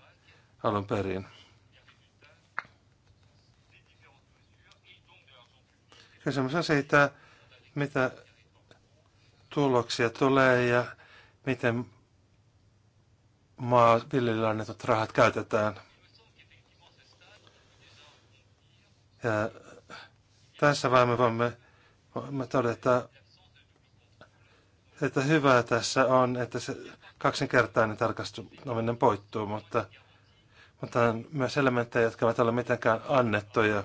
alun perin. Kysymys on siitä, mitä tuloksia tulee ja miten maanviljelijöille annetut rahat käytetään. Ja tässä vain me voimme, voimme todeta, että hyvää tässä on, että se kaksinkertainen tarkastuminen poittuu, mutta, mutta on myös elementtejä, jotka eivät ole mitenkään annettuja.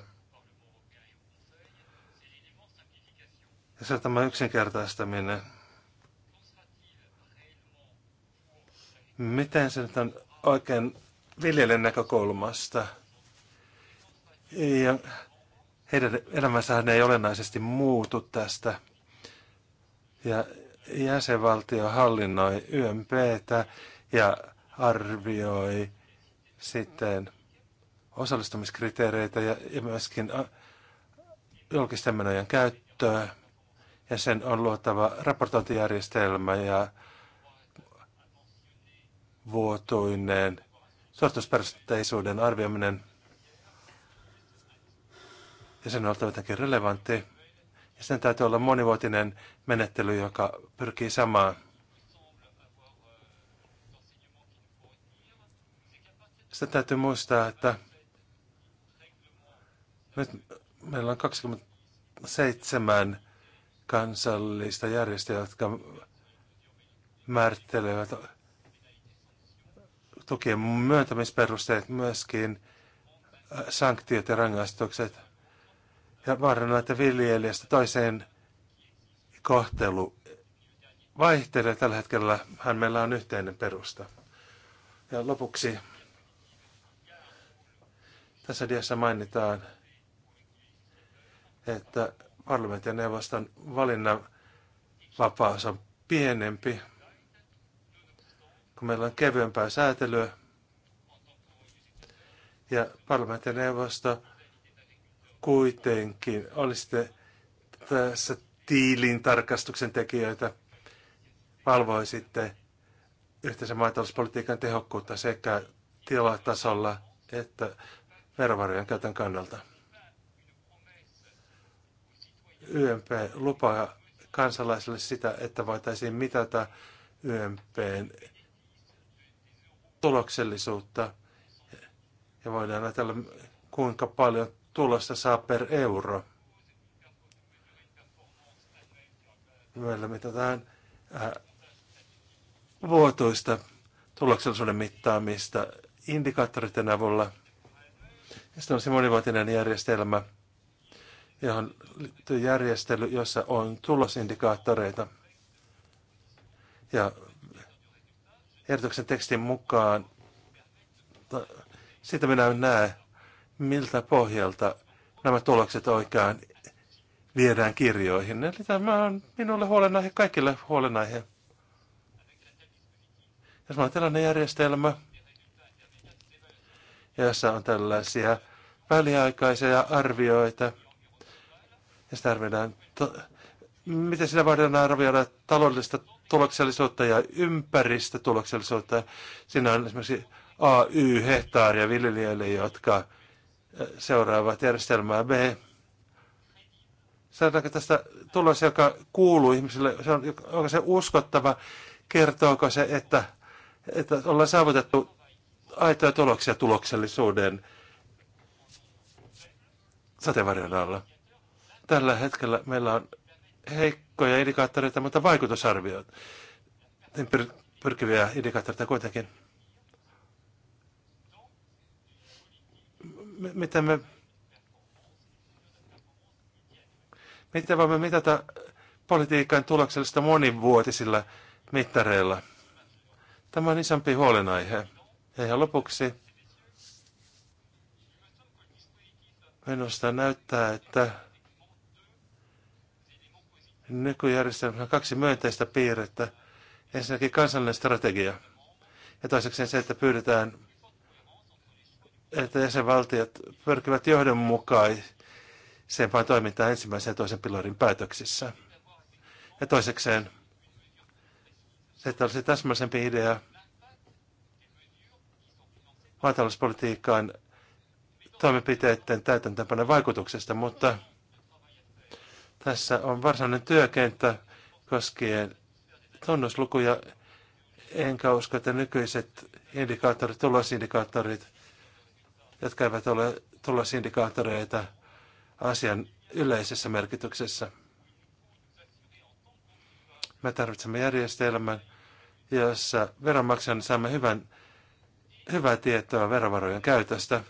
Ja se on tämä yksinkertaistaminen. Miten se nyt on oikein viljelijän näkökulmasta? Ja heidän elämänsähän ei olennaisesti muutu tästä. Ja jäsenvaltio hallinnoi YMPtä ja arvioi sitten osallistumiskriteereitä ja, ja myöskin julkisten menojen käyttöä ja sen on luotava raportointijärjestelmä ja vuotuinen suoritusperusteisuuden arvioiminen ja sen on oltava jotenkin relevantti. Ja sen täytyy olla monivuotinen menettely, joka pyrkii samaan. Sitten täytyy muistaa, että nyt meillä on 27 kansallista järjestöä, jotka määrittelevät tukien myöntämisperusteet, myöskin äh, sanktiot ja rangaistukset. Ja vaarana, että viljelijästä toiseen kohtelu vaihtelee. Tällä hetkellä hän meillä on yhteinen perusta. Ja lopuksi tässä diassa mainitaan, että parlamentin neuvoston valinnan vapaus on pienempi, kun meillä on kevyempää säätelyä. Ja parlamentin neuvosto kuitenkin olisitte tässä tiilin tarkastuksen tekijöitä, valvoisitte yhteisen maatalouspolitiikan tehokkuutta sekä tilatasolla että verovarojen käytön kannalta. YMP lupaa kansalaisille sitä, että voitaisiin mitata YMPn tuloksellisuutta ja voidaan ajatella, kuinka paljon tulosta saa per euro. Meillä mitataan ää, äh, vuotuista tuloksellisuuden mittaamista indikaattoreiden avulla. Ja sitten on se monivuotinen järjestelmä – johon liittyy järjestely, jossa on tulosindikaattoreita. Ja ehdotuksen tekstin mukaan, sitä minä en näe, miltä pohjalta nämä tulokset oikein viedään kirjoihin. Eli tämä on minulle huolenaihe, kaikille huolenaihe. Jos on tällainen järjestelmä, jossa on tällaisia väliaikaisia arvioita, ja sitä arvioidaan, miten siinä voidaan arvioida taloudellista tuloksellisuutta ja ympäristötuloksellisuutta. Siinä on esimerkiksi AY-hehtaaria viljelijöille, jotka seuraavat järjestelmää B. Sanotaanko tästä tulos, joka kuuluu ihmisille, se on, onko se uskottava, kertooko se, että, että ollaan saavutettu aitoja tuloksia tuloksellisuuden sateenvarjon alla. Tällä hetkellä meillä on heikkoja indikaattoreita, mutta vaikutusarviot niin pyr- pyrkiviä indikaattoreita kuitenkin. M- miten me miten voimme mitata politiikan tuloksellista monivuotisilla mittareilla? Tämä on isompi huolenaihe. Ja ihan lopuksi minusta näyttää, että nykyjärjestelmässä on kaksi myönteistä piirrettä. Ensinnäkin kansallinen strategia ja toiseksi se, että pyydetään, että jäsenvaltiot pyrkivät johdonmukaisempaan toimintaan ensimmäisen ja toisen pilarin päätöksissä. Ja toisekseen se, että olisi täsmällisempi idea maatalouspolitiikkaan toimenpiteiden täytäntöönpanon vaikutuksesta, mutta tässä on varsinainen työkenttä koskien tunnuslukuja. Enkä usko, että nykyiset indikaattorit, tulosindikaattorit, jotka eivät ole tulosindikaattoreita asian yleisessä merkityksessä. Me tarvitsemme järjestelmän, jossa veronmaksajana saamme hyvän, hyvää tietoa verovarojen käytöstä.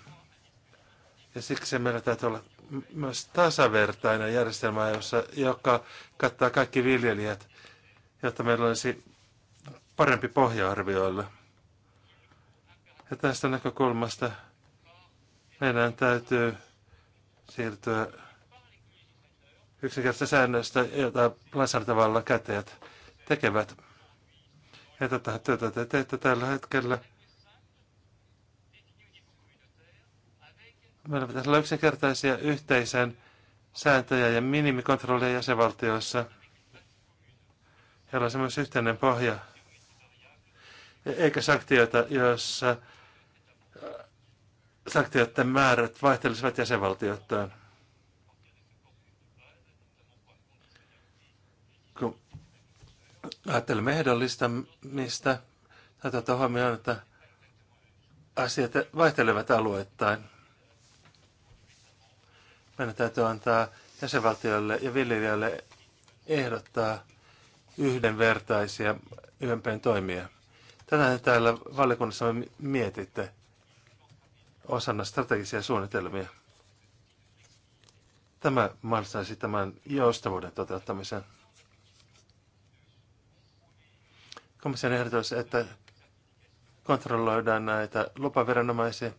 Ja siksi meillä täytyy olla myös tasavertainen järjestelmä, jossa, joka kattaa kaikki viljelijät, jotta meillä olisi parempi pohja arvioilla. Ja tästä näkökulmasta meidän täytyy siirtyä yksinkertaisista säännöstä, jota lainsäädäntövalla käteet tekevät. Ja tätä työtä te teette tällä hetkellä. meillä pitäisi olla yksinkertaisia yhteisen sääntöjä ja minimikontrolleja jäsenvaltioissa, joilla on myös yhteinen pohja. E- eikä sanktioita, joissa äh, sanktioiden määrät vaihtelisivat jäsenvaltioittain. Kun ajattelemme ehdollistamista, mistä, ottaa huomioon, että asiat vaihtelevat alueittain. Meidän täytyy antaa jäsenvaltioille ja viljelijöille ehdottaa yhdenvertaisia YMPn toimia. Tänään täällä valiokunnassa me mietitte osana strategisia suunnitelmia. Tämä mahdollistaisi tämän joustavuuden toteuttamisen. Komission ehdotus, että kontrolloidaan näitä lupaviranomaisia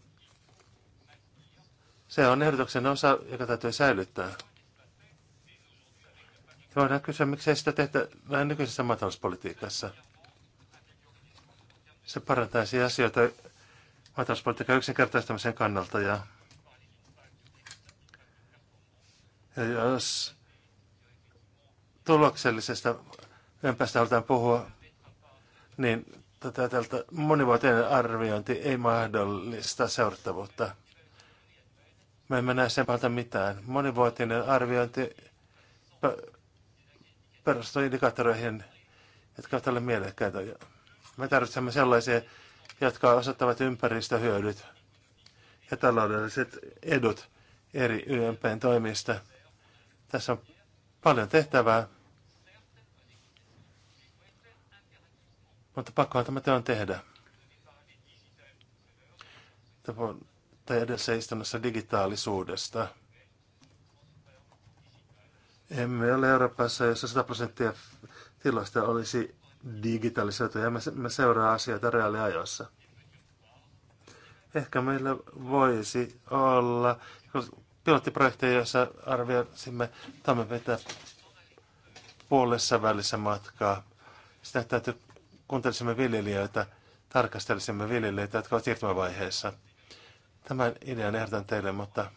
se on ehdotuksen osa, joka täytyy säilyttää. Ja voidaan kysyä, miksei sitä tehdä vähän nykyisessä maatalouspolitiikassa. Se parantaisi asioita maatalouspolitiikan yksinkertaistamisen kannalta. Ja, ja jos tuloksellisesta ympäristöstä halutaan puhua, niin tätä tältä monivuotinen arviointi ei mahdollista seurattavuutta. Me emme näe sen päältä mitään. Monivuotinen arviointi perustuu indikaattoreihin, jotka ovat tälle mielekkäitä. Me tarvitsemme sellaisia, jotka osoittavat ympäristöhyödyt ja taloudelliset edut eri YMPn toimista. Tässä on paljon tehtävää, mutta pakkohan tämä on tehdä tai edellisessä istunnossa digitaalisuudesta. Emme ole Euroopassa, jossa 100 prosenttia tiloista olisi digitalisoitu ja me seuraamme asioita reaaliajoissa. Ehkä meillä voisi olla pilottiprojekteja, joissa arvioisimme toimenpiteitä puolessa välissä matkaa. Sitä täytyy kuuntelisimme viljelijöitä, tarkastelisimme viljelijöitä, jotka ovat siirtymävaiheessa – Tämän idean ehdotan teille, mutta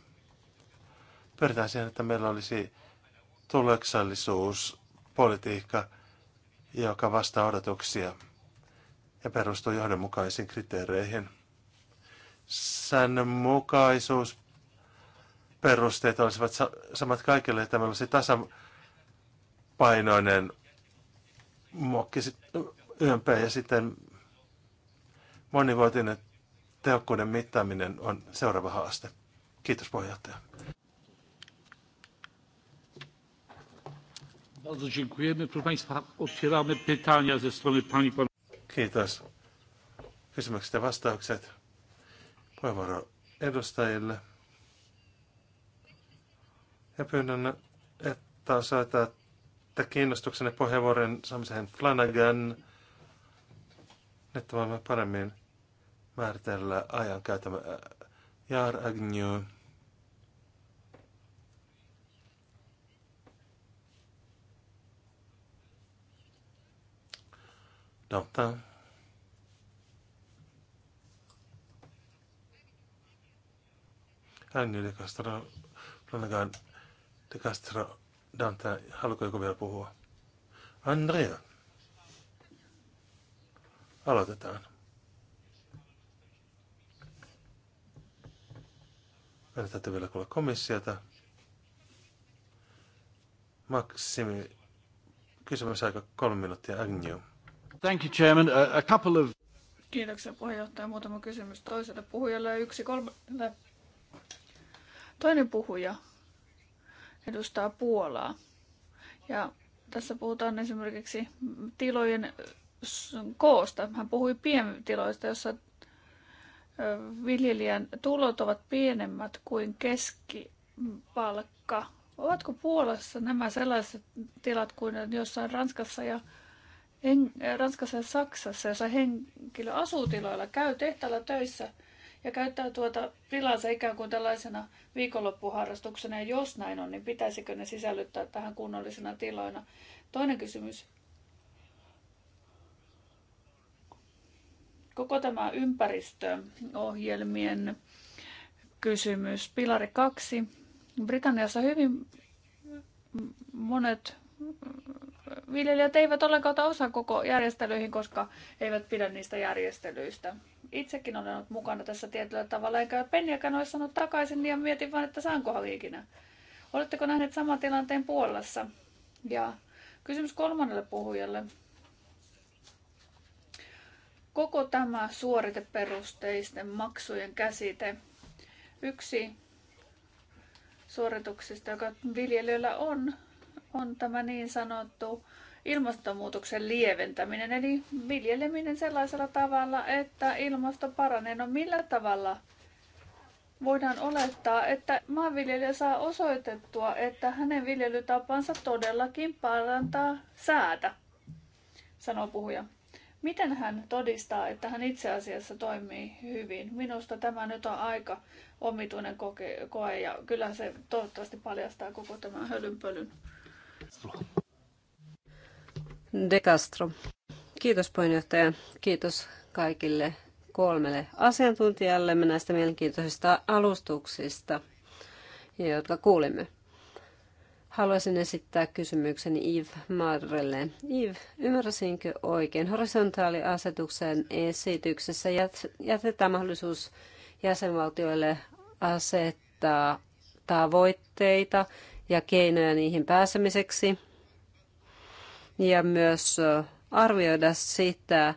pyritään siihen, että meillä olisi tuloksellisuuspolitiikka, joka vastaa odotuksia ja perustuu johdonmukaisiin kriteereihin. Säännönmukaisuus perusteet olisivat samat kaikille, että meillä olisi tasapainoinen mokki ympäri ja sitten monivuotinen tehokkuuden mittaaminen on seuraava haaste. Kiitos puheenjohtaja. Bardzo dziękujemy. Proszę Państwa, otwieramy pytania ze strony Pani Kiitos. Kysymykset ja vastaukset. Puheenvuoro edustajille. Ja pyydän, että osoitatte kiinnostuksenne puheenvuoron saamiseen Flanagan, että voimme paremmin määritellä ajan käytämä Jar Agnew. Dota. No, Agnew de Castro, Flanagan de Castro, Dante, haluatko joku vielä puhua? Andrea. Aloitetaan. Meillä täytyy vielä kuulla komissiota. Maksimi, kysymys aika kolme minuuttia, Agnew. Thank you, Chairman. A, a couple of... Kiitoksia puheenjohtaja. Muutama kysymys toiselle puhujalle yksi kolme. Toinen puhuja edustaa Puolaa. Ja tässä puhutaan esimerkiksi tilojen koosta. Hän puhui pientiloista, jossa viljelijän tulot ovat pienemmät kuin keskipalkka. Ovatko Puolassa nämä sellaiset tilat kuin jossain Ranskassa ja äh, Ranskassa ja Saksassa, jossa henkilö asuu tiloilla, käy tehtaalla töissä ja käyttää tuota tilansa ikään kuin tällaisena viikonloppuharrastuksena. Ja jos näin on, niin pitäisikö ne sisällyttää tähän kunnollisena tiloina? Toinen kysymys. koko tämä ympäristöohjelmien kysymys. Pilari kaksi. Britanniassa hyvin monet viljelijät eivät ollenkaan ota osaa koko järjestelyihin, koska eivät pidä niistä järjestelyistä. Itsekin olen ollut mukana tässä tietyllä tavalla, enkä penniäkään ole sanonut takaisin niin mietin vain, että saankohan ikinä. Oletteko nähneet saman tilanteen Puolassa? Ja kysymys kolmannelle puhujalle. Koko tämä suoriteperusteisten maksujen käsite, yksi suorituksista, joka viljelijöillä on, on tämä niin sanottu ilmastonmuutoksen lieventäminen, eli viljeleminen sellaisella tavalla, että ilmasto paranee. No millä tavalla voidaan olettaa, että maanviljelijä saa osoitettua, että hänen viljelytapansa todellakin parantaa säätä, sanoo puhuja. Miten hän todistaa, että hän itse asiassa toimii hyvin? Minusta tämä nyt on aika omituinen koke- koe ja kyllä se toivottavasti paljastaa koko tämän hölynpölyn. De Castro. Kiitos puheenjohtaja. Kiitos kaikille kolmelle asiantuntijallemme näistä mielenkiintoisista alustuksista, jotka kuulimme. Haluaisin esittää kysymyksen Yves Marrelle. Yves, ymmärsinkö oikein? Horisontaaliasetuksen esityksessä jätetään mahdollisuus jäsenvaltioille asettaa tavoitteita ja keinoja niihin pääsemiseksi ja myös arvioida sitä,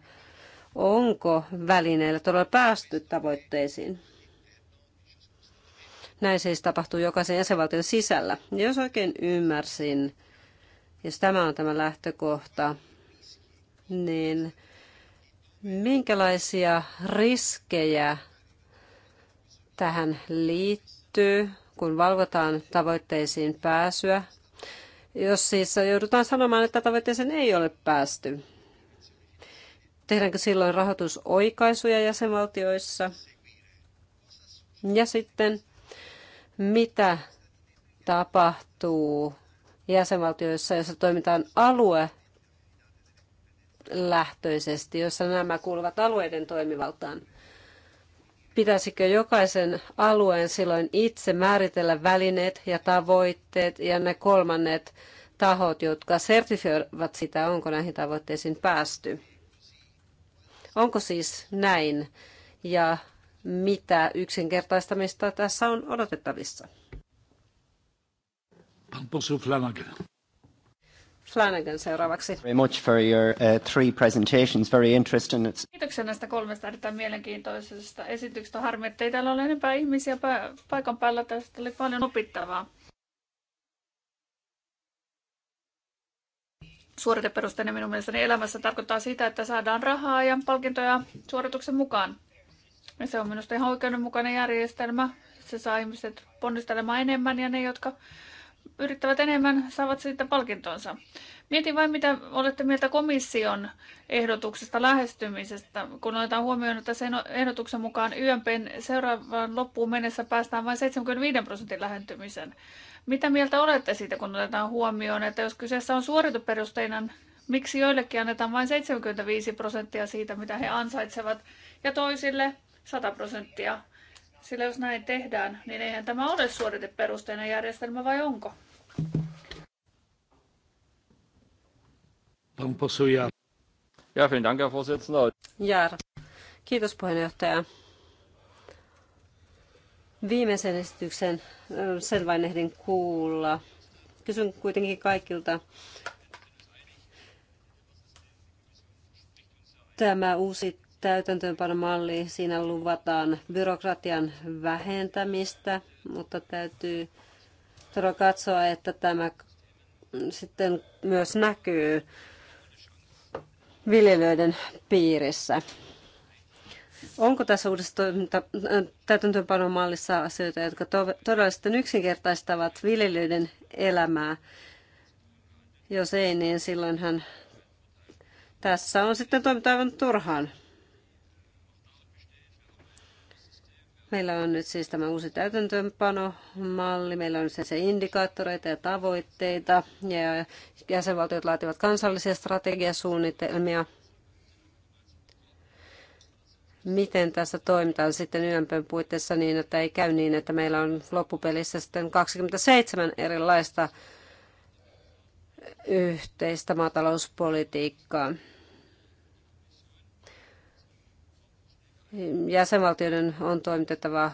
onko välineillä todella päästy tavoitteisiin. Näin siis tapahtuu jokaisen jäsenvaltion sisällä. Jos oikein ymmärsin, jos tämä on tämä lähtökohta, niin minkälaisia riskejä tähän liittyy, kun valvotaan tavoitteisiin pääsyä? Jos siis joudutaan sanomaan, että tavoitteeseen ei ole päästy, tehdäänkö silloin rahoitusoikaisuja jäsenvaltioissa? Ja sitten mitä tapahtuu jäsenvaltioissa, joissa toimitaan alue lähtöisesti, jossa nämä kuuluvat alueiden toimivaltaan. Pitäisikö jokaisen alueen silloin itse määritellä välineet ja tavoitteet ja ne kolmannet tahot, jotka sertifioivat sitä, onko näihin tavoitteisiin päästy? Onko siis näin? Ja mitä yksinkertaistamista tässä on odotettavissa? Pan Flanagan. Flanagan seuraavaksi. Very much for your uh, three presentations. Very interesting. It's... Kiitoksia näistä kolmesta erittäin mielenkiintoisesta esityksestä. Harmi, että ei täällä ole enempää ihmisiä paikan päällä. Tästä oli paljon opittavaa. Suoriteperusteinen minun mielestäni elämässä tarkoittaa sitä, että saadaan rahaa ja palkintoja suorituksen mukaan. Ja se on minusta ihan oikeudenmukainen järjestelmä. Se saa ihmiset ponnistelemaan enemmän ja ne, jotka yrittävät enemmän, saavat siitä palkintonsa. Mietin vain, mitä olette mieltä komission ehdotuksesta lähestymisestä, kun otetaan huomioon, että sen ehdotuksen mukaan YMPn seuraavaan loppuun mennessä päästään vain 75 prosentin lähentymisen. Mitä mieltä olette siitä, kun otetaan huomioon, että jos kyseessä on suoriteperusteinen, miksi joillekin annetaan vain 75 prosenttia siitä, mitä he ansaitsevat, ja toisille 100 prosenttia. Sillä jos näin tehdään, niin eihän tämä ole suoriteperusteinen järjestelmä vai onko? Ja, vielen Ja Kiitos puheenjohtaja. Viimeisen esityksen selvain ehdin kuulla. Kysyn kuitenkin kaikilta. Tämä uusi täytäntöönpanomalli. Siinä luvataan byrokratian vähentämistä, mutta täytyy todella katsoa, että tämä sitten myös näkyy viljelijöiden piirissä. Onko tässä uudessa toiminta, täytäntöönpanomallissa asioita, jotka todella sitten yksinkertaistavat viljelijöiden elämää? Jos ei, niin silloinhan tässä on sitten toiminta aivan turhaan. Meillä on nyt siis tämä uusi täytäntöönpanomalli, meillä on siis indikaattoreita ja tavoitteita, ja jäsenvaltiot laativat kansallisia strategiasuunnitelmia. Miten tässä toimitaan sitten YMPn puitteissa niin, että ei käy niin, että meillä on loppupelissä sitten 27 erilaista yhteistä maatalouspolitiikkaa. Jäsenvaltioiden on toimitettava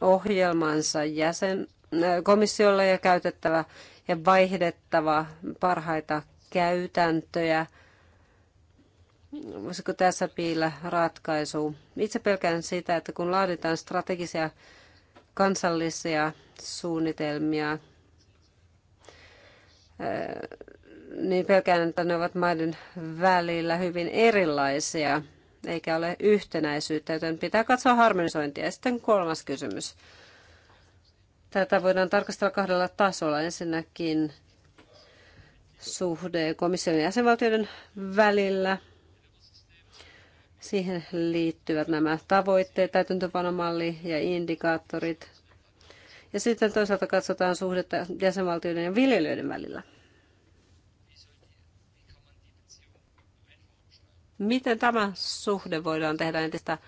ohjelmansa jäsen, äh, komissiolle ja käytettävä ja vaihdettava parhaita käytäntöjä. Voisiko tässä piillä ratkaisu? Itse pelkään sitä, että kun laaditaan strategisia kansallisia suunnitelmia, äh, niin pelkään, että ne ovat maiden välillä hyvin erilaisia eikä ole yhtenäisyyttä, joten pitää katsoa harmonisointia. Ja sitten kolmas kysymys. Tätä voidaan tarkastella kahdella tasolla. Ensinnäkin suhde komission ja jäsenvaltioiden välillä. Siihen liittyvät nämä tavoitteet, täytäntöpanomalli ja indikaattorit. Ja sitten toisaalta katsotaan suhdetta jäsenvaltioiden ja viljelijöiden välillä. Miten tämä suhde voidaan tehdä entistä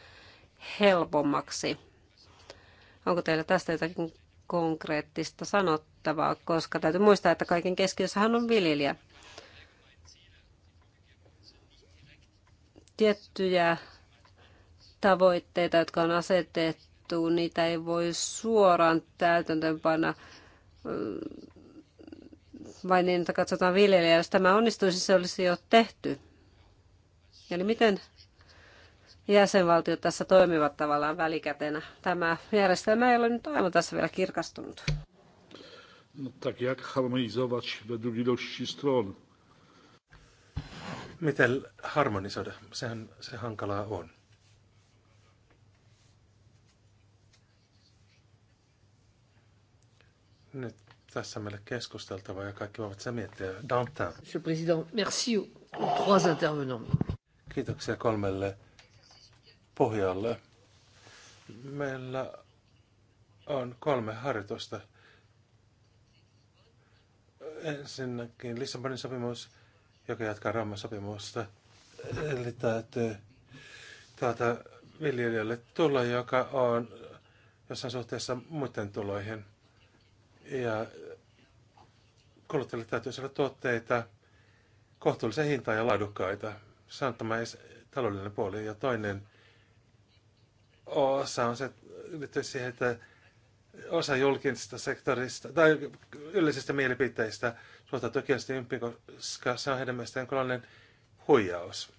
helpommaksi? Onko teillä tästä jotakin konkreettista sanottavaa, koska täytyy muistaa, että kaiken keskiössähän on viljelijä. Tiettyjä tavoitteita, jotka on asetettu, niitä ei voi suoraan täytäntöönpanna vain niin, että katsotaan viljelijä. Jos tämä onnistuisi, se olisi jo tehty. Eli miten jäsenvaltiot tässä toimivat tavallaan välikätenä. Tämä järjestelmä ei ole nyt aivan tässä vielä kirkastunut. No, tak jak harmonizować według ilości stron? Miten harmonisoida? Sehän se hankalaa on. Nyt tässä meille keskusteltava ja kaikki voivat se miettiä. Dantin. Monsieur le Président, merci aux trois intervenants. Kiitoksia kolmelle pohjalle. Meillä on kolme harjoitusta. Ensinnäkin Lissabonin sopimus, joka jatkaa Rauman sopimusta. Eli täytyy tuota viljelijöille tulla, joka on jossain suhteessa muiden tuloihin. Ja kuluttajille täytyy saada tuotteita kohtuullisen hintaan ja laadukkaita saanut tämä taloudellinen puoli. Ja toinen osa on se, liittyy siihen, että osa julkisesta sektorista tai yleisistä mielipiteistä suhtautuu kielisesti ympi, koska se on heidän mielestään jonkinlainen huijaus.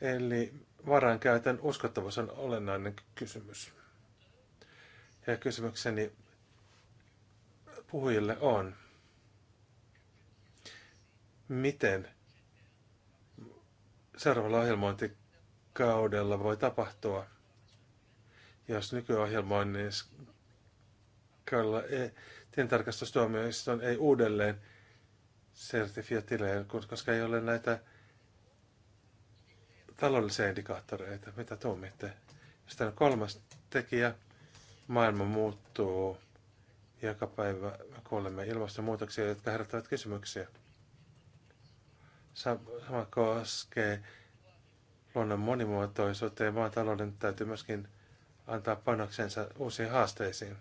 Eli varankäytön uskottavuus on olennainen kysymys. Ja kysymykseni puhujille on, miten seuraavalla ohjelmointikaudella voi tapahtua, jos nykyohjelmoinnilla e- tilintarkastustuomioistuin ei uudelleen sertifioi tilejä, koska ei ole näitä taloudellisia indikaattoreita, mitä tuomitte. Sitten kolmas tekijä, maailma muuttuu joka päivä kuulemme ilmastonmuutoksia, jotka herättävät kysymyksiä. Sama koskee luonnon monimuotoisuuteen. Maatalouden täytyy myöskin antaa panoksensa uusiin haasteisiin.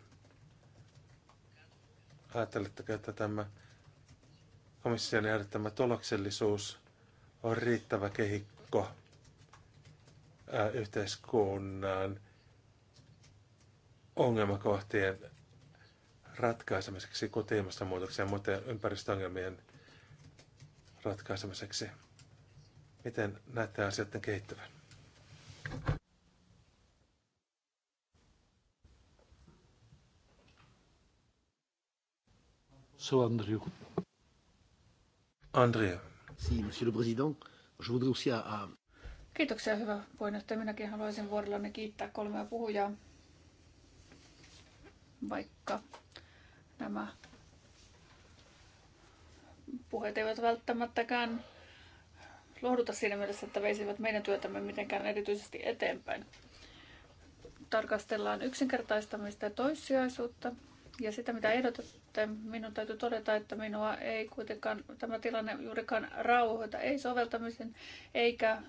Ajatteletteko, että tämä komission ehdottama tuloksellisuus on riittävä kehikko yhteiskunnan ongelmakohtien ratkaisemiseksi, kuten ilmastonmuutoksen ja muiden ympäristöongelmien ratkaisemiseksi. Miten näette asioiden kehittyvän? So Andrew. Andrew. Si, monsieur le président, je voudrais aussi à, à... Kiitoksia, hyvä puheenjohtaja. Minäkin haluaisin vuorollani kiittää kolmea puhujaa, vaikka nämä puheet eivät välttämättäkään lohduta siinä mielessä, että veisivät meidän työtämme mitenkään erityisesti eteenpäin. Tarkastellaan yksinkertaistamista ja toissijaisuutta. Ja sitä, mitä ehdotatte, minun täytyy todeta, että minua ei kuitenkaan tämä tilanne juurikaan rauhoita, ei soveltamisen eikä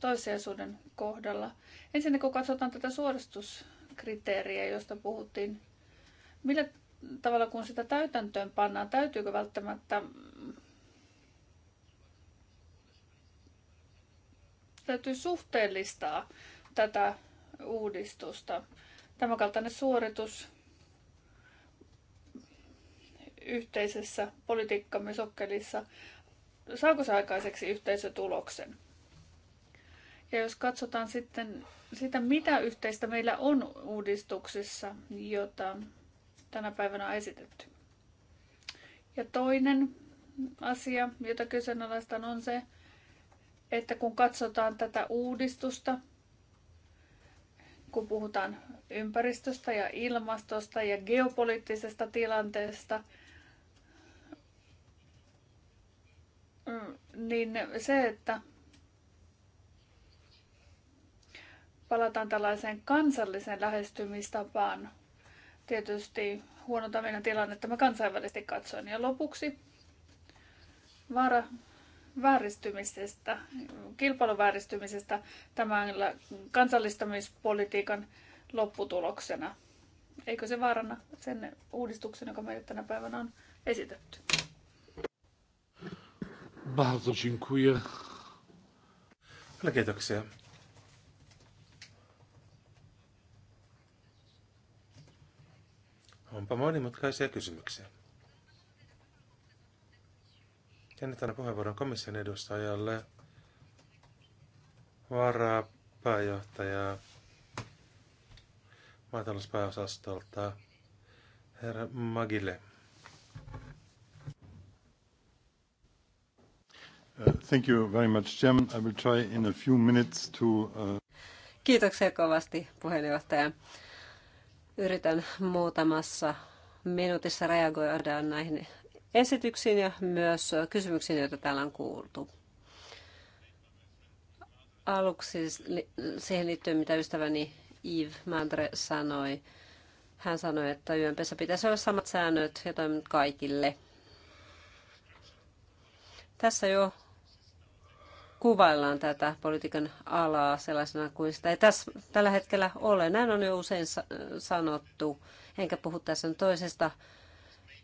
toissijaisuuden kohdalla. Ensinnäkin kun katsotaan tätä suoristuskriteeriä, josta puhuttiin, millä tavalla kun sitä täytäntöön pannaan, täytyykö välttämättä täytyy suhteellistaa tätä uudistusta. Tämänkaltainen kaltainen suoritus yhteisessä politiikkamme sokkelissa, saako se aikaiseksi yhteisötuloksen? Ja jos katsotaan sitten sitä, mitä yhteistä meillä on uudistuksissa, jota tänä päivänä on esitetty. Ja toinen asia, jota kyseenalaistan, on se, että kun katsotaan tätä uudistusta, kun puhutaan ympäristöstä ja ilmastosta ja geopoliittisesta tilanteesta, mm, niin se, että palataan tällaiseen kansalliseen lähestymistapaan, tietysti huonontaa meidän mä kansainvälisesti katsoin. Ja lopuksi Vaara vääristymisestä, kilpailun vääristymisestä tämän kansallistamispolitiikan lopputuloksena. Eikö se vaaranna sen uudistuksen, joka meille tänä päivänä on esitetty? Bardzo dziękuję. kiitoksia. Onpa monimutkaisia kysymyksiä. Ja nyt puheenvuoron komission edustajalle, varapääjohtaja maatalouspääosastolta, herra Magille. Uh, thank you very much, Jim. I will try in a few minutes to... Uh... Kiitoksia kovasti, puheenjohtaja. Yritän muutamassa minuutissa reagoida näihin esityksiin ja myös kysymyksiin, joita täällä on kuultu. Aluksi siihen liittyen, mitä ystäväni Yves Mandre sanoi. Hän sanoi, että YMPssä pitäisi olla samat säännöt ja toiminut kaikille. Tässä jo kuvaillaan tätä politiikan alaa sellaisena kuin sitä ei tässä, tällä hetkellä ole. Näin on jo usein sanottu, enkä puhu tässä toisesta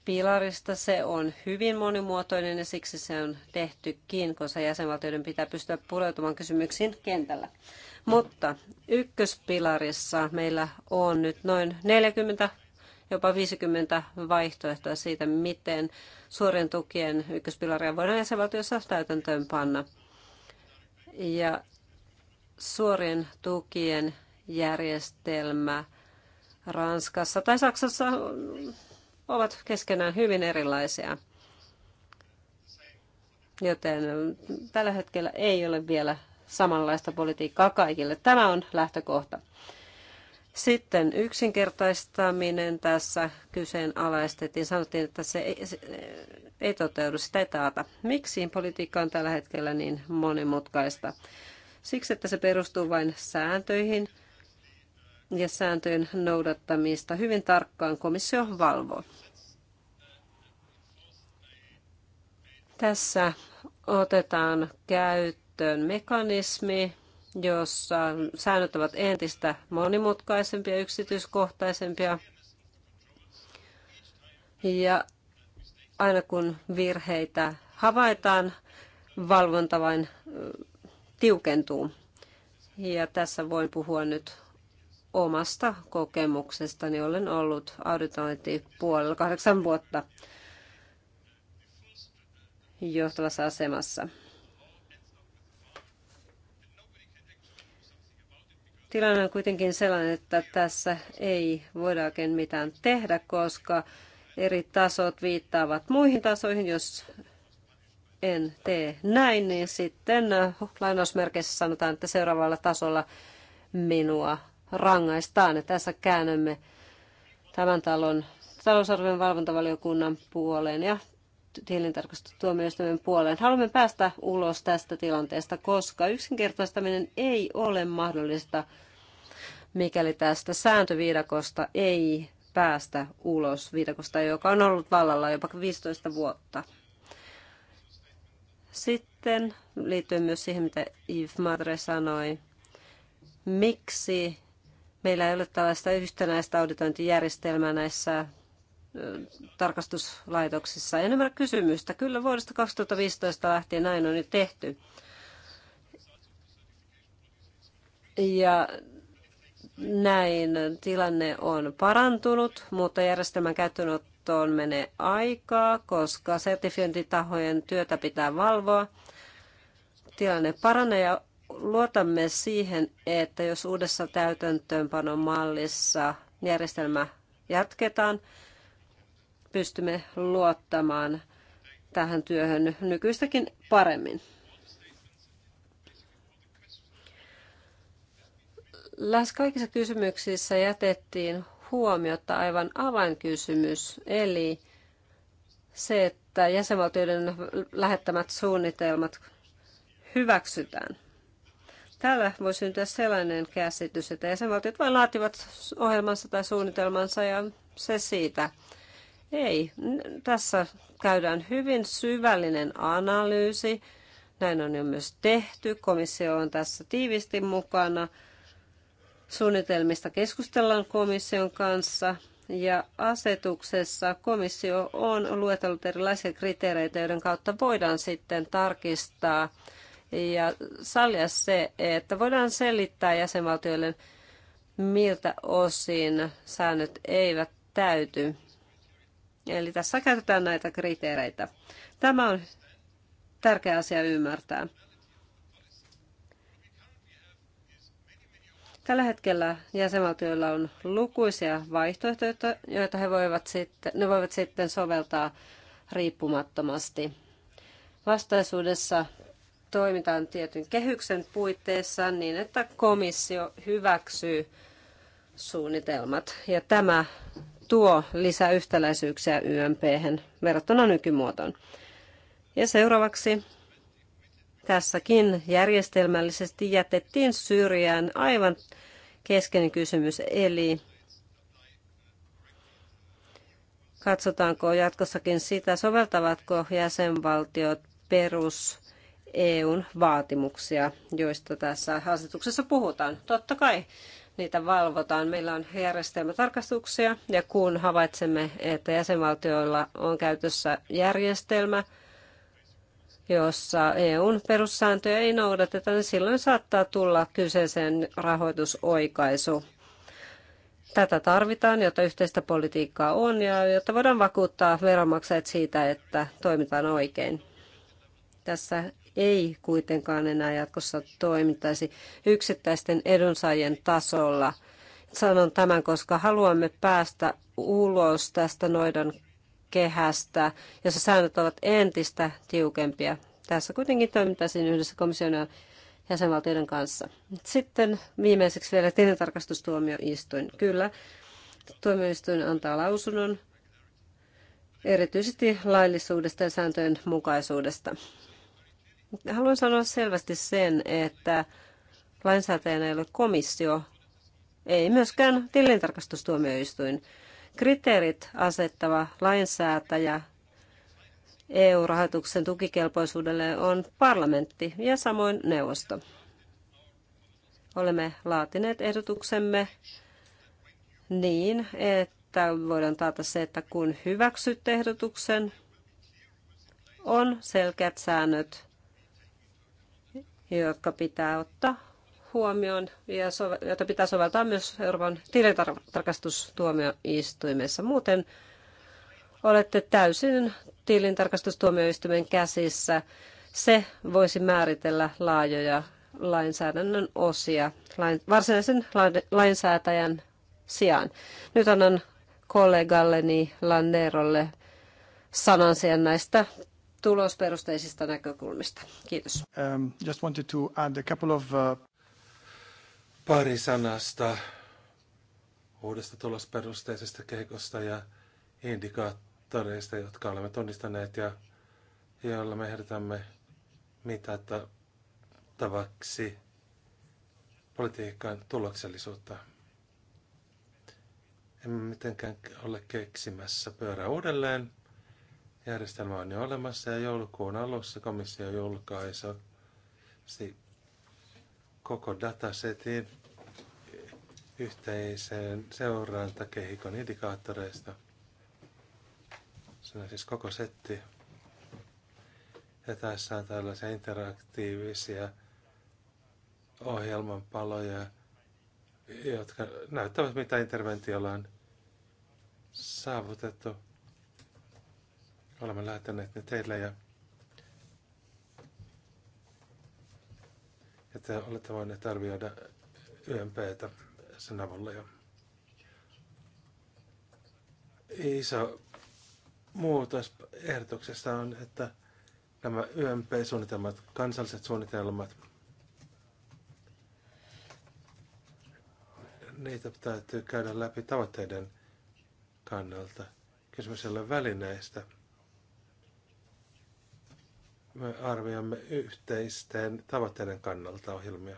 pilarista. Se on hyvin monimuotoinen ja siksi se on tehtykin, koska jäsenvaltioiden pitää pystyä pureutumaan kysymyksiin kentällä. Mutta ykköspilarissa meillä on nyt noin 40 jopa 50 vaihtoehtoa siitä, miten suorien tukien ykköspilaria voidaan jäsenvaltiossa täytäntöön panna. Ja suorien tukien järjestelmä Ranskassa tai Saksassa ovat keskenään hyvin erilaisia. Joten tällä hetkellä ei ole vielä samanlaista politiikkaa kaikille. Tämä on lähtökohta. Sitten yksinkertaistaminen tässä kyseenalaistettiin. Sanottiin, että se ei, se ei toteudu, sitä ei taata. Miksi politiikka on tällä hetkellä niin monimutkaista? Siksi, että se perustuu vain sääntöihin – ja sääntöjen noudattamista hyvin tarkkaan komissio valvoo. Tässä otetaan käyttöön mekanismi, jossa säännöt ovat entistä monimutkaisempia, yksityiskohtaisempia. Ja aina kun virheitä havaitaan, valvonta vain tiukentuu. Ja tässä voin puhua nyt omasta kokemuksestani. Olen ollut auditointipuolella kahdeksan vuotta johtavassa asemassa. Tilanne on kuitenkin sellainen, että tässä ei voida oikein mitään tehdä, koska eri tasot viittaavat muihin tasoihin. Jos en tee näin, niin sitten lainausmerkeissä sanotaan, että seuraavalla tasolla minua rangaistaan. Ja tässä käännömme tämän talon talousarvion valvontavaliokunnan puoleen ja tilintarkastustuomioistuimen puoleen. Haluamme päästä ulos tästä tilanteesta, koska yksinkertaistaminen ei ole mahdollista, mikäli tästä sääntöviidakosta ei päästä ulos viidakosta, joka on ollut vallalla jopa 15 vuotta. Sitten liittyen myös siihen, mitä Yves Madre sanoi, miksi Meillä ei ole tällaista yhtenäistä auditointijärjestelmää näissä tarkastuslaitoksissa. En ymmärrä kysymystä. Kyllä vuodesta 2015 lähtien näin on jo tehty. Ja näin tilanne on parantunut, mutta järjestelmän käyttöönottoon menee aikaa, koska sertifiointitahojen työtä pitää valvoa. Tilanne paranee ja luotamme siihen, että jos uudessa täytäntöönpanon mallissa järjestelmä jatketaan, pystymme luottamaan tähän työhön nykyistäkin paremmin. Lähes kaikissa kysymyksissä jätettiin huomiota aivan avainkysymys, eli se, että jäsenvaltioiden lähettämät suunnitelmat hyväksytään. Täällä voi syntyä sellainen käsitys, että jäsenvaltiot vain laativat ohjelmansa tai suunnitelmansa ja se siitä. Ei, tässä käydään hyvin syvällinen analyysi. Näin on jo myös tehty. Komissio on tässä tiivisti mukana. Suunnitelmista keskustellaan komission kanssa ja asetuksessa komissio on luetellut erilaisia kriteereitä, joiden kautta voidaan sitten tarkistaa ja sallia se, että voidaan selittää jäsenvaltioille, miltä osin säännöt eivät täyty. Eli tässä käytetään näitä kriteereitä. Tämä on tärkeä asia ymmärtää. Tällä hetkellä jäsenvaltioilla on lukuisia vaihtoehtoja, joita he voivat sitten, ne voivat sitten soveltaa riippumattomasti. Vastaisuudessa toimitaan tietyn kehyksen puitteissa niin, että komissio hyväksyy suunnitelmat. Ja tämä tuo lisäyhtäläisyyksiä ymp verrattuna nykymuotoon. Ja seuraavaksi tässäkin järjestelmällisesti jätettiin syrjään aivan keskeinen kysymys, eli katsotaanko jatkossakin sitä, soveltavatko jäsenvaltiot perus EUn vaatimuksia, joista tässä asetuksessa puhutaan. Totta kai niitä valvotaan. Meillä on järjestelmätarkastuksia ja kun havaitsemme, että jäsenvaltioilla on käytössä järjestelmä, jossa EUn perussääntöjä ei noudateta, niin silloin saattaa tulla kyseisen rahoitusoikaisu. Tätä tarvitaan, jotta yhteistä politiikkaa on ja jotta voidaan vakuuttaa veronmaksajat siitä, että toimitaan oikein. Tässä ei kuitenkaan enää jatkossa toimittaisi yksittäisten edunsaajien tasolla. Sanon tämän, koska haluamme päästä ulos tästä noidan kehästä, jossa säännöt ovat entistä tiukempia. Tässä kuitenkin toimittaisiin yhdessä komission ja jäsenvaltioiden kanssa. Sitten viimeiseksi vielä tilintarkastustuomioistuin. Kyllä, tuomioistuin antaa lausunnon erityisesti laillisuudesta ja sääntöjen mukaisuudesta. Haluan sanoa selvästi sen, että lainsäätäjänä ei ole komissio, ei myöskään tilintarkastustuomioistuin. Kriteerit asettava lainsäätäjä EU-rahoituksen tukikelpoisuudelle on parlamentti ja samoin neuvosto. Olemme laatineet ehdotuksemme niin, että voidaan taata se, että kun hyväksyt ehdotuksen, on selkeät säännöt jotka pitää ottaa huomioon ja sove- pitää soveltaa myös Euroopan tilintarkastustuomioistuimessa. Muuten olette täysin tilintarkastustuomioistuimen käsissä. Se voisi määritellä laajoja lainsäädännön osia lain, varsinaisen lainsäätäjän sijaan. Nyt annan kollegalleni Landerolle sanan näistä tulosperusteisista näkökulmista. Kiitos. Um, just wanted to add a couple of, uh... Pari sanasta uudesta tulosperusteisesta kehikosta ja indikaattoreista, jotka olemme tunnistaneet ja joilla me ehdotamme mitattavaksi politiikan tuloksellisuutta. Emme mitenkään ole keksimässä pyörää uudelleen, Järjestelmä on jo olemassa ja joulukuun alussa komissio julkaisi koko datasetin yhteiseen seurantakehikon indikaattoreista. Se on siis koko setti. Ja tässä on tällaisia interaktiivisia paloja, jotka näyttävät, mitä interventiolla on saavutettu. Olemme lähettäneet ne teille ja että olette voineet arvioida YMPtä sen avulla. Ja iso muutos ehdotuksesta on, että nämä YMP-suunnitelmat, kansalliset suunnitelmat, niitä täytyy käydä läpi tavoitteiden kannalta. Kysymys ei ole välineistä – me arvioimme yhteisten tavoitteiden kannalta ohjelmia.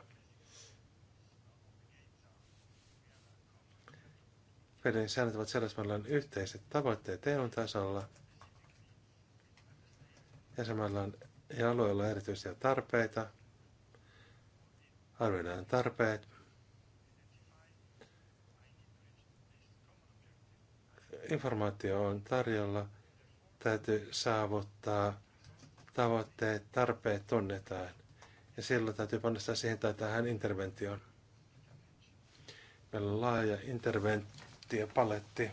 Fedin säännöt ovat sellaiset, meillä on yhteiset tavoitteet EUn tasolla. Jäsenmailla on ja alueilla on erityisiä tarpeita. Arvioidaan tarpeet. Informaatio on tarjolla. Täytyy saavuttaa tavoitteet, tarpeet tunnetaan. Ja silloin täytyy panostaa siihen tai tähän interventioon. Meillä on laaja interventiopaletti,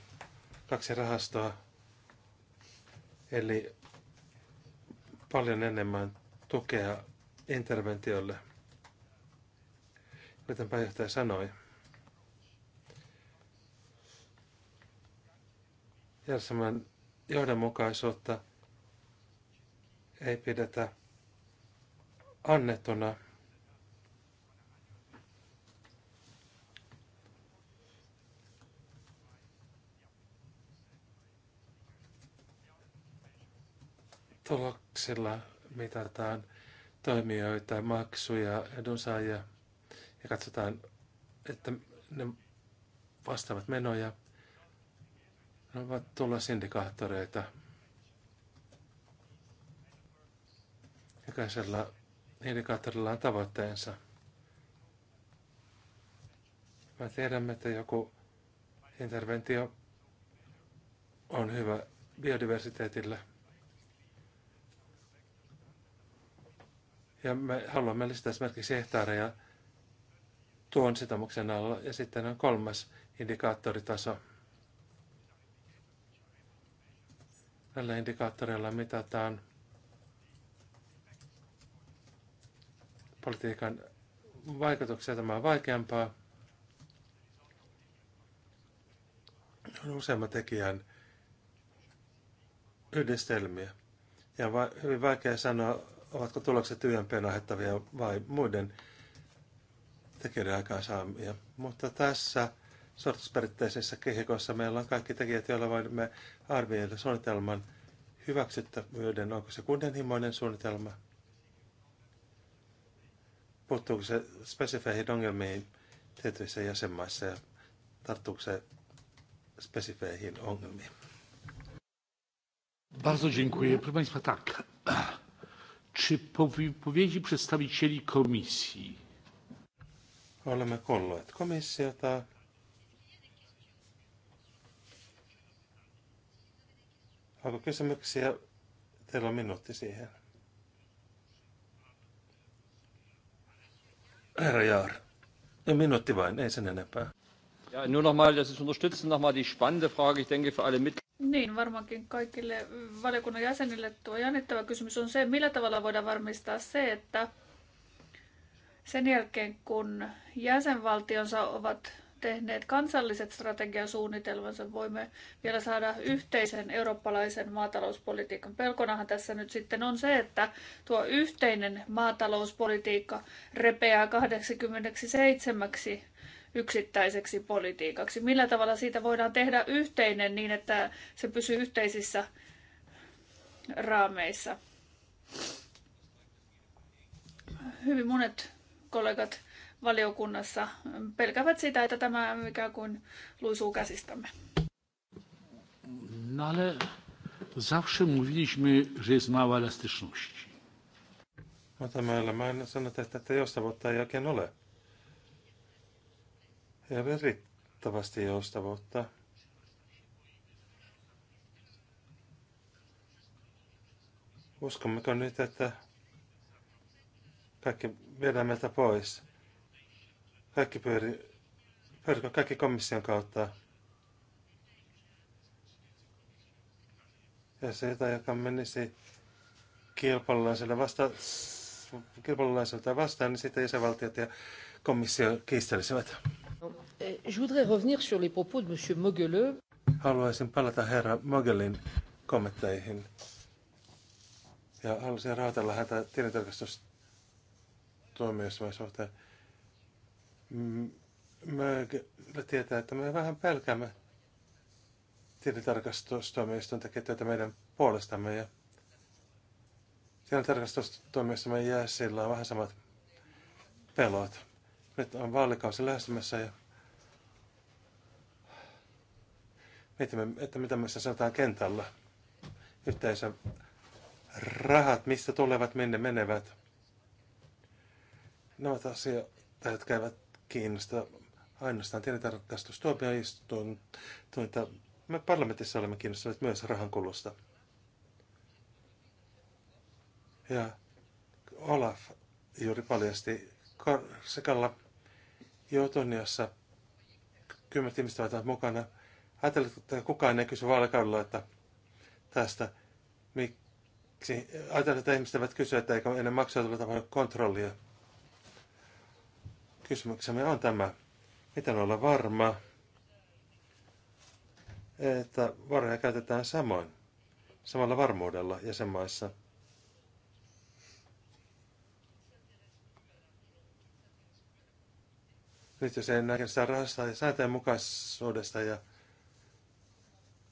kaksi rahastoa, eli paljon enemmän tukea interventiolle. Kuten pääjohtaja sanoi, järjestelmän johdonmukaisuutta – ei pidetä annettuna. Tuloksilla mitataan toimijoita, maksuja, edunsaajia ja katsotaan, että ne vastaavat menoja. Ne ovat tulla indikaattoreita. Jokaisella indikaattorilla on tavoitteensa. Mä tiedämme, että joku interventio on hyvä biodiversiteetille. Ja me haluamme lisätä esimerkiksi hehtaareja tuon sitomuksen alla. Ja sitten on kolmas indikaattoritaso. Tällä indikaattorilla mitataan politiikan vaikutuksia. Tämä on vaikeampaa. On useamman tekijän yhdistelmiä. Ja va- hyvin vaikea sanoa, ovatko tulokset YMPn aiheuttavia vai muiden tekijöiden aikaansaamia. Mutta tässä sortusperinteisessä kehikossa meillä on kaikki tekijät, joilla voimme arvioida suunnitelman hyväksyttävyyden, onko se kunnianhimoinen suunnitelma – puuttuuko se spesifeihin ongelmiin tietyissä jäsenmaissa ja tarttuuko se spesifeihin ongelmiin? Bardzo dziękuję. Proszę Państwa, tak. Czy po wypowiedzi przedstawicieli komisji Olemme kuulleet komissiota. Onko kysymyksiä? Teillä on minuutti siihen. Herra Jaar. Ja, minuutti vain, ei sen enempää. Ja, nur nochmal, das ist unterstützen, nochmal die spannende Frage, ich denke, für alle mit... Niin, varmaankin kaikille valiokunnan jäsenille tuo jännittävä kysymys on se, millä tavalla voidaan varmistaa se, että sen jälkeen kun jäsenvaltionsa ovat tehneet kansalliset strategiasuunnitelmansa, voimme vielä saada yhteisen eurooppalaisen maatalouspolitiikan. Pelkonahan tässä nyt sitten on se, että tuo yhteinen maatalouspolitiikka repeää 87 yksittäiseksi politiikaksi. Millä tavalla siitä voidaan tehdä yhteinen niin, että se pysyy yhteisissä raameissa? Hyvin monet kollegat valiokunnassa pelkävät sitä, että tämä ikään kuin luisuu käsistämme. No ale zawsze mówiliśmy, że jest mała elastyczności. Mutta no, meillä mä en sanota, että, että joustavuutta ei oikein ole. Ei ole joustavuutta. Uskommeko nyt, että kaikki viedään meiltä pois? Kaikki pyöri, pyöri kaikki komission kautta? Ja se joka menisi kilpailulaiselta vasta, vastaan, niin sitten jäsenvaltiot ja komissio kiistelisivät. No, eh, je voudrais revenir sur les propos de monsieur Mogeleux. Haluaisin palata herra Mogelin kommentteihin. Ja haluaisin rahoitella häntä tilintarkastustoimijoissa suhteen. Mm, mä tietää, että me vähän pelkäämme tilintarkastustoimiston tekee työtä meidän puolestamme ja tilintarkastustoimistomme sillä on vähän samat pelot. Nyt on vaalikausi lähestymässä ja mietimme, että mitä me sanotaan kentällä. Yhteensä rahat, mistä tulevat, minne menevät. Ne ovat asioita, jotka eivät kiinnosta ainoastaan tilintarkastustuomioistuinta. Tuota, me parlamentissa olemme kiinnostuneet myös rahankulusta. Ja Olaf juuri paljasti sekalla Jotoniassa kymmenet ihmiset ovat mukana. Ajattelin, että kukaan ei kysy vaalikaudella, että tästä, miksi ajattelin, että ihmiset eivät kysy, että eikö ennen maksaa tule tapahtunut kontrollia kysymyksemme on tämä. Miten olla varma, että varoja käytetään samoin, samalla varmuudella jäsenmaissa? Nyt jos ei näkään rahasta ja sääntöjen mukaisuudesta ja,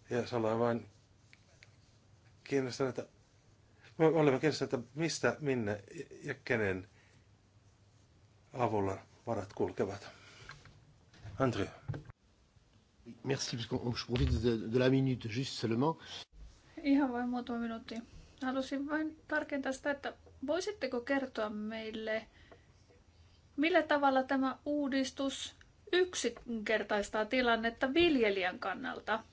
ja jos ollaan vain kiinnostuneita, me olemme kiinnostuneita mistä, minne ja kenen avulla varat kulkevat. Andrew. Merci, parce qu'on je profite de, de la minute juste seulement. Ihan vain muutama minuutti. Halusin vain tarkentaa sitä, että voisitteko kertoa meille, millä tavalla tämä uudistus yksinkertaistaa tilannetta viljelijän kannalta?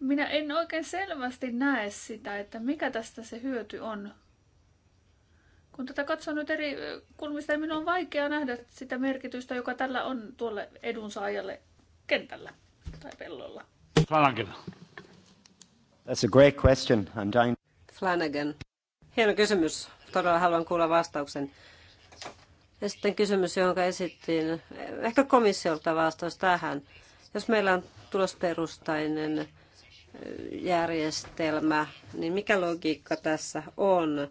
Minä en oikein selvästi näe sitä, että mikä tästä se hyöty on kun tätä katsoo nyt eri kulmista, niin minun on vaikea nähdä sitä merkitystä, joka tällä on tuolle edunsaajalle kentällä tai pellolla. Flanagan. That's a great question. I'm dying. Flanagan. Hieno kysymys. Todella haluan kuulla vastauksen. Ja sitten kysymys, jonka esittiin, ehkä komissiolta vastaus tähän. Jos meillä on tulosperustainen eh, järjestelmä, niin mikä logiikka tässä on?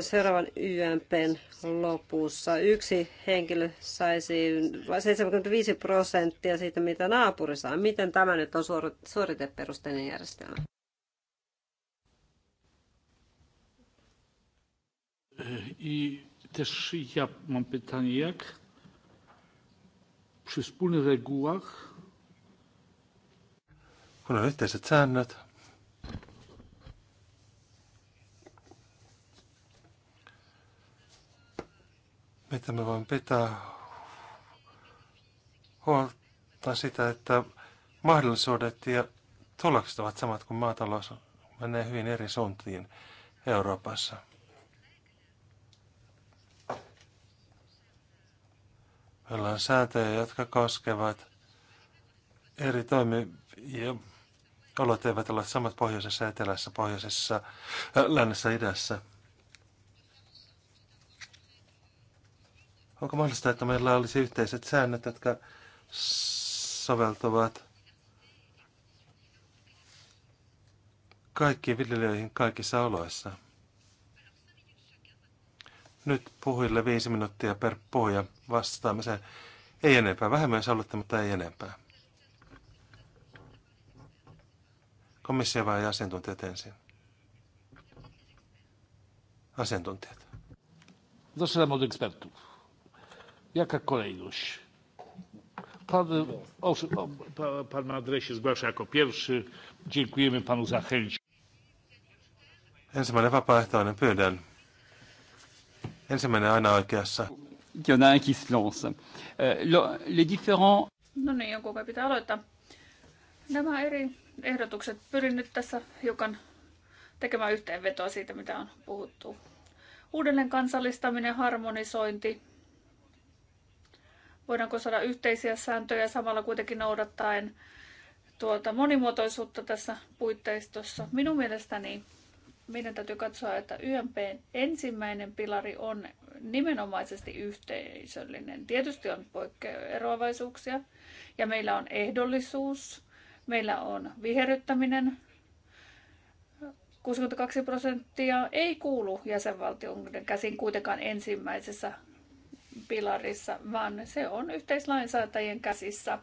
seuraavan YMPn lopussa yksi henkilö saisi 75 prosenttia siitä, mitä naapuri saa. Miten tämä nyt on suoriteperusteinen järjestelmä? I też ja mam pytanie, jak przy wspólnych regułach... Kun on yhteiset säännöt, miten me voimme pitää huolta sitä, että mahdollisuudet ja tulokset ovat samat, kun maatalous menee hyvin eri suuntiin Euroopassa. Meillä on sääntöjä, jotka koskevat eri toimi- ja olot eivät ole samat pohjoisessa etelässä, pohjoisessa, äh, lännessä idässä. Onko mahdollista, että meillä olisi yhteiset säännöt, jotka soveltuvat kaikkiin viljelijöihin kaikissa oloissa? Nyt puhujille viisi minuuttia per puhuja vastaamiseen. Ei enempää, vähemmän myös haluatte, mutta ei enempää. Komissio vai asiantuntijat ensin? Asiantuntijat. Zaczynamy od ekspertów. Jaka kolejność? Pan, osób, pan na adresie zgłasza jako pierwszy. Dziękujemy panu za chęć. Ensimmäinen vapaaehtoinen, pyydän. Ensimmäinen aina oikeassa. Il y en euh, Le différent... No niin, jonkun kai pitää aloittaa. Nämä eri ehdotukset pyrin nyt tässä hiukan tekemään yhteenvetoa siitä, mitä on puhuttu. Uudelleen kansallistaminen, harmonisointi, Voidaanko saada yhteisiä sääntöjä samalla kuitenkin noudattaen tuota monimuotoisuutta tässä puitteistossa? Minun mielestäni meidän täytyy katsoa, että YMP ensimmäinen pilari on nimenomaisesti yhteisöllinen. Tietysti on poikkeeroavaisuuksia ja meillä on ehdollisuus, meillä on viherryttäminen. 62 prosenttia ei kuulu jäsenvaltioiden käsin kuitenkaan ensimmäisessä pilarissa, vaan se on yhteislainsäätäjien käsissä.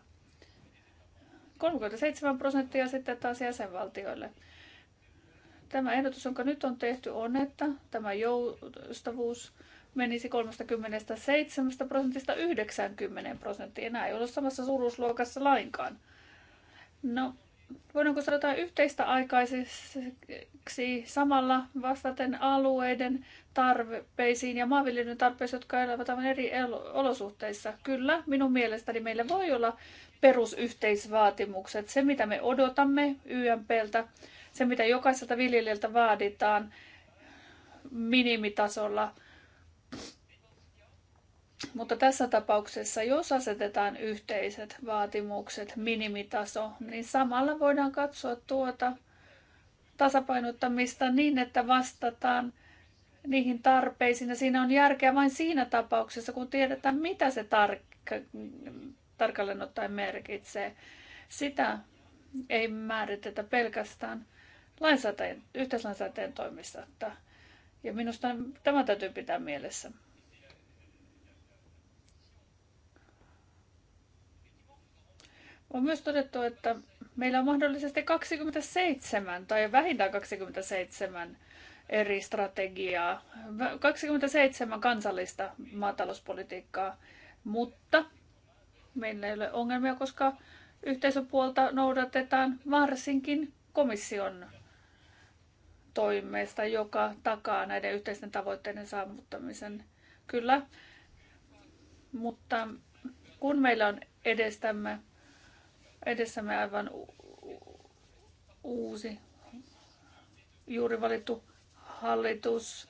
37 prosenttia sitten taas jäsenvaltioille. Tämä ehdotus, jonka nyt on tehty, on, että tämä joustavuus menisi 37 prosentista 90 prosenttiin. Nämä ei ole samassa suuruusluokassa lainkaan. No, voidaanko saada yhteistä aikaiseksi samalla vastaten alueiden tarpeisiin ja maanviljelyn tarpeisiin, jotka elävät aivan eri olosuhteissa. Kyllä, minun mielestäni meillä voi olla perusyhteisvaatimukset, se mitä me odotamme YMPltä, se mitä jokaiselta viljelijältä vaaditaan minimitasolla – mutta tässä tapauksessa, jos asetetaan yhteiset vaatimukset, minimitaso, niin samalla voidaan katsoa tuota tasapainottamista niin, että vastataan niihin tarpeisiin. Ja siinä on järkeä vain siinä tapauksessa, kun tiedetään, mitä se tar- tarkalleen ottaen merkitsee. Sitä ei määritetä pelkästään lainsäätäjien, yhteislainsäätäjien toimista. Ja minusta tämä täytyy pitää mielessä. On myös todettu, että meillä on mahdollisesti 27 tai vähintään 27 eri strategiaa, 27 kansallista maatalouspolitiikkaa, mutta meillä ei ole ongelmia, koska yhteisöpuolta noudatetaan varsinkin komission toimesta, joka takaa näiden yhteisten tavoitteiden saavuttamisen. Kyllä, mutta kun meillä on edestämme edessämme aivan uusi, juuri valittu hallitus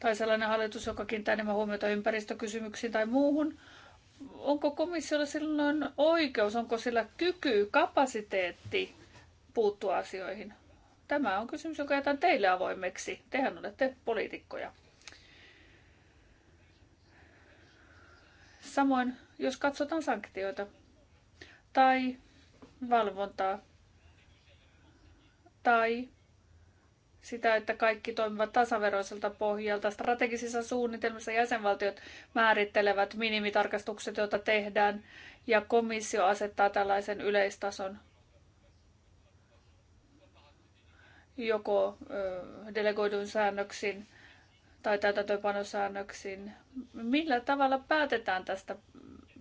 tai sellainen hallitus, joka kiinnittää enemmän huomiota ympäristökysymyksiin tai muuhun. Onko komissiolla silloin oikeus, onko sillä kyky, kapasiteetti puuttua asioihin? Tämä on kysymys, joka jätän teille avoimeksi. Tehän olette poliitikkoja. Samoin, jos katsotaan sanktioita, tai valvontaa tai sitä, että kaikki toimivat tasaveroiselta pohjalta. Strategisissa suunnitelmissa jäsenvaltiot määrittelevät minimitarkastukset, joita tehdään, ja komissio asettaa tällaisen yleistason joko delegoidun säännöksin tai täytäntöpanosäännöksin. Millä tavalla päätetään tästä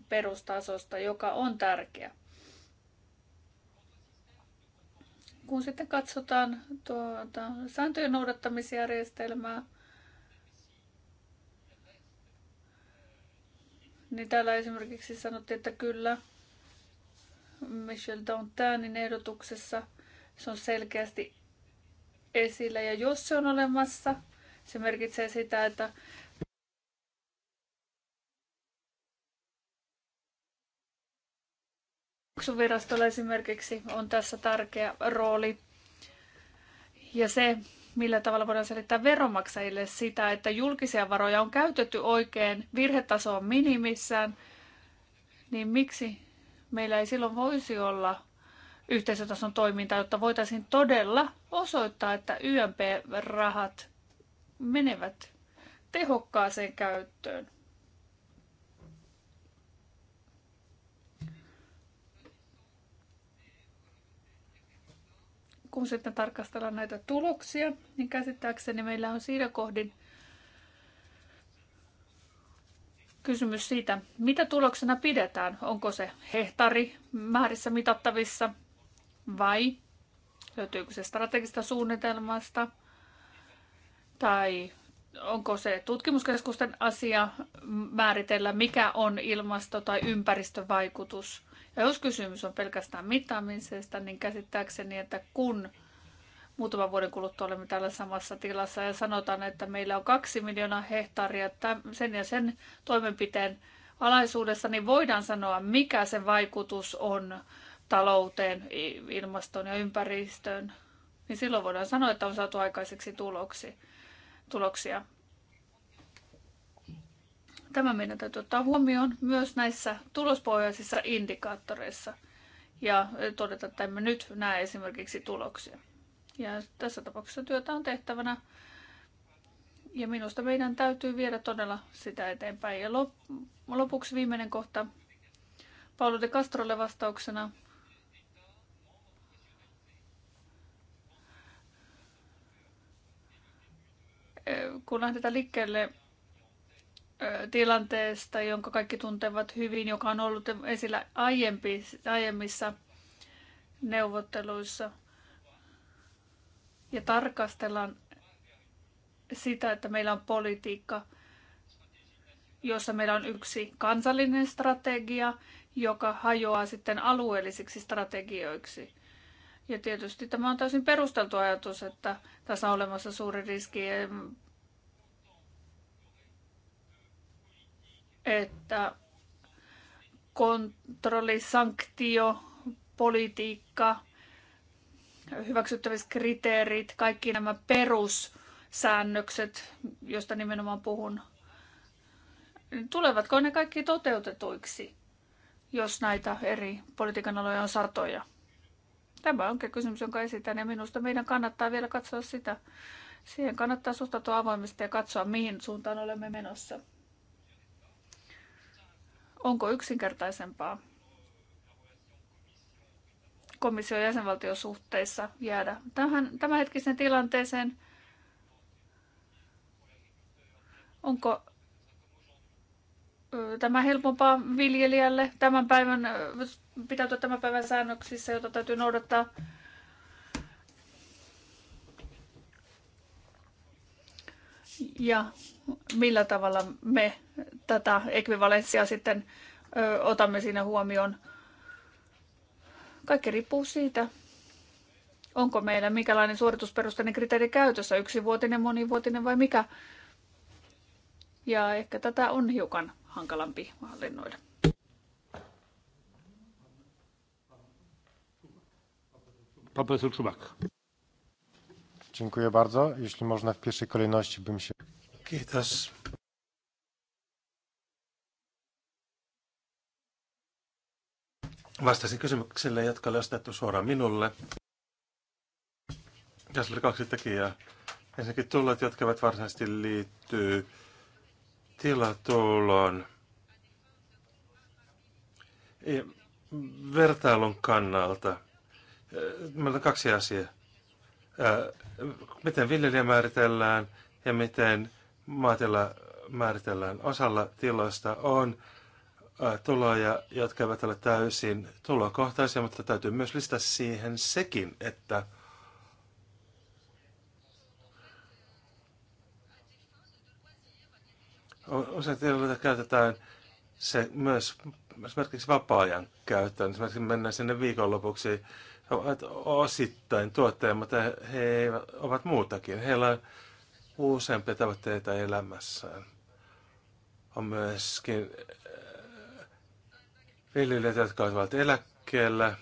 perustasosta, joka on tärkeä? kun sitten katsotaan tuota sääntöjen noudattamisjärjestelmää, niin täällä esimerkiksi sanottiin, että kyllä Michel Dantanin ehdotuksessa se on selkeästi esillä. Ja jos se on olemassa, se merkitsee sitä, että maksuvirastolla esimerkiksi on tässä tärkeä rooli. Ja se, millä tavalla voidaan selittää veronmaksajille sitä, että julkisia varoja on käytetty oikein, virhetaso on minimissään, niin miksi meillä ei silloin voisi olla yhteisötason toimintaa, jotta voitaisiin todella osoittaa, että YMP-rahat menevät tehokkaaseen käyttöön. kun sitten tarkastellaan näitä tuloksia, niin käsittääkseni meillä on siinä kohdin kysymys siitä, mitä tuloksena pidetään. Onko se hehtaari määrissä mitattavissa vai löytyykö se strategista suunnitelmasta tai onko se tutkimuskeskusten asia määritellä, mikä on ilmasto- tai ympäristövaikutus – ja jos kysymys on pelkästään mittaamisesta, niin käsittääkseni, että kun muutaman vuoden kuluttua olemme täällä samassa tilassa ja sanotaan, että meillä on kaksi miljoonaa hehtaaria sen ja sen toimenpiteen alaisuudessa, niin voidaan sanoa, mikä se vaikutus on talouteen, ilmastoon ja ympäristöön. Niin silloin voidaan sanoa, että on saatu aikaiseksi tuloksi, tuloksia. Tämä meidän täytyy ottaa huomioon myös näissä tulospohjaisissa indikaattoreissa ja todeta, että emme nyt näe esimerkiksi tuloksia. Ja tässä tapauksessa työtä on tehtävänä ja minusta meidän täytyy viedä todella sitä eteenpäin. Ja lopuksi viimeinen kohta Paolo de Castrolle vastauksena. Kun lähdetään liikkeelle tilanteesta, jonka kaikki tuntevat hyvin, joka on ollut esillä aiempi, aiemmissa neuvotteluissa. Ja tarkastellaan sitä, että meillä on politiikka, jossa meillä on yksi kansallinen strategia, joka hajoaa sitten alueellisiksi strategioiksi. Ja tietysti tämä on täysin perusteltu ajatus, että tässä on olemassa suuri riski että kontrolli, sanktio, politiikka, hyväksyttävissä kriteerit, kaikki nämä perussäännökset, joista nimenomaan puhun, tulevatko ne kaikki toteutetuiksi, jos näitä eri politiikan aloja on satoja? Tämä onkin kysymys, jonka esitän ja minusta meidän kannattaa vielä katsoa sitä. Siihen kannattaa suhtautua avoimesti ja katsoa, mihin suuntaan olemme menossa. Onko yksinkertaisempaa komission jäsenvaltiosuhteissa jäädä tähän tämänhetkiseen tilanteeseen? Onko tämä helpompaa viljelijälle tämän päivän, pitäytyä tämän päivän säännöksissä, jota täytyy noudattaa ja millä tavalla me tätä ekvivalenssia sitten ö, otamme siinä huomioon. Kaikki riippuu siitä, onko meillä mikälainen suoritusperusteinen kriteeri käytössä, yksivuotinen, monivuotinen vai mikä. Ja ehkä tätä on hiukan hankalampi hallinnoida. Professor profesor Dziękuję bardzo. Jeśli można, w pierwszej kolejności bym się... Kiitos. Vastasin kysymyksille, jotka oli asetettu suoraan minulle. Tässä oli kaksi tekijää. Ensinnäkin tulot, jotka eivät varsinaisesti liittyy tilatuloon. Vertailun kannalta. Meillä on kaksi asiaa miten viljelijä määritellään ja miten maatila määritellään. Osalla tiloista on tuloja, jotka eivät ole täysin tulokohtaisia, mutta täytyy myös lisätä siihen sekin, että usein tiloja käytetään se myös esimerkiksi vapaa-ajan käyttöön. Esimerkiksi mennään sinne viikonlopuksi ovat osittain tuottajia, mutta he ovat muutakin. Heillä on useampia tavoitteita elämässään. On myöskin eh, viljelijöitä, jotka ovat eläkkeellä.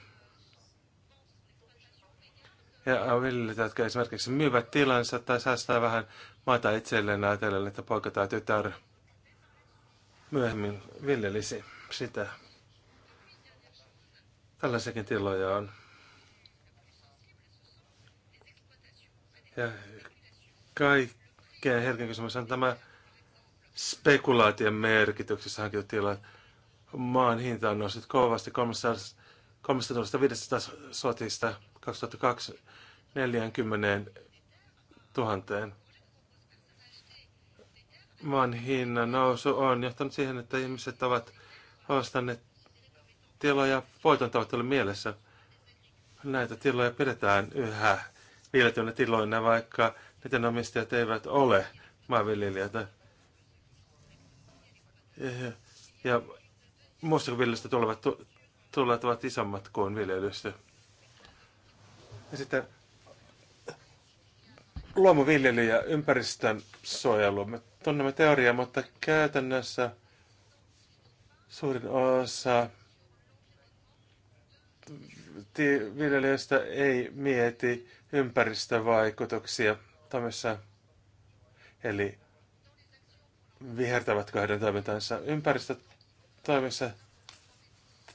Ja on viljelijöitä, jotka esimerkiksi myyvät tilansa tai säästää vähän maata itselleen ajatellen, että poika tai tytär myöhemmin viljelisi sitä. Tällaisiakin tiloja on. Ja kaikkea herkin kysymys on tämä spekulaation merkityksessä hankintatilat. Maan hinta on noussut kovasti 3500 sotista 2040 000. Maan hinnan nousu on johtanut siihen, että ihmiset ovat ostaneet tiloja voiton tavoittelun mielessä. Näitä tiloja pidetään yhä piiletyinä tiloina, vaikka niiden omistajat eivät ole maanviljelijöitä. Ja, ja muusta viljelystä tulevat tulot ovat isommat kuin viljelystä. Ja sitten luomuviljely ja ympäristön suojelu. Me tunnemme teoriaa, mutta käytännössä suurin osa viljelijöistä ei mieti ympäristövaikutuksia tämmöisessä, eli vihertävätkö heidän toimintansa ympäristötoimissa.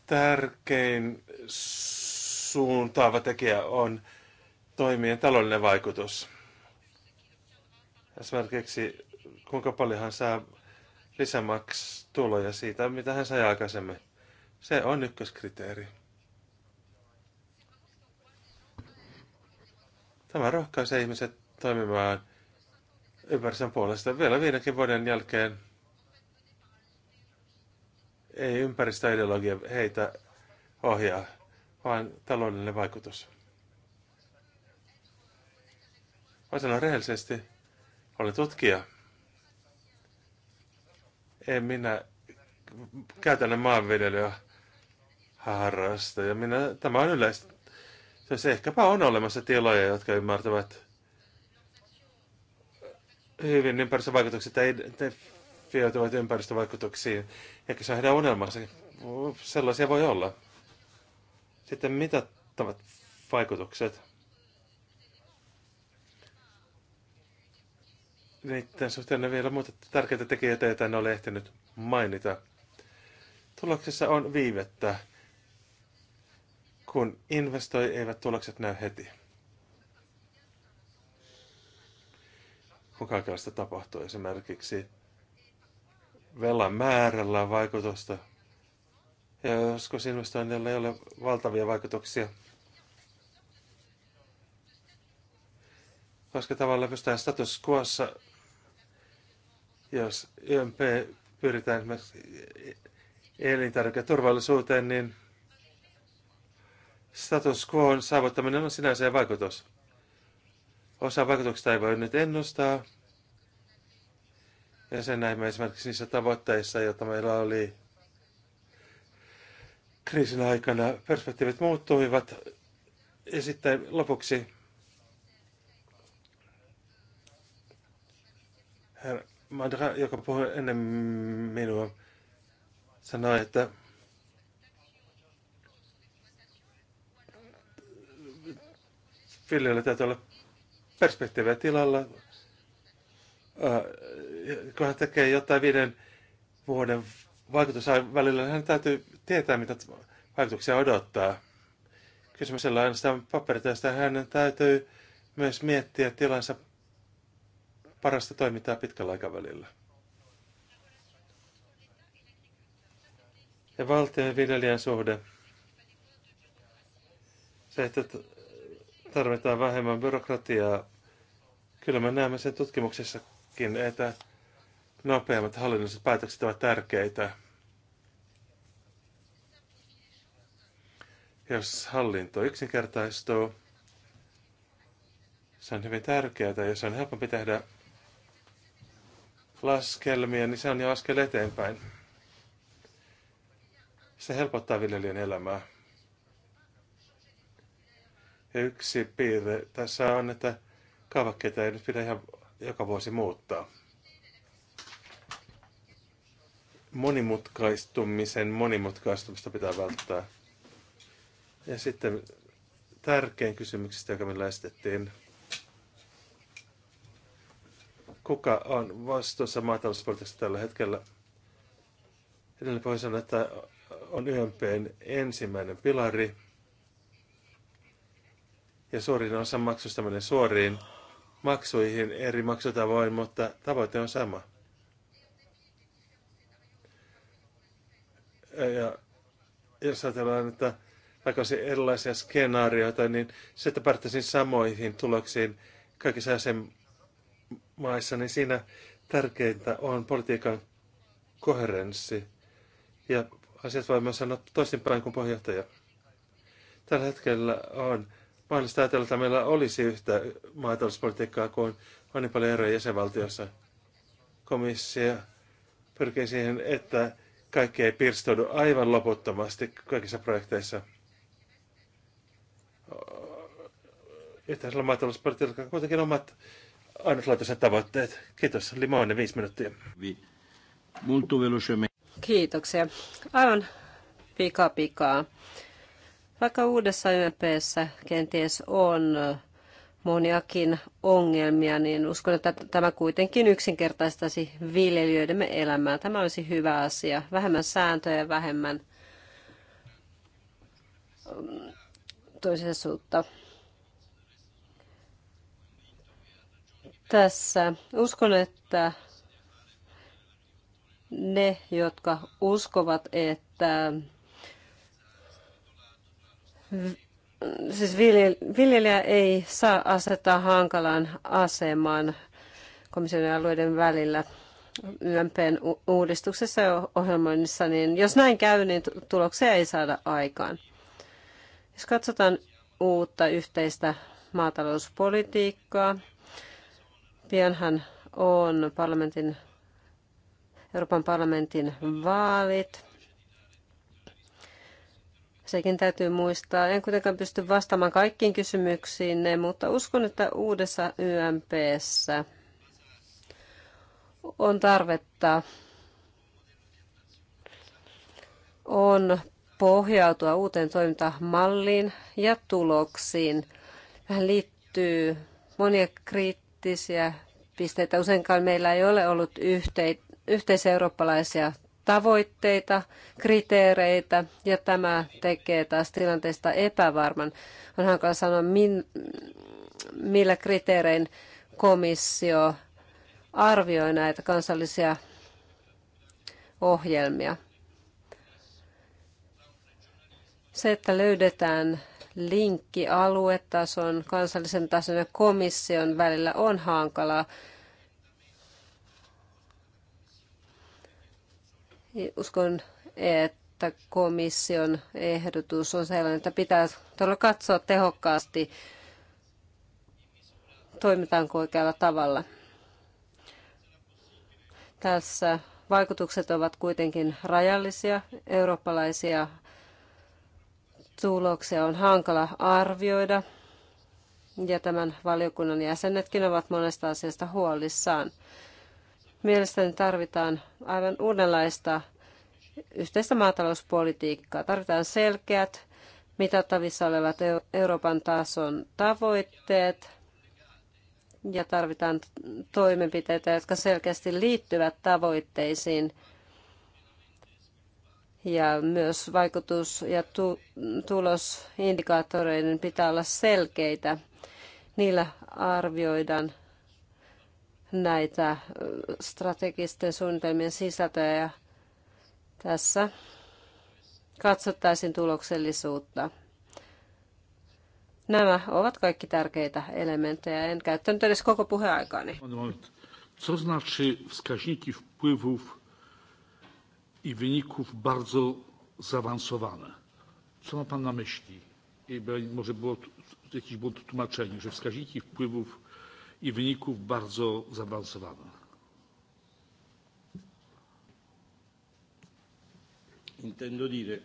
Tärkein suuntaava tekijä on toimien taloudellinen vaikutus. Esimerkiksi kuinka paljon hän saa lisämaks tuloja siitä, mitä hän sai aikaisemmin. Se on ykköskriteeri. Tämä rohkaisee ihmiset toimimaan ympäristön puolesta vielä viidenkin vuoden jälkeen. Ei ympäristöideologia heitä ohjaa, vaan taloudellinen vaikutus. Voin sanoa rehellisesti, olen tutkija. En minä käytännön maanviljelyä harrasta. Ja minä, tämä on yleistä Siis ehkäpä on olemassa tiloja, jotka ymmärtävät hyvin ympäristövaikutukset ne fioituvat ympäristövaikutuksiin. Ehkä se on heidän unelmansa. Sellaisia voi olla. Sitten mitattavat vaikutukset. Niiden suhteen on vielä muita tärkeitä tekijöitä, joita en ole ehtinyt mainita. Tuloksessa on viivettä. Kun investoi, eivät tulokset näy heti. Kun kaikenlaista tapahtuu esimerkiksi velan määrällä on vaikutusta. Ja joskus investoinnilla ei ole valtavia vaikutuksia. Koska tavallaan pystytään status quossa, jos YMP pyritään esimerkiksi elintarviketurvallisuuteen, niin status quoon saavuttaminen on sinänsä vaikutus. Osa vaikutuksista ei voi nyt ennustaa. Ja sen näimme esimerkiksi niissä tavoitteissa, joita meillä oli kriisin aikana. Perspektiivit muuttuivat. Ja sitten lopuksi herra Madra, joka puhui ennen minua, sanoi, että viljelijöillä täytyy olla perspektiivejä tilalla, äh, kun hän tekee jotain viiden vuoden vaikutusvälillä, niin hän täytyy tietää, mitä vaikutuksia odottaa. Kysymyksellä on sitä paperiteosta, hänen täytyy myös miettiä tilansa parasta toimintaa pitkällä aikavälillä. Ja valtion ja viljelijän suhde. Se, että tarvitaan vähemmän byrokratiaa. Kyllä me näemme sen tutkimuksessakin, että nopeammat hallinnolliset päätökset ovat tärkeitä. Jos hallinto yksinkertaistuu, se on hyvin tärkeää. Jos on helpompi tehdä laskelmia, niin se on jo askel eteenpäin. Se helpottaa viljelijän elämää. Ja yksi piirre tässä on, että kaavakkeita ei nyt pidä ihan joka vuosi muuttaa. Monimutkaistumisen monimutkaistumista pitää välttää. Ja sitten tärkein kysymyksistä, joka me esitettiin. Kuka on vastuussa maatalouspolitiikasta tällä hetkellä? Edelleen voi sanoa, että on YMPn ensimmäinen pilari – ja suurin osa maksusta menee suoriin maksuihin eri maksutavoin, mutta tavoite on sama. Ja jos ajatellaan, että takaisin erilaisia skenaarioita, niin se, että päättäisin samoihin tuloksiin kaikissa jäsenmaissa, niin siinä tärkeintä on politiikan koherenssi. Ja asiat voi myös sanoa toisinpäin kuin puheenjohtaja. Tällä hetkellä on mahdollista ajatella, että meillä olisi yhtä maatalouspolitiikkaa, kun on niin paljon eroja jäsenvaltiossa. Komissio pyrkii siihen, että kaikki ei pirstoudu aivan loputtomasti kaikissa projekteissa. Yhteisellä maatalouspolitiikalla on kuitenkin omat ainutlaatuiset tavoitteet. Kiitos. Limoinen viisi minuuttia. Kiitoksia. Aivan pikapikaa. pikaa. Vaikka uudessa YMPssä kenties on moniakin ongelmia, niin uskon, että tämä kuitenkin yksinkertaistaisi viljelijöidemme elämää. Tämä olisi hyvä asia. Vähemmän sääntöjä, vähemmän mm, toisensuutta. Tässä uskon, että ne, jotka uskovat, että siis viljelijä ei saa asettaa hankalaan asemaan komission ja alueiden välillä YMPn uudistuksessa ja ohjelmoinnissa, niin jos näin käy, niin tuloksia ei saada aikaan. Jos katsotaan uutta yhteistä maatalouspolitiikkaa, pianhan on parlamentin, Euroopan parlamentin vaalit – Sekin täytyy muistaa. En kuitenkaan pysty vastaamaan kaikkiin kysymyksiin, mutta uskon, että uudessa YMPssä on tarvetta on pohjautua uuteen toimintamalliin ja tuloksiin. Tähän liittyy monia kriittisiä pisteitä. Useinkaan meillä ei ole ollut yhteisiä eurooppalaisia tavoitteita, kriteereitä ja tämä tekee taas tilanteesta epävarman. On hankala sanoa, min, millä kriteerein komissio arvioi näitä kansallisia ohjelmia. Se, että löydetään linkki aluetason, kansallisen tason ja komission välillä on hankalaa Uskon, että komission ehdotus on sellainen, että pitää todella katsoa tehokkaasti, toimitaanko oikealla tavalla. Tässä vaikutukset ovat kuitenkin rajallisia. Eurooppalaisia tuloksia on hankala arvioida ja tämän valiokunnan jäsenetkin ovat monesta asiasta huolissaan. Mielestäni tarvitaan aivan uudenlaista yhteistä maatalouspolitiikkaa. Tarvitaan selkeät, mitattavissa olevat Euroopan tason tavoitteet ja tarvitaan toimenpiteitä, jotka selkeästi liittyvät tavoitteisiin ja myös vaikutus- ja tu- tulosindikaattoreiden pitää olla selkeitä. Niillä arvioidaan näitä strategisten suunnitelmien sisältöjä ja tässä katsottaisiin tuloksellisuutta. Nämä ovat kaikki tärkeitä elementtejä. En käyttänyt edes koko puheaikaani. Co znaczy wskaźniki wpływów i wyników bardzo zaawansowane? Co ma Pan na myśli? I może było jakiś błąd w tłumaczeniu, że wskaźniki wpływów i wyników bardzo zaawansowanych. Intendo dire,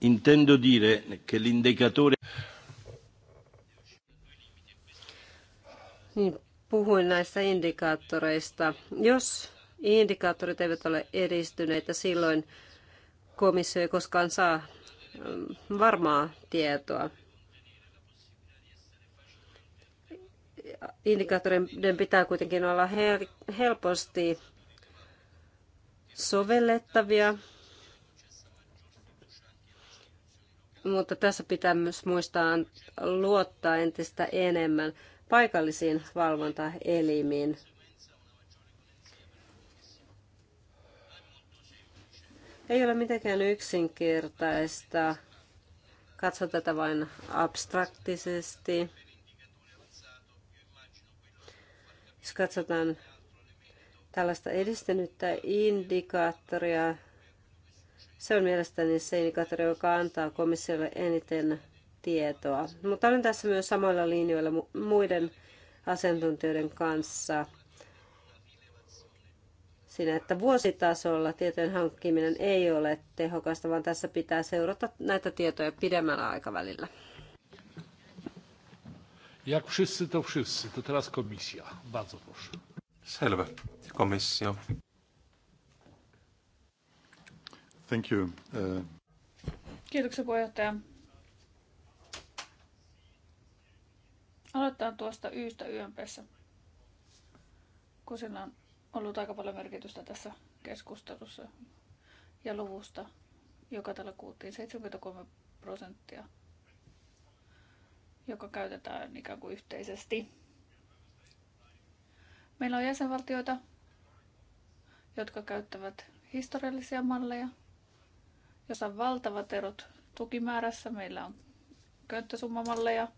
intendo dire che l'indicatore... Niin, puhuin näistä indikaattoreista. Jos indikaattorit eivät ole edistyneitä, silloin komissio ei koskaan saa mm, varmaa tietoa. indikaattoreiden pitää kuitenkin olla helposti sovellettavia, mutta tässä pitää myös muistaa luottaa entistä enemmän paikallisiin valvontaelimiin. Ei ole mitenkään yksinkertaista. Katso tätä vain abstraktisesti. Jos katsotaan tällaista edistynyttä indikaattoria, se on mielestäni se indikaattori, joka antaa komissiolle eniten tietoa. Mutta olen tässä myös samoilla linjoilla muiden asiantuntijoiden kanssa siinä, että vuositasolla tietojen hankkiminen ei ole tehokasta, vaan tässä pitää seurata näitä tietoja pidemmällä aikavälillä. Jak wszyscy to wszyscy, to teraz komisja. Bardzo proszę. Selvä. Komisja. Thank you. Uh... Kiitoksia puheenjohtaja. Aloitetaan tuosta Ystä YMPssä, kun sillä on ollut aika paljon merkitystä tässä keskustelussa ja luvusta, joka täällä kuultiin, 73 prosenttia – joka käytetään ikään kuin yhteisesti. Meillä on jäsenvaltioita, jotka käyttävät historiallisia malleja, jossa on valtavat erot tukimäärässä. Meillä on könttäsummamalleja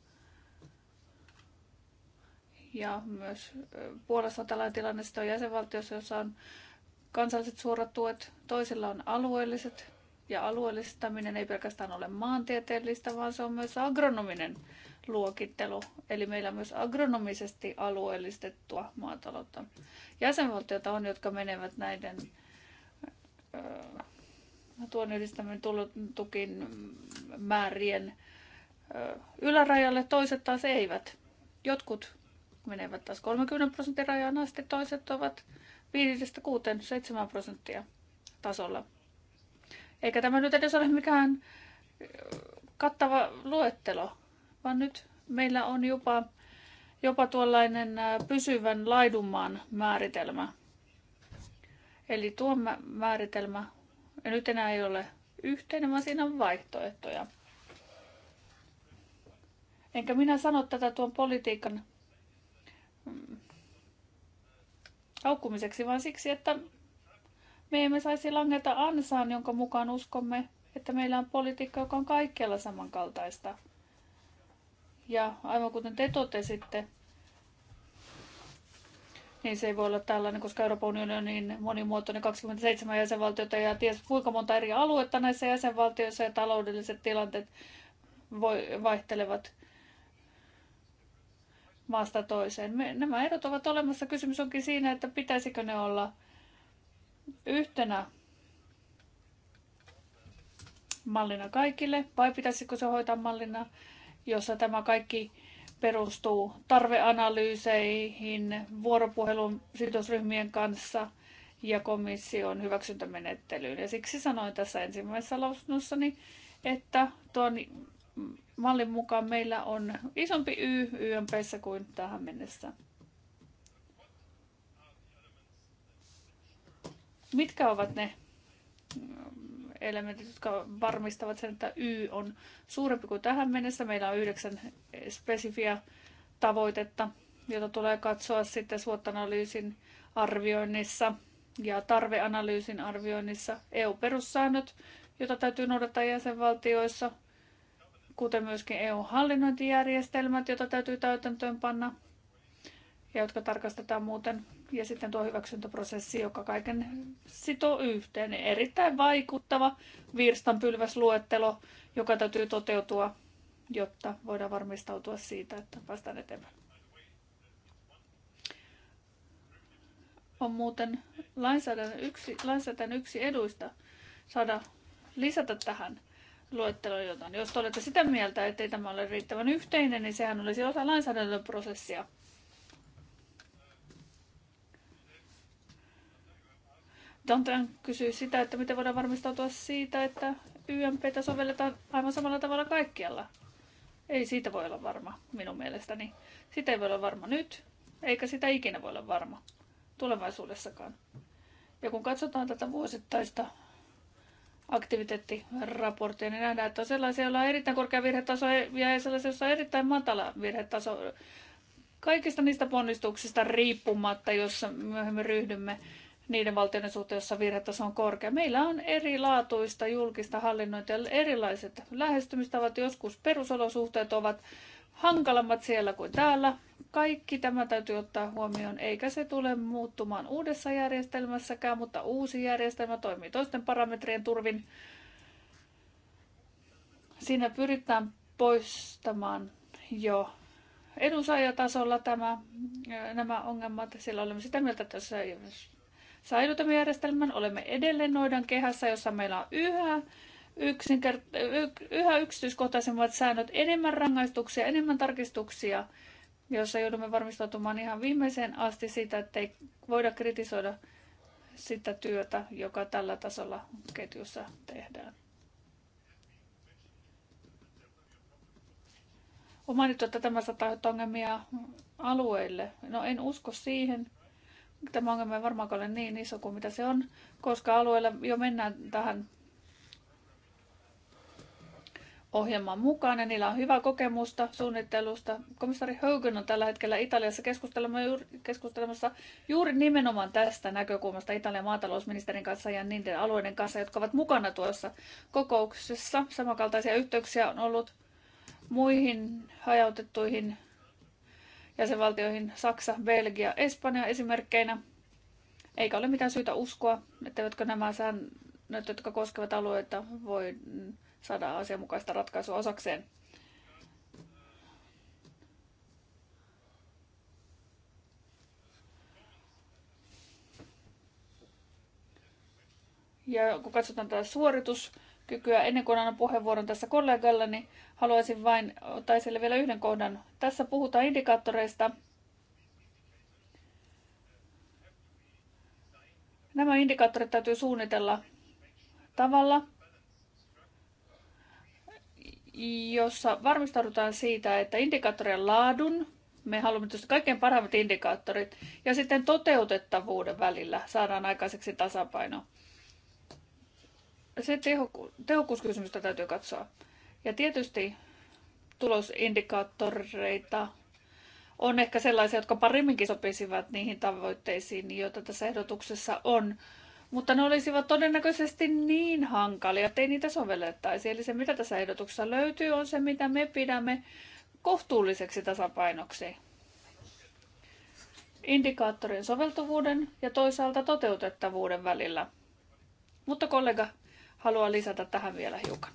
ja myös Puolassa on tällainen tilanne, on jäsenvaltiossa, jossa on kansalliset suorat tuet, toisilla on alueelliset ja alueellistaminen ei pelkästään ole maantieteellistä, vaan se on myös agronominen luokittelu, eli meillä on myös agronomisesti alueellistettua maataloutta. jäsenvaltiota on, jotka menevät näiden tuon yhdistäminen tukin määrien ylärajalle, toiset taas eivät. Jotkut menevät taas 30 prosentin rajaan asti, toiset ovat 5-6-7 prosenttia tasolla. Eikä tämä nyt edes ole mikään kattava luettelo vaan nyt meillä on jopa, jopa tuollainen pysyvän laidunmaan määritelmä. Eli tuo määritelmä ja nyt enää ei ole yhteinen, vaan siinä on vaihtoehtoja. Enkä minä sano tätä tuon politiikan mm, aukumiseksi vaan siksi, että me emme saisi langeta ansaan, jonka mukaan uskomme, että meillä on politiikka, joka on kaikkialla samankaltaista – ja aivan kuten te totesitte, niin se ei voi olla tällainen, koska Euroopan unioni on niin monimuotoinen 27 jäsenvaltiota ja ties kuinka monta eri aluetta näissä jäsenvaltioissa ja taloudelliset tilanteet voi, vaihtelevat maasta toiseen. Me, nämä erot ovat olemassa. Kysymys onkin siinä, että pitäisikö ne olla yhtenä mallina kaikille vai pitäisikö se hoitaa mallina jossa tämä kaikki perustuu tarveanalyyseihin, vuoropuhelun sidosryhmien kanssa ja komission hyväksyntämenettelyyn. Ja siksi sanoin tässä ensimmäisessä lausunnossani, että tuon mallin mukaan meillä on isompi Y YMPssä kuin tähän mennessä. Mitkä ovat ne elementit, jotka varmistavat sen, että Y on suurempi kuin tähän mennessä. Meillä on yhdeksän spesifiä tavoitetta, jota tulee katsoa sitten SWOT-analyysin arvioinnissa ja tarveanalyysin arvioinnissa EU-perussäännöt, jota täytyy noudattaa jäsenvaltioissa, kuten myöskin EU-hallinnointijärjestelmät, jota täytyy täytäntöönpanna ja jotka tarkastetaan muuten ja sitten tuo hyväksyntäprosessi, joka kaiken sitoo yhteen. Niin erittäin vaikuttava virstanpylväsluettelo, joka täytyy toteutua, jotta voidaan varmistautua siitä, että päästään eteenpäin. On muuten lainsäädännön yksi, lainsäädännön yksi eduista saada lisätä tähän luetteloon jotain. Jos te olette sitä mieltä, ei tämä ole riittävän yhteinen, niin sehän olisi osa lainsäädäntöprosessia. prosessia Dantan kysyy sitä, että miten voidaan varmistautua siitä, että YMPtä sovelletaan aivan samalla tavalla kaikkialla. Ei siitä voi olla varma, minun mielestäni. Sitä ei voi olla varma nyt, eikä sitä ikinä voi olla varma tulevaisuudessakaan. Ja kun katsotaan tätä vuosittaista aktiviteettiraporttia, niin nähdään, että on sellaisia, joilla on erittäin korkea virhetaso ja sellaisia, joissa on erittäin matala virhetaso. Kaikista niistä ponnistuksista riippumatta, jossa myöhemmin ryhdymme, niiden valtioiden suhteen, jossa virhetaso on korkea. Meillä on erilaatuista julkista hallinnointia, erilaiset lähestymistavat, joskus perusolosuhteet ovat hankalammat siellä kuin täällä. Kaikki tämä täytyy ottaa huomioon, eikä se tule muuttumaan uudessa järjestelmässäkään, mutta uusi järjestelmä toimii toisten parametrien turvin. Siinä pyritään poistamaan jo edunsaajatasolla tämä, nämä ongelmat. Sillä olemme sitä mieltä, että jos säilytämme Olemme edelleen noidan kehässä, jossa meillä on yhä yksinkert- yhä yksityiskohtaisemmat säännöt, enemmän rangaistuksia, enemmän tarkistuksia, jossa joudumme varmistautumaan ihan viimeiseen asti siitä, että ei voida kritisoida sitä työtä, joka tällä tasolla ketjussa tehdään. On mainittu, että tämä saattaa ongelmia alueille. No en usko siihen. Tämä ongelma ei varmaan ole niin iso kuin mitä se on, koska alueella jo mennään tähän ohjelman mukaan ja niillä on hyvää kokemusta suunnittelusta. Komissari Hogan on tällä hetkellä Italiassa keskustelemassa juuri nimenomaan tästä näkökulmasta Italian maatalousministerin kanssa ja niiden alueiden kanssa, jotka ovat mukana tuossa kokouksessa. Samankaltaisia yhteyksiä on ollut muihin hajautettuihin jäsenvaltioihin Saksa, Belgia, Espanja esimerkkeinä. Eikä ole mitään syytä uskoa, etteivätkö nämä säännöt, jotka koskevat alueita, voi saada asianmukaista ratkaisua osakseen. Ja kun katsotaan tätä suoritus, kykyä. Ennen kuin annan puheenvuoron tässä kollegalle, niin haluaisin vain ottaa esille vielä yhden kohdan. Tässä puhutaan indikaattoreista. Nämä indikaattorit täytyy suunnitella tavalla, jossa varmistaudutaan siitä, että indikaattorien laadun, me haluamme tietysti kaikkein parhaimmat indikaattorit, ja sitten toteutettavuuden välillä saadaan aikaiseksi tasapaino se tehokku, tehokkuuskysymystä täytyy katsoa. Ja tietysti tulosindikaattoreita on ehkä sellaisia, jotka paremminkin sopisivat niihin tavoitteisiin, joita tässä ehdotuksessa on. Mutta ne olisivat todennäköisesti niin hankalia, ettei niitä sovellettaisi. Eli se, mitä tässä ehdotuksessa löytyy, on se, mitä me pidämme kohtuulliseksi tasapainoksi indikaattorin soveltuvuuden ja toisaalta toteutettavuuden välillä. Mutta kollega, haluan lisätä tähän vielä hiukan.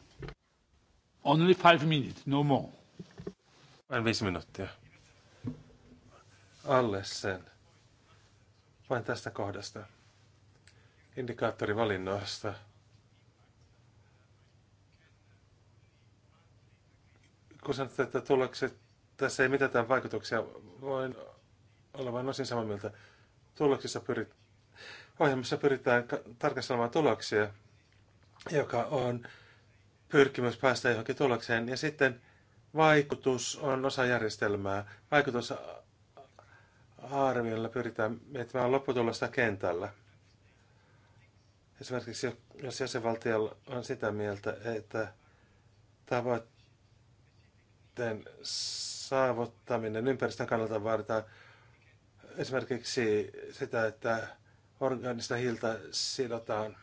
Only five minutes, no more. Vain viisi minuuttia. Alle sen. Vain tästä kohdasta. valinnoista. Kun sanotte, että tulokset, tässä ei mitään vaikutuksia, voin olla vain osin samaa mieltä. Tuloksissa pyrit, ohjelmassa pyritään tarkastelemaan tuloksia, joka on pyrkimys päästä johonkin tulokseen. Ja sitten vaikutus on osa järjestelmää. Vaikutus arviolla pyritään miettimään lopputulosta kentällä. Esimerkiksi jos jäsenvaltiolla on sitä mieltä, että tavoitteen saavuttaminen ympäristön kannalta vaaditaan esimerkiksi sitä, että organista hiiltä sidotaan –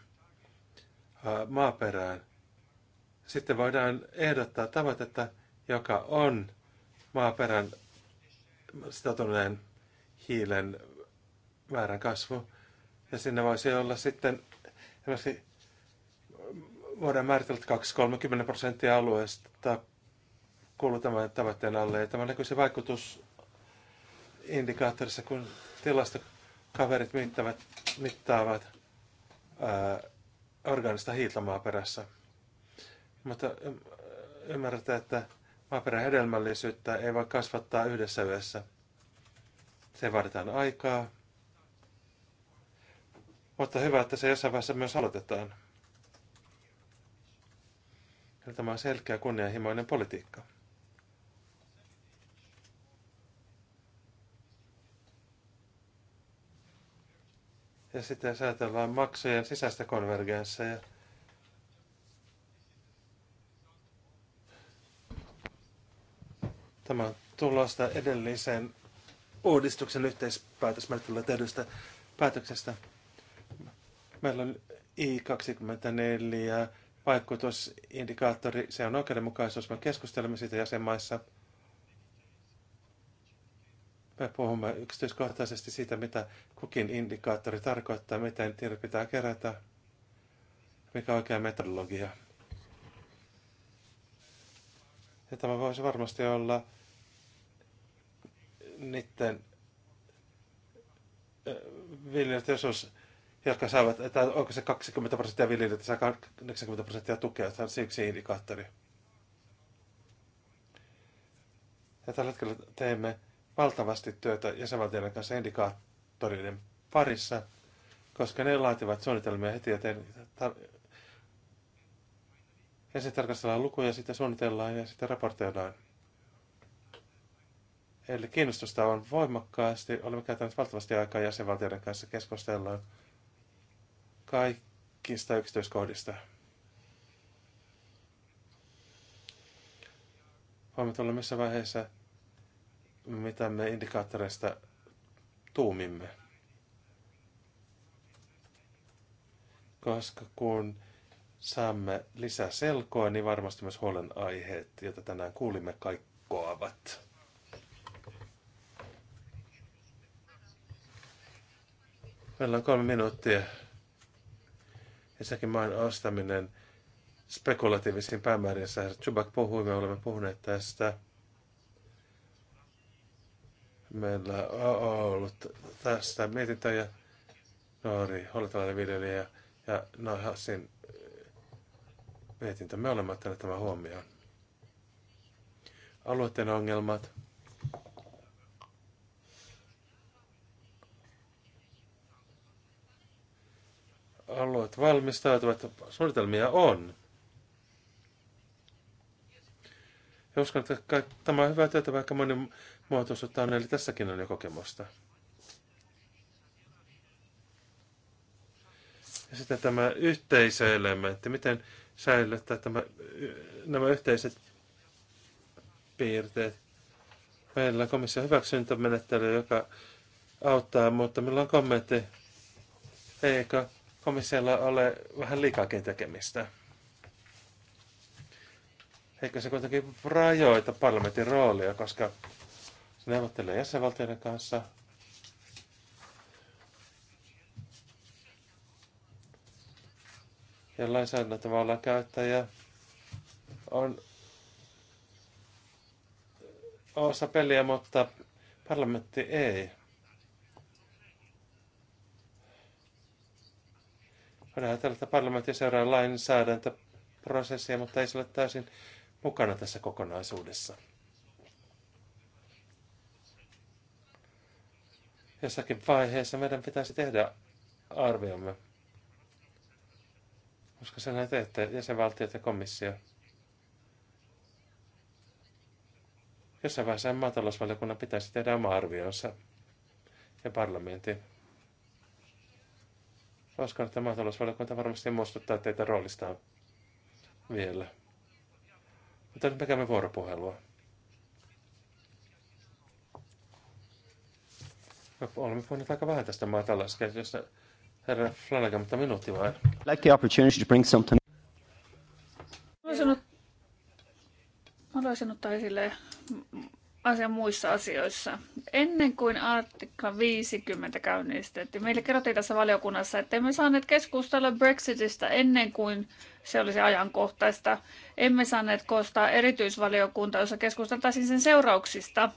maaperään. Sitten voidaan ehdottaa tavoitetta, joka on maaperän sitoutuneen hiilen määrän kasvu. Ja sinne voisi olla sitten esimerkiksi voidaan määritellä, että 2-30 prosenttia alueesta kuuluu tämän tavoitteen alle. Ja tämä näkyy se vaikutus indikaattorissa, kun tilastokaverit mittavat, mittaavat ää, orgaanista hiiltä maaperässä. Mutta ymmärretään, että maaperän hedelmällisyyttä ei voi kasvattaa yhdessä yössä. Se vaaditaan aikaa. Mutta hyvä, että se jossain vaiheessa myös aloitetaan. tämä on selkeä kunnianhimoinen politiikka. Ja sitten jos ajatellaan maksujen sisäistä konvergenssia, tämä on tulosta edellisen uudistuksen yhteispäätösmenettelyllä tehdystä päätöksestä. Meillä on I24 vaikutusindikaattori, se on oikeudenmukaisuus. Me keskustelemme siitä jäsenmaissa – me puhumme yksityiskohtaisesti siitä, mitä kukin indikaattori tarkoittaa, miten tiedot pitää kerätä, mikä on oikea metodologia. Ja tämä voisi varmasti olla niiden viljelijöiden osuus, jotka saavat, että onko se 20 prosenttia viljelijät, saa 80 prosenttia tukea, se on yksi indikaattori. Ja tällä hetkellä teemme valtavasti työtä jäsenvaltioiden kanssa indikaattoreiden parissa, koska ne laativat suunnitelmia heti, joten tar- ensin tarkastellaan lukuja, sitten suunnitellaan ja sitten raportoidaan. Eli kiinnostusta on voimakkaasti. Olemme käyttäneet valtavasti aikaa jäsenvaltioiden kanssa keskustellaan kaikista yksityiskohdista. Voimme tulla missä vaiheessa mitä me indikaattoreista tuumimme. Koska kun saamme lisää selkoa, niin varmasti myös huolenaiheet, joita tänään kuulimme, kaikkoavat. Meillä on kolme minuuttia. Ensinnäkin maan ostaminen spekulatiivisiin päämääriin. Chubak puhui, me olemme puhuneet tästä. Meillä on ollut tästä mietintä ja nuori holtalainen viljelijä ja no Hassin eh, mietintö. Me olemme ottaneet tämän huomioon. Alueiden ongelmat. Alueet valmistautuvat. Suunnitelmia on. Ja uskon, että tämä on hyvä työtä, vaikka moni muotoisuutta on, eli tässäkin on jo kokemusta. Ja sitten tämä yhteisöelementti, miten säilyttää tämä, nämä yhteiset piirteet. Meillä on komission hyväksyntämenettely, joka auttaa, mutta meillä on kommentti, eikö komissiolla ole vähän liikakin tekemistä? Eikö se kuitenkin rajoita parlamentin roolia, koska se neuvottelee jäsenvaltioiden kanssa. Ja lainsäädäntövallan käyttäjä on osa peliä, mutta parlamentti ei. Voidaan ajatella, että parlamentti seuraa lainsäädäntöprosessia, mutta ei se ole täysin mukana tässä kokonaisuudessa. jossakin vaiheessa meidän pitäisi tehdä arviomme. Koska sen näitä, että jäsenvaltiot ja komissio. Jossain vaiheessa maatalousvaliokunnan pitäisi tehdä oma arvionsa ja parlamentin. Uskon, että maatalousvaliokunta varmasti muistuttaa teitä roolistaan vielä. Mutta nyt me käymme vuoropuhelua. Me olemme puhuneet aika vähän tästä maatalouskäsitystä. Herra Flanagan, mutta minuutti vai? Like the opportunity to bring something. Haluaisin ottaa esille asian muissa asioissa. Ennen kuin artikla 50 käynnistettiin, meille kerrottiin tässä valiokunnassa, että emme saaneet keskustella Brexitistä ennen kuin se olisi ajankohtaista. Emme saaneet koostaa erityisvaliokuntaa, jossa keskusteltaisiin sen seurauksista.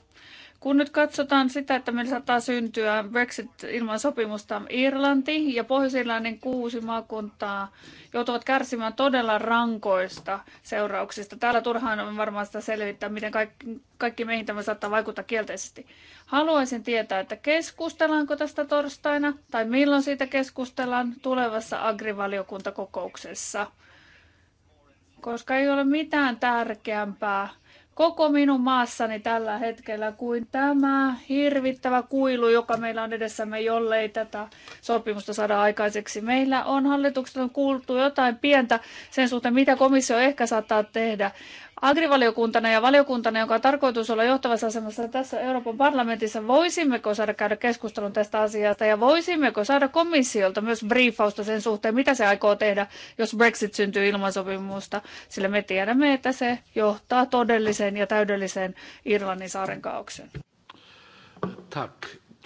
Kun nyt katsotaan sitä, että meillä saattaa syntyä Brexit ilman sopimusta Irlanti ja Pohjois-Irlannin kuusi maakuntaa joutuvat kärsimään todella rankoista seurauksista. Täällä turhaan on varmaan sitä selvittää, miten kaikki, kaikki meihin tämä saattaa vaikuttaa kielteisesti. Haluaisin tietää, että keskustellaanko tästä torstaina tai milloin siitä keskustellaan tulevassa agrivaliokuntakokouksessa, koska ei ole mitään tärkeämpää koko minun maassani tällä hetkellä kuin tämä hirvittävä kuilu, joka meillä on edessämme, jollei tätä sopimusta saada aikaiseksi. Meillä on hallituksella kuultu jotain pientä sen suhteen, mitä komissio ehkä saattaa tehdä, agrivaliokuntana ja valiokuntana, jonka on tarkoitus olla johtavassa asemassa tässä Euroopan parlamentissa, voisimmeko saada käydä keskustelun tästä asiasta ja voisimmeko saada komissiolta myös briefausta sen suhteen, mitä se aikoo tehdä, jos Brexit syntyy ilman sopimusta, sillä me tiedämme, että se johtaa todelliseen ja täydelliseen Irlannin saaren kaaukseen. Tak,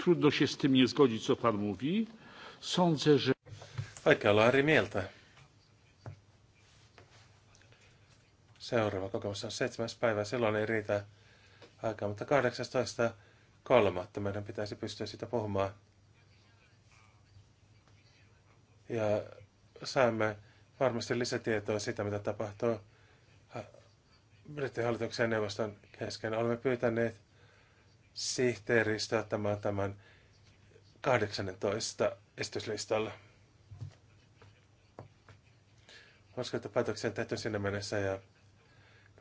trudno się z tym nie zgodzić, co pan mówi. Sądzę, że... Aika olla eri mieltä. Seuraava kokemus on 7. päivä. Silloin ei riitä aikaa, mutta 18.3. meidän pitäisi pystyä sitä puhumaan. Ja saamme varmasti lisätietoa siitä, mitä tapahtuu hallituksen neuvoston kesken. Olemme pyytäneet sihteeristä ottamaan tämän 18 esityslistalla. Uskon, että päätöksiä on tehty sinne mennessä ja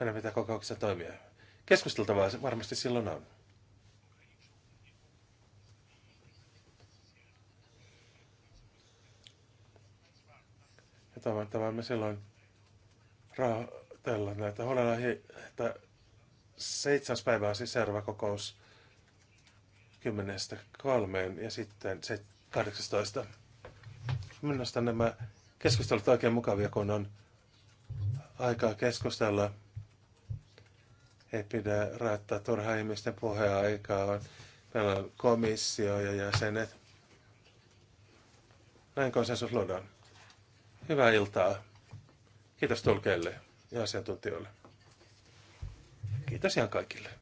meidän pitää kokouksessa toimia. Keskusteltavaa varmasti silloin on. Ja me silloin rahoitellaan näitä että Seitsemäs päivä on siis seuraava kokous kymmenestä kolmeen ja sitten 18. Minusta nämä keskustelut oikein mukavia, kun on aikaa keskustella ei pidä raottaa turhaa ihmisten puheaikaa, vaan meillä on komissio ja jäsenet. Näin konsensus luodaan. Hyvää iltaa. Kiitos tulkeille ja asiantuntijoille. Kiitos ihan kaikille.